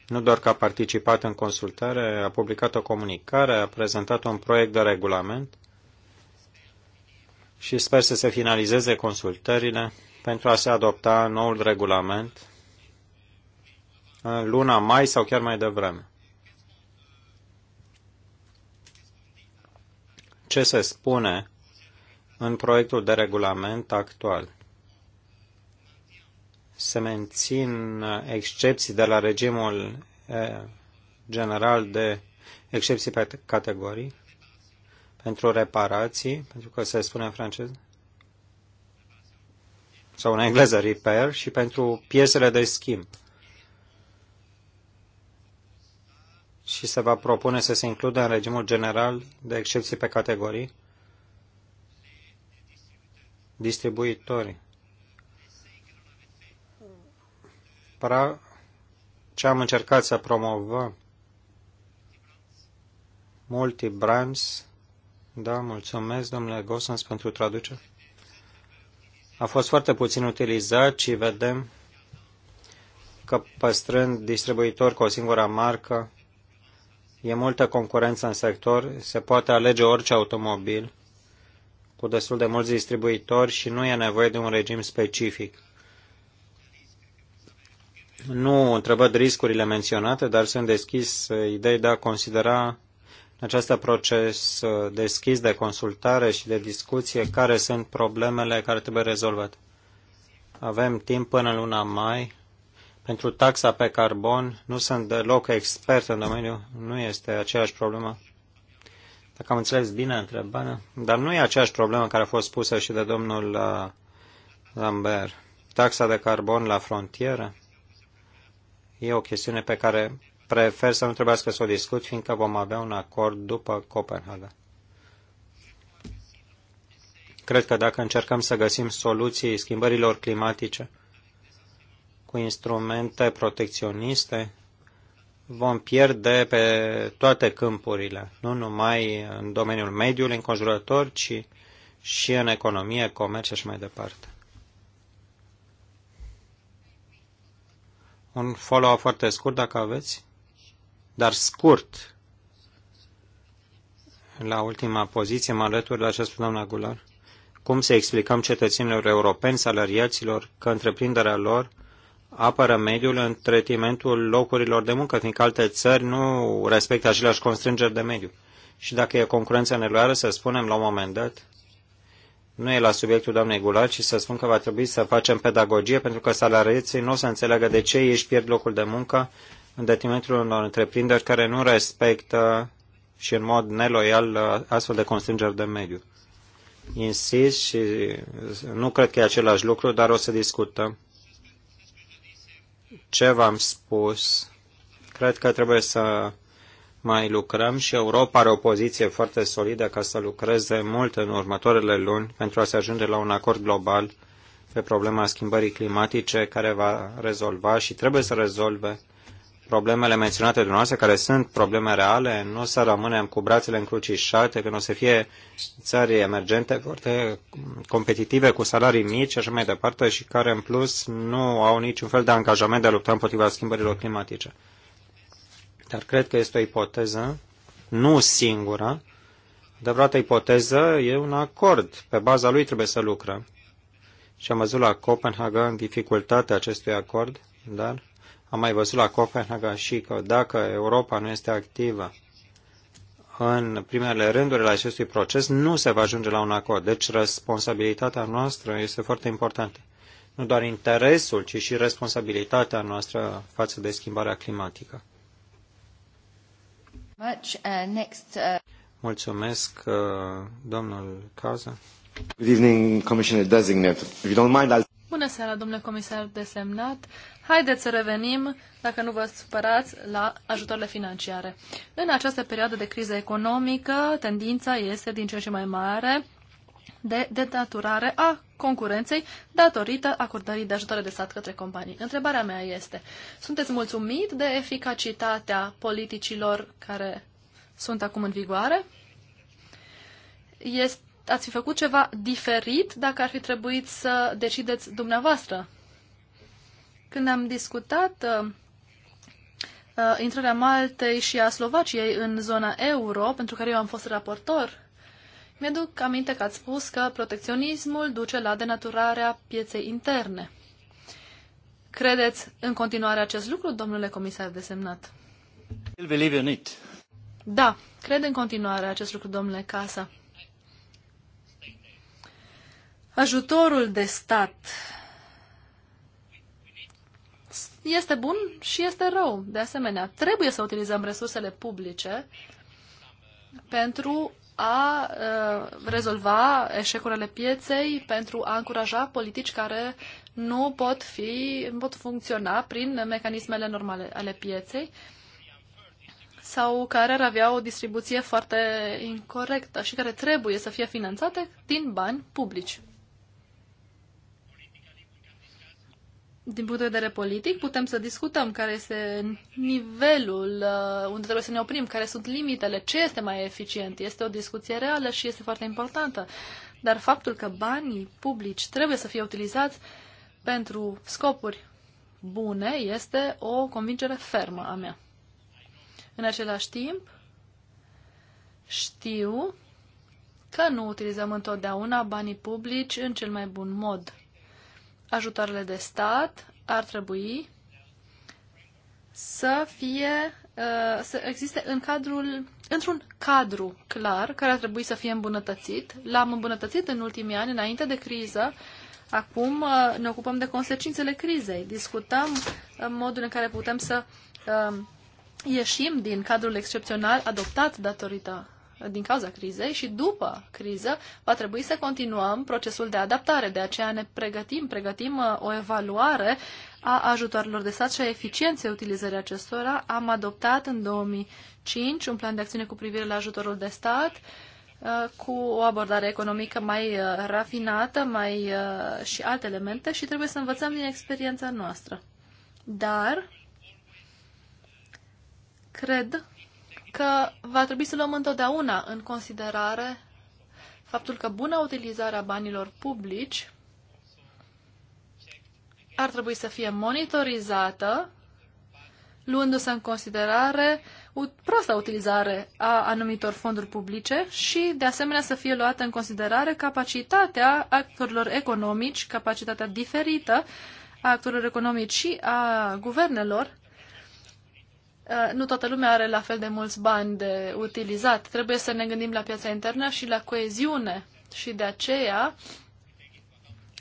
nu doar că a participat în consultare, a publicat o comunicare, a prezentat un proiect de regulament și sper să se finalizeze consultările pentru a se adopta noul regulament în luna mai sau chiar mai devreme. Ce se spune în proiectul de regulament actual? se mențin excepții de la regimul eh, general de excepții pe categorii pentru reparații, pentru că se spune în francez sau în engleză repair, și pentru piesele de schimb. Și se va propune să se includă în regimul general de excepții pe categorii distribuitorii Pra, ce am încercat să promovăm. multi brands. da, mulțumesc, domnule Gosens, pentru traducere. A fost foarte puțin utilizat și vedem că păstrând distribuitori cu o singură marcă, e multă concurență în sector, se poate alege orice automobil cu destul de mulți distribuitori și nu e nevoie de un regim specific. Nu întrevăd riscurile menționate, dar sunt deschis idei de a considera în acest proces uh, deschis de consultare și de discuție care sunt problemele care trebuie rezolvate. Avem timp până luna mai. Pentru taxa pe carbon nu sunt deloc expert în domeniu, nu este aceeași problemă. Dacă am înțeles bine întrebarea, dar nu e aceeași problemă care a fost pusă și de domnul uh, Lambert. Taxa de carbon la frontieră E o chestiune pe care prefer să nu trebuiască să o discut, fiindcă vom avea un acord după Copenhaga. Cred că dacă încercăm să găsim soluții schimbărilor climatice cu instrumente protecționiste, vom pierde pe toate câmpurile, nu numai în domeniul mediului înconjurător, ci și în economie, comerț și mai departe. Un follow-up foarte scurt, dacă aveți, dar scurt. La ultima poziție, mă alătur la ce a spus doamna Gular. Cum să explicăm cetățenilor europeni, salariaților, că întreprinderea lor apără mediul în tretimentul locurilor de muncă, fiindcă alte țări nu respectă aceleași constrângeri de mediu. Și dacă e concurență neloială, să spunem la un moment dat, nu e la subiectul doamnei Gular, ci să spun că va trebui să facem pedagogie pentru că salariații nu o să înțeleagă de ce ei își pierd locul de muncă în detrimentul unor întreprinderi care nu respectă și în mod neloial uh, astfel de constrângeri de mediu. Insist și nu cred că e același lucru, dar o să discutăm. Ce v-am spus? Cred că trebuie să mai lucrăm și Europa are o poziție foarte solidă ca să lucreze mult în următoarele luni pentru a se ajunge la un acord global pe problema schimbării climatice care va rezolva și trebuie să rezolve problemele menționate dumneavoastră, care sunt probleme reale, nu să rămânem cu brațele încrucișate, când o să fie țări emergente foarte competitive, cu salarii mici și așa mai departe, și care în plus nu au niciun fel de angajament de a lupta împotriva schimbărilor climatice dar cred că este o ipoteză, nu singura, adevărata ipoteză e un acord. Pe baza lui trebuie să lucrăm. Și am văzut la Copenhaga în dificultatea acestui acord, dar am mai văzut la Copenhaga și că dacă Europa nu este activă în primele rânduri la acestui proces, nu se va ajunge la un acord. Deci responsabilitatea noastră este foarte importantă. Nu doar interesul, ci și responsabilitatea noastră față de schimbarea climatică. Much. Uh, next, uh... Mulțumesc, uh, domnul Caza. Good evening, Commissioner Designate. If you don't mind, I'll... Bună seara, domnule comisar desemnat. Haideți să revenim, dacă nu vă supărați, la ajutoarele financiare. În această perioadă de criză economică, tendința este din ce în ce mai mare de denaturare a concurenței datorită acordării de ajutoare de stat către companii. Întrebarea mea este, sunteți mulțumit de eficacitatea politicilor care sunt acum în vigoare? Este, ați fi făcut ceva diferit dacă ar fi trebuit să decideți dumneavoastră? Când am discutat uh, uh intrarea Maltei și a Slovaciei în zona euro, pentru care eu am fost raportor mi-aduc aminte că ați spus că protecționismul duce la denaturarea pieței interne. Credeți în continuare acest lucru, domnule comisar desemnat? Da, cred în continuare acest lucru, domnule Casa. Ajutorul de stat este bun și este rău. De asemenea, trebuie să utilizăm resursele publice pentru a uh, rezolva eșecurile pieței, pentru a încuraja politici care nu pot, fi, nu pot funcționa prin mecanismele normale ale pieței sau care ar avea o distribuție foarte incorrectă și care trebuie să fie finanțate din bani publici. din punct de vedere politic, putem să discutăm care este nivelul uh, unde trebuie să ne oprim, care sunt limitele, ce este mai eficient. Este o discuție reală și este foarte importantă. Dar faptul că banii publici trebuie să fie utilizați pentru scopuri bune este o convingere fermă a mea. În același timp, știu că nu utilizăm întotdeauna banii publici în cel mai bun mod ajutoarele de stat ar trebui să fie uh, să existe în cadrul, într-un cadru clar care ar trebui să fie îmbunătățit. L-am îmbunătățit în ultimii ani, înainte de criză. Acum uh, ne ocupăm de consecințele crizei. Discutăm uh, modul în care putem să ieșim din cadrul excepțional adoptat datorită din cauza crizei și după criză va trebui să continuăm procesul de adaptare. De aceea ne pregătim, pregătim uh, o evaluare a ajutoarelor de stat și a eficienței utilizării acestora. Am adoptat în 2005 un plan de acțiune cu privire la ajutorul de stat uh, cu o abordare economică mai uh, rafinată mai, și alte elemente și trebuie să învățăm din experiența noastră. Dar cred că va trebui să luăm întotdeauna în considerare faptul că buna utilizare a banilor publici ar trebui să fie monitorizată, luându-se în considerare prosta utilizare a anumitor fonduri publice și, de asemenea, să fie luată în considerare capacitatea actorilor economici, capacitatea diferită a actorilor economici și a guvernelor Uh, nu toată lumea are la fel de mulți bani de utilizat. Trebuie să ne gândim la piața internă și la coeziune. Și de aceea,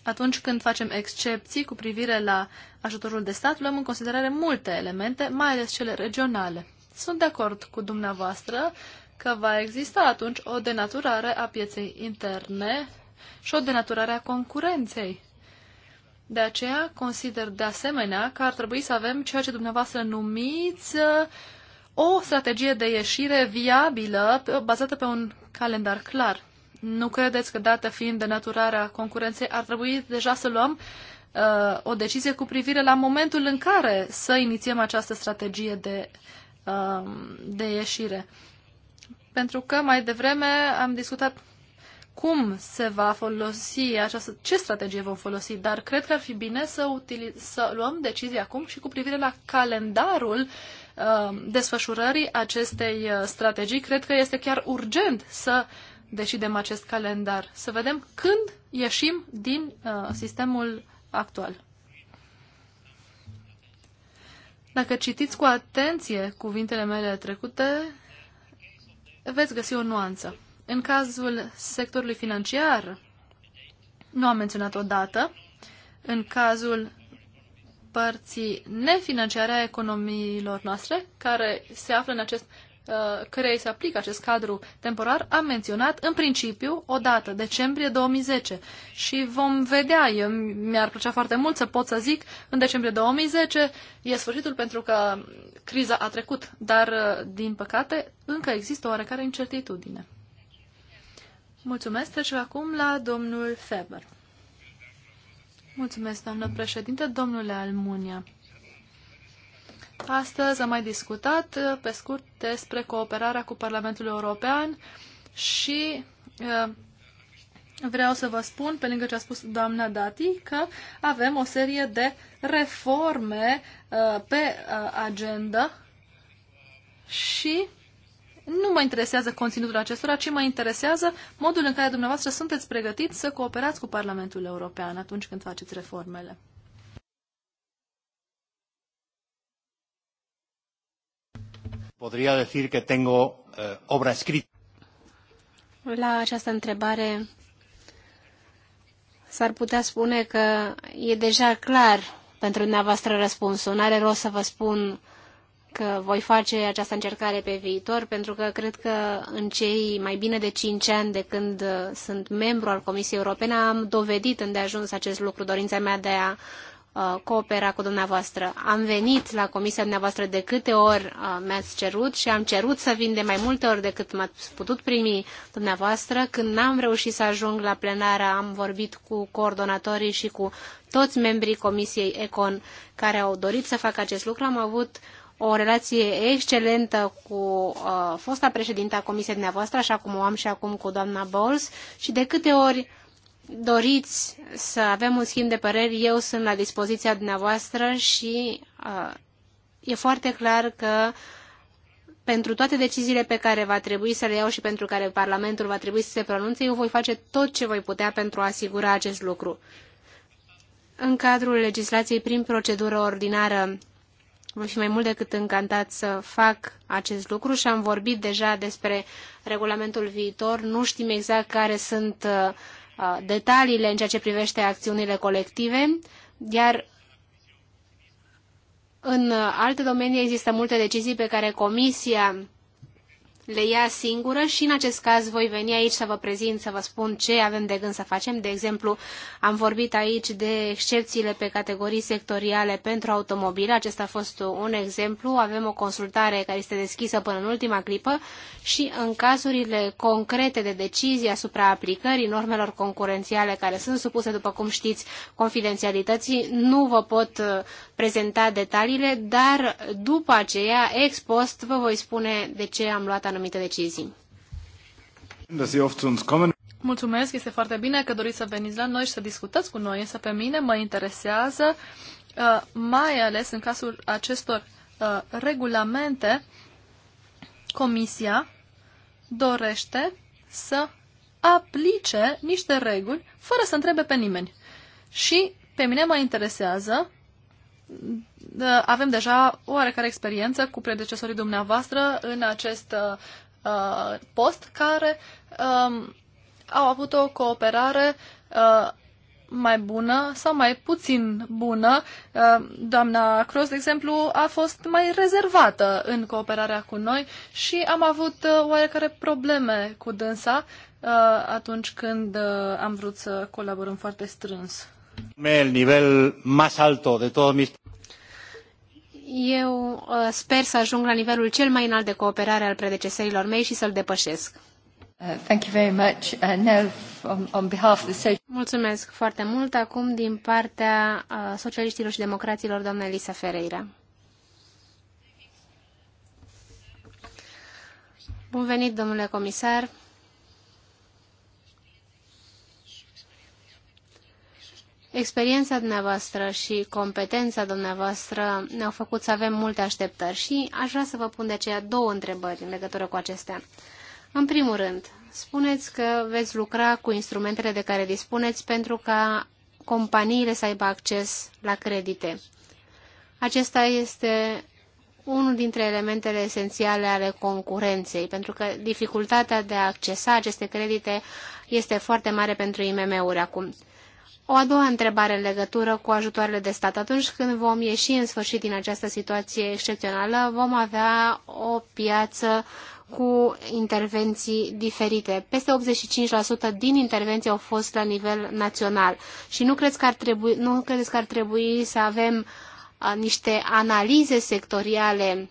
atunci când facem excepții cu privire la ajutorul de stat, luăm în considerare multe elemente, mai ales cele regionale. Sunt de acord cu dumneavoastră că va exista atunci o denaturare a pieței interne și o denaturare a concurenței. De aceea consider de asemenea că ar trebui să avem ceea ce dumneavoastră numiți uh, o strategie de ieșire viabilă bazată pe un calendar clar. Nu credeți că, dată fiind de naturarea concurenței, ar trebui deja să luăm uh, o decizie cu privire la momentul în care să inițiem această strategie de, uh, de ieșire? Pentru că mai devreme am discutat cum se va folosi această, ce strategie vom folosi, dar cred că ar fi bine să, utiliz, să luăm decizii acum și cu privire la calendarul uh, desfășurării acestei uh, strategii. Cred că este chiar urgent să decidem acest calendar, să vedem când ieșim din uh, sistemul actual. Dacă citiți cu atenție cuvintele mele trecute, veți găsi o nuanță. În cazul sectorului financiar, nu am menționat o dată. În cazul părții nefinanciare a economiilor noastre, care se află în acest uh, care se aplică acest cadru temporar, am menționat în principiu o dată, decembrie 2010. Și vom vedea, eu, mi-ar plăcea foarte mult să pot să zic, în decembrie 2010 e sfârșitul pentru că criza a trecut, dar uh, din păcate încă există oarecare incertitudine. Mulțumesc. Trecem acum la domnul Feber. Mulțumesc, doamnă președinte. Domnule Almunia, astăzi am mai discutat uh, pe scurt despre cooperarea cu Parlamentul European și uh, vreau să vă spun, pe lângă ce a spus doamna Dati, că avem o serie de reforme uh, pe agenda și nu mă interesează conținutul acestora, ci mă interesează modul în care dumneavoastră sunteți pregătiți să cooperați cu Parlamentul European atunci când faceți reformele. Podría decir que tengo eh, obra escrita. La această întrebare s-ar putea spune că e deja clar pentru dumneavoastră răspunsul. N-are rost să vă spun uh, că voi face această încercare pe viitor, pentru că cred că în cei mai bine de 5 ani de când uh, sunt membru al Comisiei Europene am dovedit îndeajuns acest lucru, dorința mea de a uh, coopera cu dumneavoastră. Am venit la comisia dumneavoastră de câte ori uh, mi-ați cerut și am cerut să vin de mai multe ori decât m-ați putut primi dumneavoastră. Când n-am reușit să ajung la plenară, am vorbit cu coordonatorii și cu toți membrii comisiei ECON care au dorit să facă acest lucru. Am avut uh, o relație excelentă cu uh, fosta președinte a comisiei dumneavoastră, așa cum o am și acum cu doamna Bowles, și de câte ori doriți să avem un schimb de păreri, eu sunt la dispoziția dumneavoastră și uh, e foarte clar că pentru toate deciziile pe care va trebui să le iau și pentru care Parlamentul va trebui să se pronunțe, eu voi face tot ce voi putea pentru a asigura acest lucru. În cadrul legislației prin procedură ordinară voi fi mai mult decât încantat să fac acest lucru și am vorbit deja despre regulamentul viitor. Nu știm exact care sunt uh, uh, detaliile în ceea ce privește acțiunile colective, iar în uh, alte domenii există multe decizii pe care Comisia le ia singură și în acest caz voi veni aici să vă prezint, să vă spun ce avem de gând să facem. De exemplu, am vorbit aici de excepțiile pe categorii sectoriale pentru automobile. Acesta a fost un exemplu. Avem o consultare care este deschisă până în ultima clipă și în cazurile concrete de decizie asupra aplicării normelor concurențiale care sunt supuse, după cum știți, confidențialității, nu vă pot uh, prezenta detaliile, dar după aceea, ex post, vă voi spune de ce am luat anumite anumite decizii. Mulțumesc, este foarte bine că doriți să veniți la noi și să discutați cu noi, însă pe mine mă interesează, uh, mai ales în cazul acestor uh, regulamente, Comisia dorește să aplice niște reguli fără să întrebe pe nimeni. Și pe mine mă interesează avem deja oarecare experiență cu predecesorii dumneavoastră în acest uh, post care um, au avut o cooperare uh, mai bună sau mai puțin bună. Uh, doamna Cross, de exemplu, a fost mai rezervată în cooperarea cu noi și am avut uh, oarecare probleme cu dânsa uh, atunci când uh, am vrut să colaborăm foarte strâns. El nivel mai alto de toți. mis eu uh, sper să ajung la nivelul cel mai înalt de cooperare al predecesorilor mei și să-l depășesc. Mulțumesc foarte mult. Acum, din partea uh, socialiștilor și democraților, doamna Elisa Ferreira. Bun venit, domnule comisar. Experiența dumneavoastră și competența dumneavoastră ne-au făcut să avem multe așteptări și aș vrea să vă pun de aceea două întrebări în legătură cu acestea. În primul rând, spuneți că veți lucra cu instrumentele de care dispuneți pentru ca companiile să aibă acces la credite. Acesta este unul dintre elementele esențiale ale concurenței, pentru că dificultatea de a accesa aceste credite este foarte mare pentru IMM-uri acum. O a doua întrebare în legătură cu ajutoarele de stat. Atunci când vom ieși în sfârșit din această situație excepțională, vom avea o piață cu intervenții diferite. Peste 85% din intervenții au fost la nivel național și nu credeți că ar trebui, nu credeți că ar trebui să avem a, niște analize sectoriale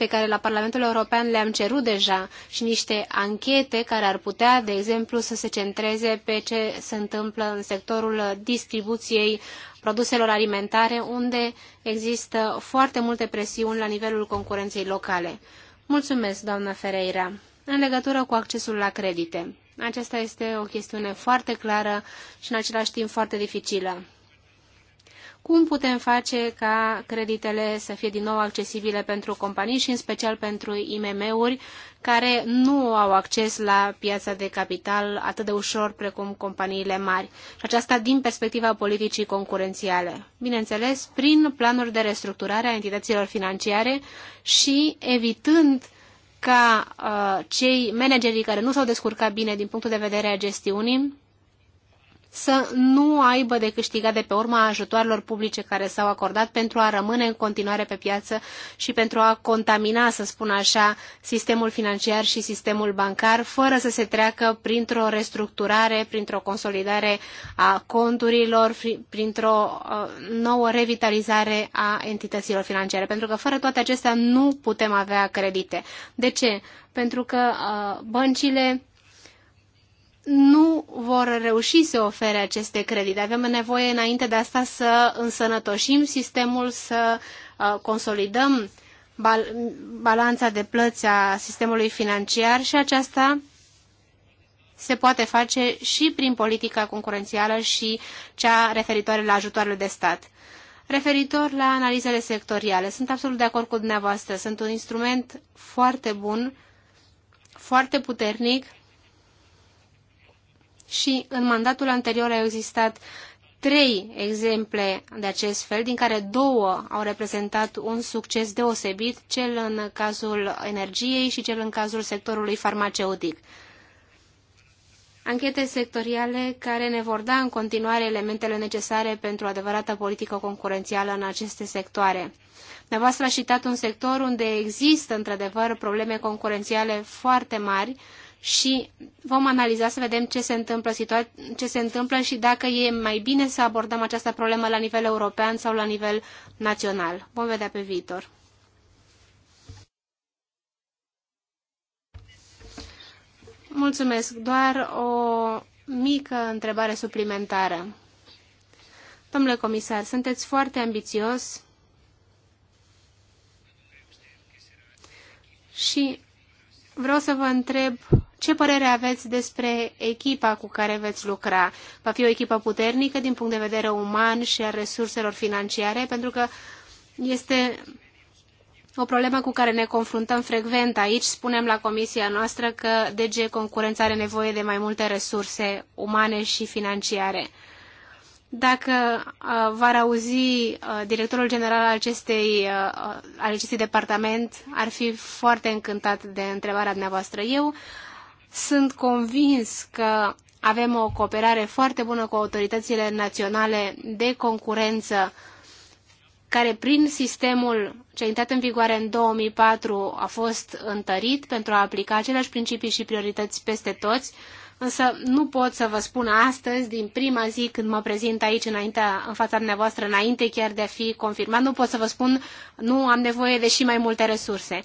pe care la Parlamentul European le-am cerut deja și niște anchete care ar putea, de exemplu, să se centreze pe ce se întâmplă în sectorul distribuției produselor alimentare, unde există foarte multe presiuni la nivelul concurenței locale. Mulțumesc, doamnă Ferreira. În legătură cu accesul la credite, aceasta este o chestiune foarte clară și în același timp foarte dificilă. Cum putem face ca creditele să fie din nou accesibile pentru companii și în special pentru IMM-uri care nu au acces la piața de capital atât de ușor precum companiile mari. Și aceasta din perspectiva politicii concurențiale. Bineînțeles, prin planuri de restructurare a entităților financiare și evitând ca uh, cei managerii care nu s-au descurcat bine din punctul de vedere a gestiunii să nu aibă de câștigat de pe urma ajutoarelor publice care s-au acordat pentru a rămâne în continuare pe piață și pentru a contamina, să spun așa, sistemul financiar și sistemul bancar, fără să se treacă printr-o restructurare, printr-o consolidare a conturilor, printr-o uh, nouă revitalizare a entităților financiare, pentru că fără toate acestea nu putem avea credite. De ce? Pentru că uh, băncile nu vor reuși să ofere aceste credite. Avem nevoie înainte de asta să însănătoșim sistemul, să uh, consolidăm bal balanța de plăți a sistemului financiar și aceasta se poate face și prin politica concurențială și cea referitoare la ajutoarele de stat. Referitor la analizele sectoriale, sunt absolut de acord cu dumneavoastră. Sunt un instrument foarte bun, foarte puternic și în mandatul anterior au existat trei exemple de acest fel, din care două au reprezentat un succes deosebit, cel în cazul energiei și cel în cazul sectorului farmaceutic. Anchete sectoriale care ne vor da în continuare elementele necesare pentru adevărată politică concurențială în aceste sectoare. Dumneavoastră a citat un sector unde există într-adevăr probleme concurențiale foarte mari, și vom analiza să vedem ce se întâmplă, ce se întâmplă și dacă e mai bine să abordăm această problemă la nivel european sau la nivel național. Vom vedea pe viitor. Mulțumesc. Doar o mică întrebare suplimentară. Domnule comisar, sunteți foarte ambițios și vreau să vă întreb ce părere aveți despre echipa cu care veți lucra. Va fi o echipă puternică din punct de vedere uman și a resurselor financiare, pentru că este o problemă cu care ne confruntăm frecvent aici. Spunem la comisia noastră că DG Concurența are nevoie de mai multe resurse umane și financiare dacă uh, va auzi uh, directorul general al acestei, uh, uh, al acestui departament, ar fi foarte încântat de întrebarea dumneavoastră. Eu sunt convins că avem o cooperare foarte bună cu autoritățile naționale de concurență, care prin sistemul ce a intrat în vigoare în 2004 a fost întărit pentru a aplica aceleași principii și priorități peste toți, uh, însă nu pot să vă spun astăzi, din prima zi când mă prezint aici înainte, în fața dumneavoastră, înainte chiar de a fi confirmat, nu pot să vă spun, nu am nevoie de și mai multe resurse.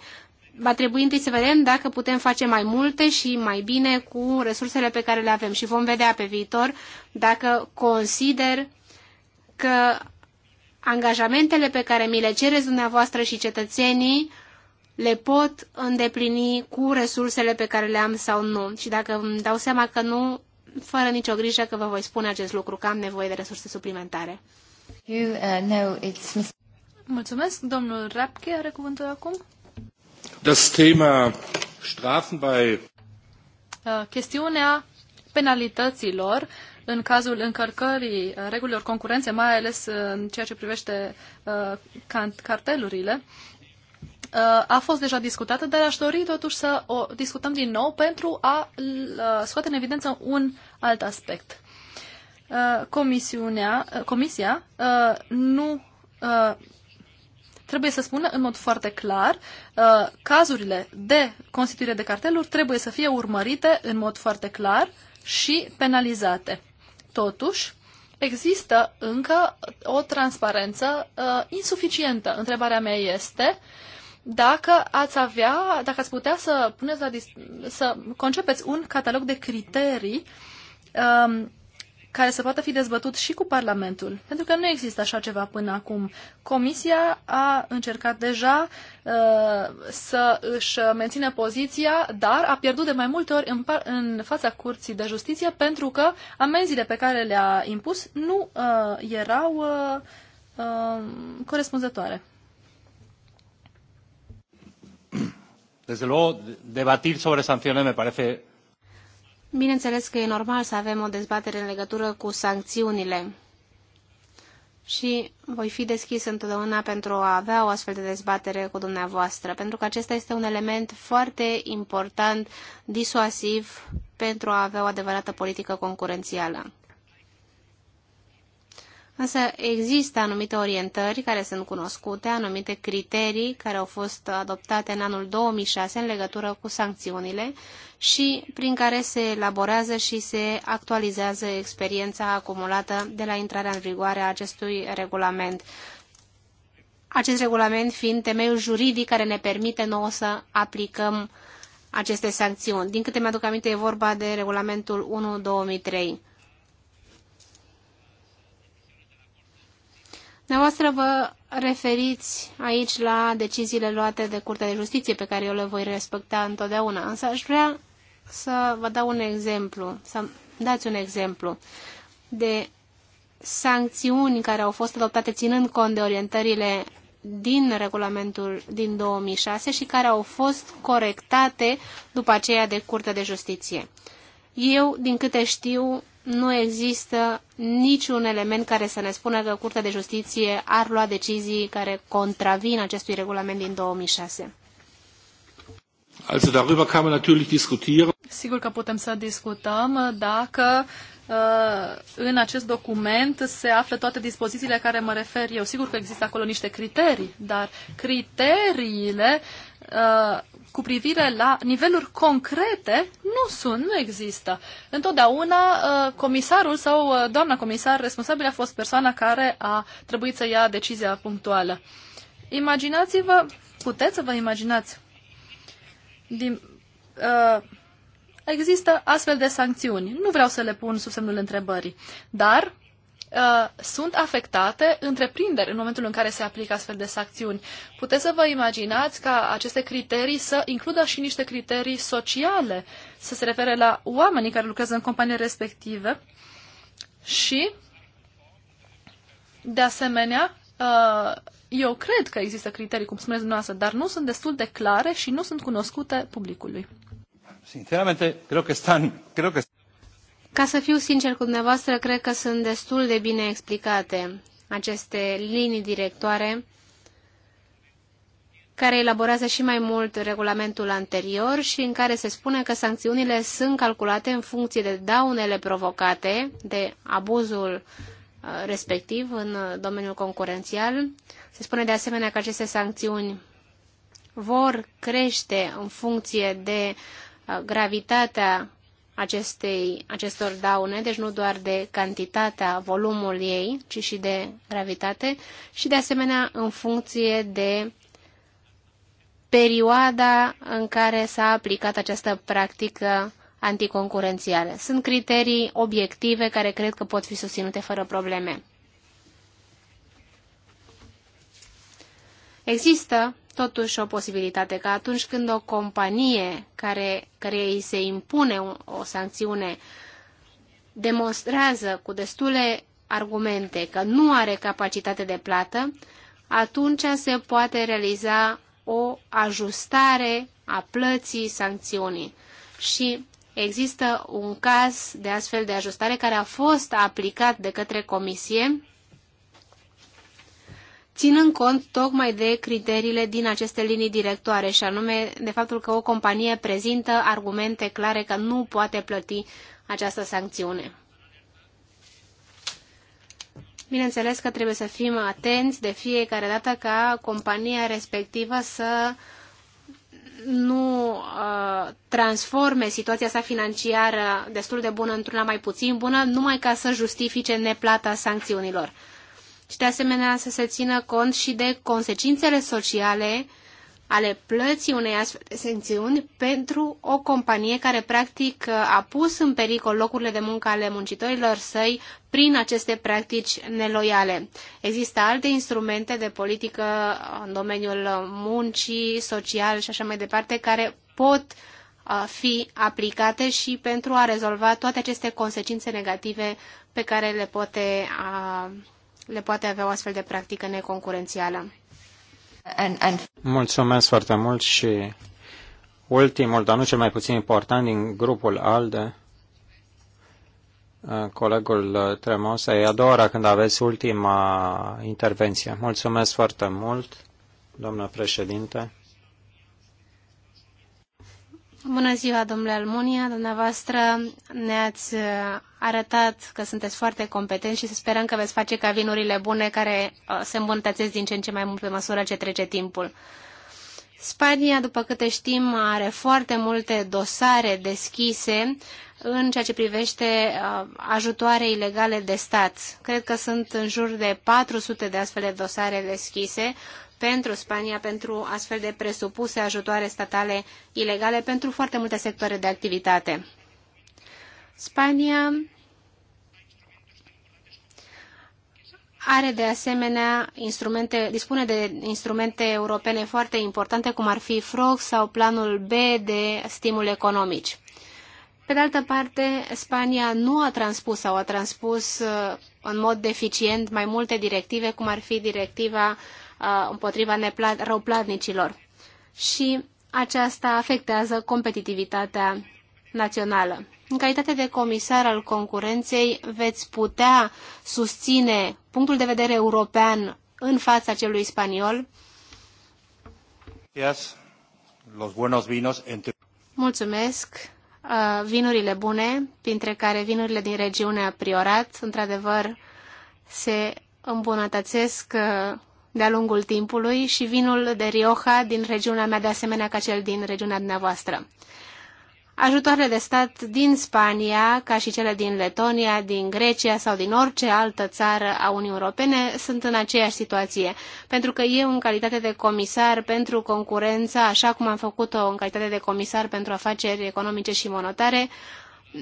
Va trebui întâi să vedem dacă putem face mai multe și mai bine cu resursele pe care le avem și vom vedea pe viitor dacă consider că angajamentele pe care mi le cereți dumneavoastră și cetățenii le pot îndeplini cu resursele pe care le am sau nu. Și dacă îmi dau seama că nu, fără nicio grijă că vă voi spune acest lucru, că am nevoie de resurse suplimentare. You, uh, know it's... Mulțumesc. Domnul Rapke are cuvântul acum. Das Thema Strafen bei... Uh, chestiunea penalităților în cazul încărcării uh, regulilor concurențe, mai ales uh, în ceea ce privește uh, cartelurile, Uh, a fost deja discutată, dar aș dori totuși să o discutăm din nou pentru a uh, scoate în evidență un alt aspect. Uh, comisiunea, comisia nu trebuie să spună în mod foarte clar cazurile de constituire de carteluri trebuie să fie urmărite în mod foarte clar și penalizate. Totuși, există încă o transparență uh, insuficientă. Întrebarea mea este dacă ați avea, dacă ați putea să puneți la să concepeți un catalog de criterii um, care să poată fi dezbătut și cu Parlamentul. Pentru că nu există așa ceva până acum. Comisia a încercat deja uh, să își mențină poziția, dar a pierdut de mai multe ori în, în fața Curții de Justiție pentru că amenziile pe care le-a impus nu uh, erau uh, uh, corespunzătoare. Desde luego, debatir sobre me parece... Bineînțeles că e normal să avem o dezbatere în legătură cu sancțiunile și voi fi deschis întotdeauna pentru a avea o astfel de dezbatere cu dumneavoastră, pentru că acesta este un element foarte important, disuasiv, pentru a avea o adevărată politică concurențială. Însă există anumite orientări care sunt cunoscute, anumite criterii care au fost adoptate în anul 2006 în legătură cu sancțiunile și prin care se elaborează și se actualizează experiența acumulată de la intrarea în vigoare a acestui regulament. Acest regulament fiind temeiul juridic care ne permite nouă să aplicăm aceste sancțiuni. Din câte mi-aduc aminte, e vorba de regulamentul 1-2003. Dumneavoastră vă referiți aici la deciziile luate de Curtea de Justiție pe care eu le voi respecta întotdeauna, însă aș vrea să vă dau un exemplu, să dați un exemplu de sancțiuni care au fost adoptate ținând cont de orientările din regulamentul din 2006 și care au fost corectate după aceea de Curtea de Justiție. Eu, din câte știu, nu există niciun element care să ne spună că Curtea de Justiție ar lua decizii care contravin acestui regulament din 2006. Also darüber kann man natürlich diskutieren. Sigur că putem să discutăm dacă uh, în acest document se află toate dispozițiile care mă refer eu. Sigur că există acolo niște criterii, dar criteriile Uh, cu privire la niveluri concrete nu sunt, nu există. Întotdeauna uh, comisarul sau uh, doamna comisar responsabilă a fost persoana care a trebuit să ia decizia punctuală. Imaginați-vă, puteți să vă imaginați, din, uh, există astfel de sancțiuni. Nu vreau să le pun sub semnul întrebării, dar Uh, sunt afectate întreprinderi în momentul în care se aplică astfel de sancțiuni. Puteți să vă imaginați ca aceste criterii să includă și niște criterii sociale, să se refere la oamenii care lucrează în companiile respective și, de asemenea, uh, eu cred că există criterii, cum spuneți dumneavoastră, dar nu sunt destul de clare și nu sunt cunoscute publicului. Sinceramente, cred că sunt, cred că ca să fiu sincer cu dumneavoastră, cred că sunt destul de bine explicate aceste linii directoare care elaborează și mai mult regulamentul anterior și în care se spune că sancțiunile sunt calculate în funcție de daunele provocate de abuzul uh, respectiv în domeniul concurențial. Se spune de asemenea că aceste sancțiuni vor crește în funcție de uh, gravitatea acestei, acestor daune, deci nu doar de cantitatea, volumul ei, ci și de gravitate și de asemenea în funcție de perioada în care s-a aplicat această practică anticoncurențială. Sunt criterii obiective care cred că pot fi susținute fără probleme. Există totuși o posibilitate că atunci când o companie care, care îi se impune o, o sancțiune demonstrează cu destule argumente că nu are capacitate de plată, atunci se poate realiza o ajustare a plății sancțiunii. Și există un caz de astfel de ajustare care a fost aplicat de către comisie ținând cont tocmai de criteriile din aceste linii directoare și anume de faptul că o companie prezintă argumente clare că nu poate plăti această sancțiune. Bineînțeles că trebuie să fim atenți de fiecare dată ca compania respectivă să nu uh, transforme situația sa financiară destul de bună într-una mai puțin bună, numai ca să justifice neplata sancțiunilor și de asemenea să se țină cont și de consecințele sociale ale plății unei astfel de sancțiuni pentru o companie care practic a pus în pericol locurile de muncă ale muncitorilor săi prin aceste practici neloiale. Există alte instrumente de politică în domeniul muncii, social și așa mai departe care pot uh, fi aplicate și pentru a rezolva toate aceste consecințe negative pe care le poate uh, le poate avea o astfel de practică neconcurențială. Mulțumesc foarte mult și ultimul, dar nu cel mai puțin important din grupul ALDE, uh, colegul uh, Tremosa. E a doua oră când aveți ultima intervenție. Mulțumesc foarte mult, doamnă președinte. Bună ziua, domnule Almunia. Dumneavoastră ne-ați uh, arătat că sunteți foarte competenți și să sperăm că veți face ca vinurile bune care uh, se îmbunătățesc din ce în ce mai mult pe măsură ce trece timpul. Spania, după câte știm, are foarte multe dosare deschise în ceea ce privește uh, ajutoare ilegale de stat. Cred că sunt în jur de 400 de astfel de dosare deschise, pentru Spania pentru astfel de presupuse ajutoare statale ilegale pentru foarte multe sectoare de activitate. Spania are de asemenea instrumente, dispune de instrumente europene foarte importante, cum ar fi FROG sau planul B de stimul economici. Pe de altă parte, Spania nu a transpus sau a transpus uh, în mod deficient mai multe directive, cum ar fi directiva împotriva răuplatnicilor. Și aceasta afectează competitivitatea națională. În calitate de comisar al concurenței, veți putea susține punctul de vedere european în fața celui spaniol? Yes. Los buenos vinos entre... Mulțumesc. Vinurile bune, printre care vinurile din regiunea Priorat, într-adevăr, se îmbunătățesc de-a lungul timpului și vinul de Rioja din regiunea mea, de asemenea ca cel din regiunea dumneavoastră. Ajutoarele de stat din Spania, ca și cele din Letonia, din Grecia sau din orice altă țară a Uniunii Europene, sunt în aceeași situație. Pentru că eu, în calitate de comisar pentru concurență, așa cum am făcut-o în calitate de comisar pentru afaceri economice și monetare,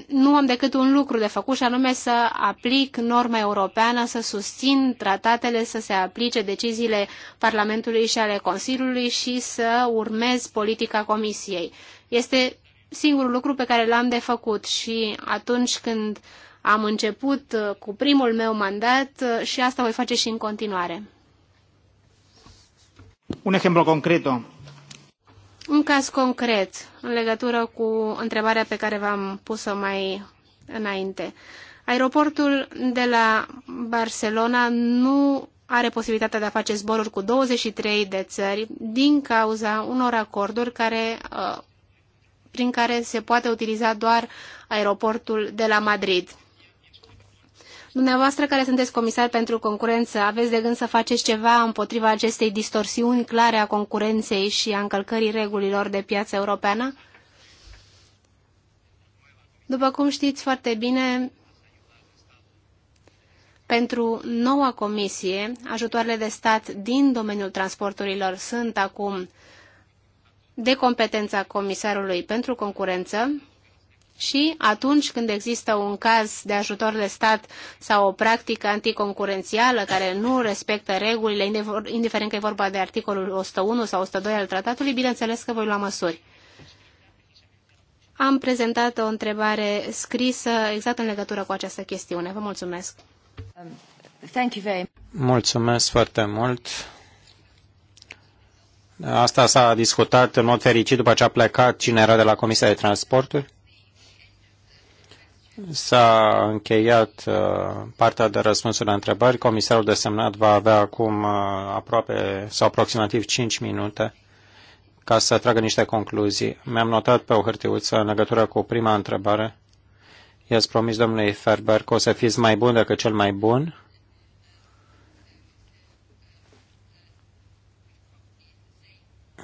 nu am decât un lucru de făcut și anume să aplic norma europeană, să susțin tratatele, să se aplice deciziile Parlamentului și ale Consiliului și să urmez politica Comisiei. Este singurul lucru pe care l-am de făcut și atunci când am început uh, cu primul meu mandat uh, și asta voi face și în continuare. Un exemplu concret. Un caz concret în legătură cu întrebarea pe care v-am pus-o mai înainte. Aeroportul de la Barcelona nu are posibilitatea de a face zboruri cu 23 de țări din cauza unor acorduri care, uh, prin care se poate utiliza doar aeroportul de la Madrid. Dumneavoastră care sunteți comisar pentru concurență, aveți de gând să faceți ceva împotriva acestei distorsiuni clare a concurenței și a încălcării regulilor de piață europeană? După cum știți foarte bine, pentru noua comisie, ajutoarele de stat din domeniul transporturilor sunt acum de competența comisarului pentru concurență și atunci când există un caz de ajutor de stat sau o practică anticoncurențială care nu respectă regulile, indiferent că e vorba de articolul 101 sau 102 al tratatului, bineînțeles că voi lua măsuri. Am prezentat o întrebare scrisă exact în legătură cu această chestiune. Vă mulțumesc. Um, thank you very Mulțumesc foarte mult. Asta s-a discutat în mod fericit după ce a plecat cine era de la Comisia de Transporturi. S-a încheiat uh, partea de răspunsuri la întrebări. Comisarul desemnat va avea acum uh, aproape sau aproximativ 5 minute ca să tragă niște concluzii. Mi-am notat pe o hârtiuță în legătură cu prima întrebare. I-ați promis domnului Ferber că o să fiți mai bun decât cel mai bun?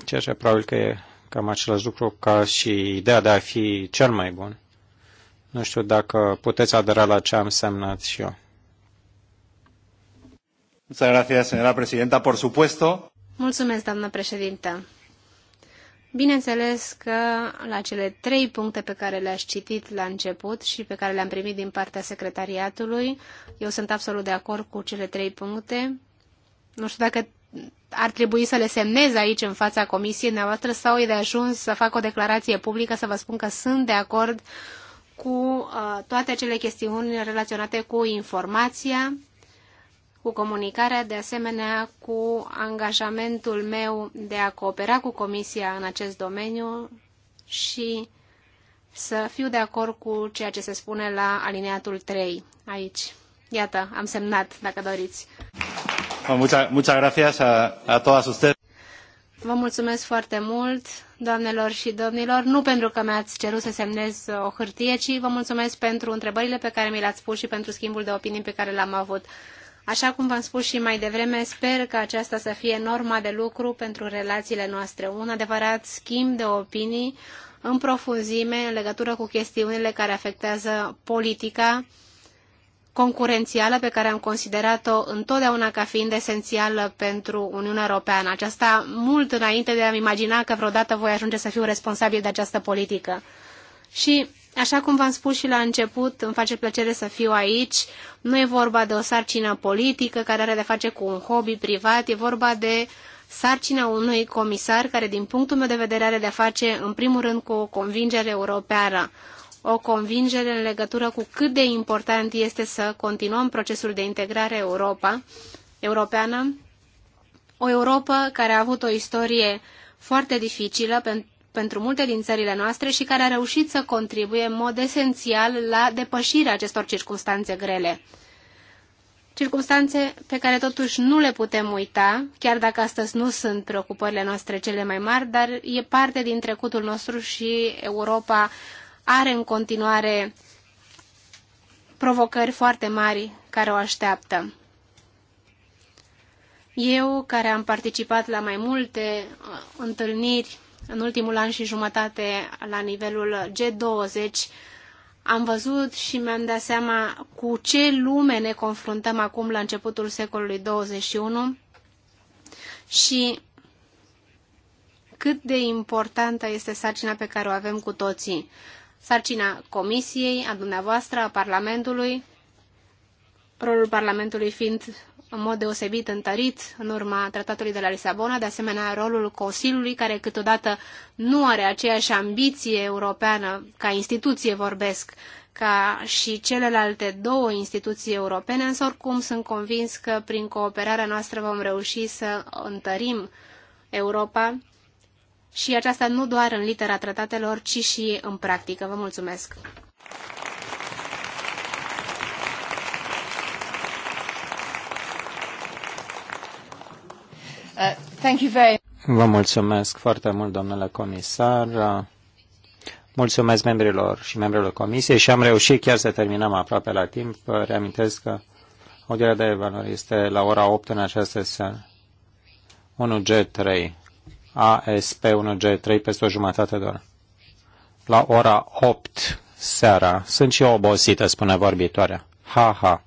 Ceea ce probabil că e cam același lucru ca și ideea de a fi cel mai bun. Nu știu dacă puteți adera la ce am semnat și eu. Mulțumesc, doamnă președintă. Bineînțeles că la cele trei puncte pe care le-aș citit la început și pe care le-am primit din partea secretariatului, eu sunt absolut de acord cu cele trei puncte. Nu știu dacă ar trebui să le semnez aici în fața comisiei dumneavoastră sau e de ajuns să fac o declarație publică să vă spun că sunt de acord cu toate acele chestiuni relaționate cu informația, cu comunicarea, de asemenea cu angajamentul meu de a coopera cu Comisia în acest domeniu și să fiu de acord cu ceea ce se spune la alineatul 3 aici. Iată, am semnat, dacă doriți. Mulțumesc, mulțumesc, a, a Vă mulțumesc foarte mult, doamnelor și domnilor, nu pentru că mi-ați cerut să semnez uh, o hârtie, ci vă mulțumesc pentru întrebările pe care mi le-ați pus și pentru schimbul de opinii pe care l-am avut. Așa cum v-am spus și mai devreme, sper că aceasta să fie norma de lucru pentru relațiile noastre, un adevărat schimb de opinii în profunzime în legătură cu chestiunile care afectează politica, concurențială pe care am considerat-o întotdeauna ca fiind esențială pentru Uniunea Europeană. Aceasta mult înainte de a-mi imagina că vreodată voi ajunge să fiu responsabil de această politică. Și, așa cum v-am spus și la început, îmi face plăcere să fiu aici. Nu e vorba de o sarcină politică care are de face cu un hobby privat, e vorba de sarcina unui comisar care, din punctul meu de vedere, are de face, în primul rând, cu o convingere europeană o convingere în legătură cu cât de important este să continuăm procesul de integrare Europa, europeană, o Europa care a avut o istorie foarte dificilă pentru multe din țările noastre și care a reușit să contribuie în mod esențial la depășirea acestor circunstanțe grele. Circunstanțe pe care totuși nu le putem uita, chiar dacă astăzi nu sunt preocupările noastre cele mai mari, dar e parte din trecutul nostru și Europa are în continuare provocări foarte mari care o așteaptă. Eu, care am participat la mai multe uh, întâlniri în ultimul an și jumătate la nivelul G20, am văzut și mi-am dat seama cu ce lume ne confruntăm acum la începutul secolului 21 și cât de importantă este sarcina pe care o avem cu toții sarcina Comisiei, a dumneavoastră, a Parlamentului, rolul Parlamentului fiind în mod deosebit întărit în urma tratatului de la Lisabona, de asemenea rolul Consiliului, care câteodată nu are aceeași ambiție europeană, ca instituție vorbesc, ca și celelalte două instituții europene, însă oricum sunt convins că prin cooperarea noastră vom reuși să întărim Europa și aceasta nu doar în litera tratatelor, ci și în practică. Vă mulțumesc! Uh, thank you very Vă mulțumesc foarte mult, domnule comisar. Mulțumesc membrilor și membrilor comisiei și am reușit chiar să terminăm aproape la timp. Reamintesc că audierea de evaluare este la ora 8 în această seară. 1G3. ASP1G3 peste o jumătate de oră. La ora 8 seara. Sunt și eu obosită, spune vorbitoarea. Ha, ha.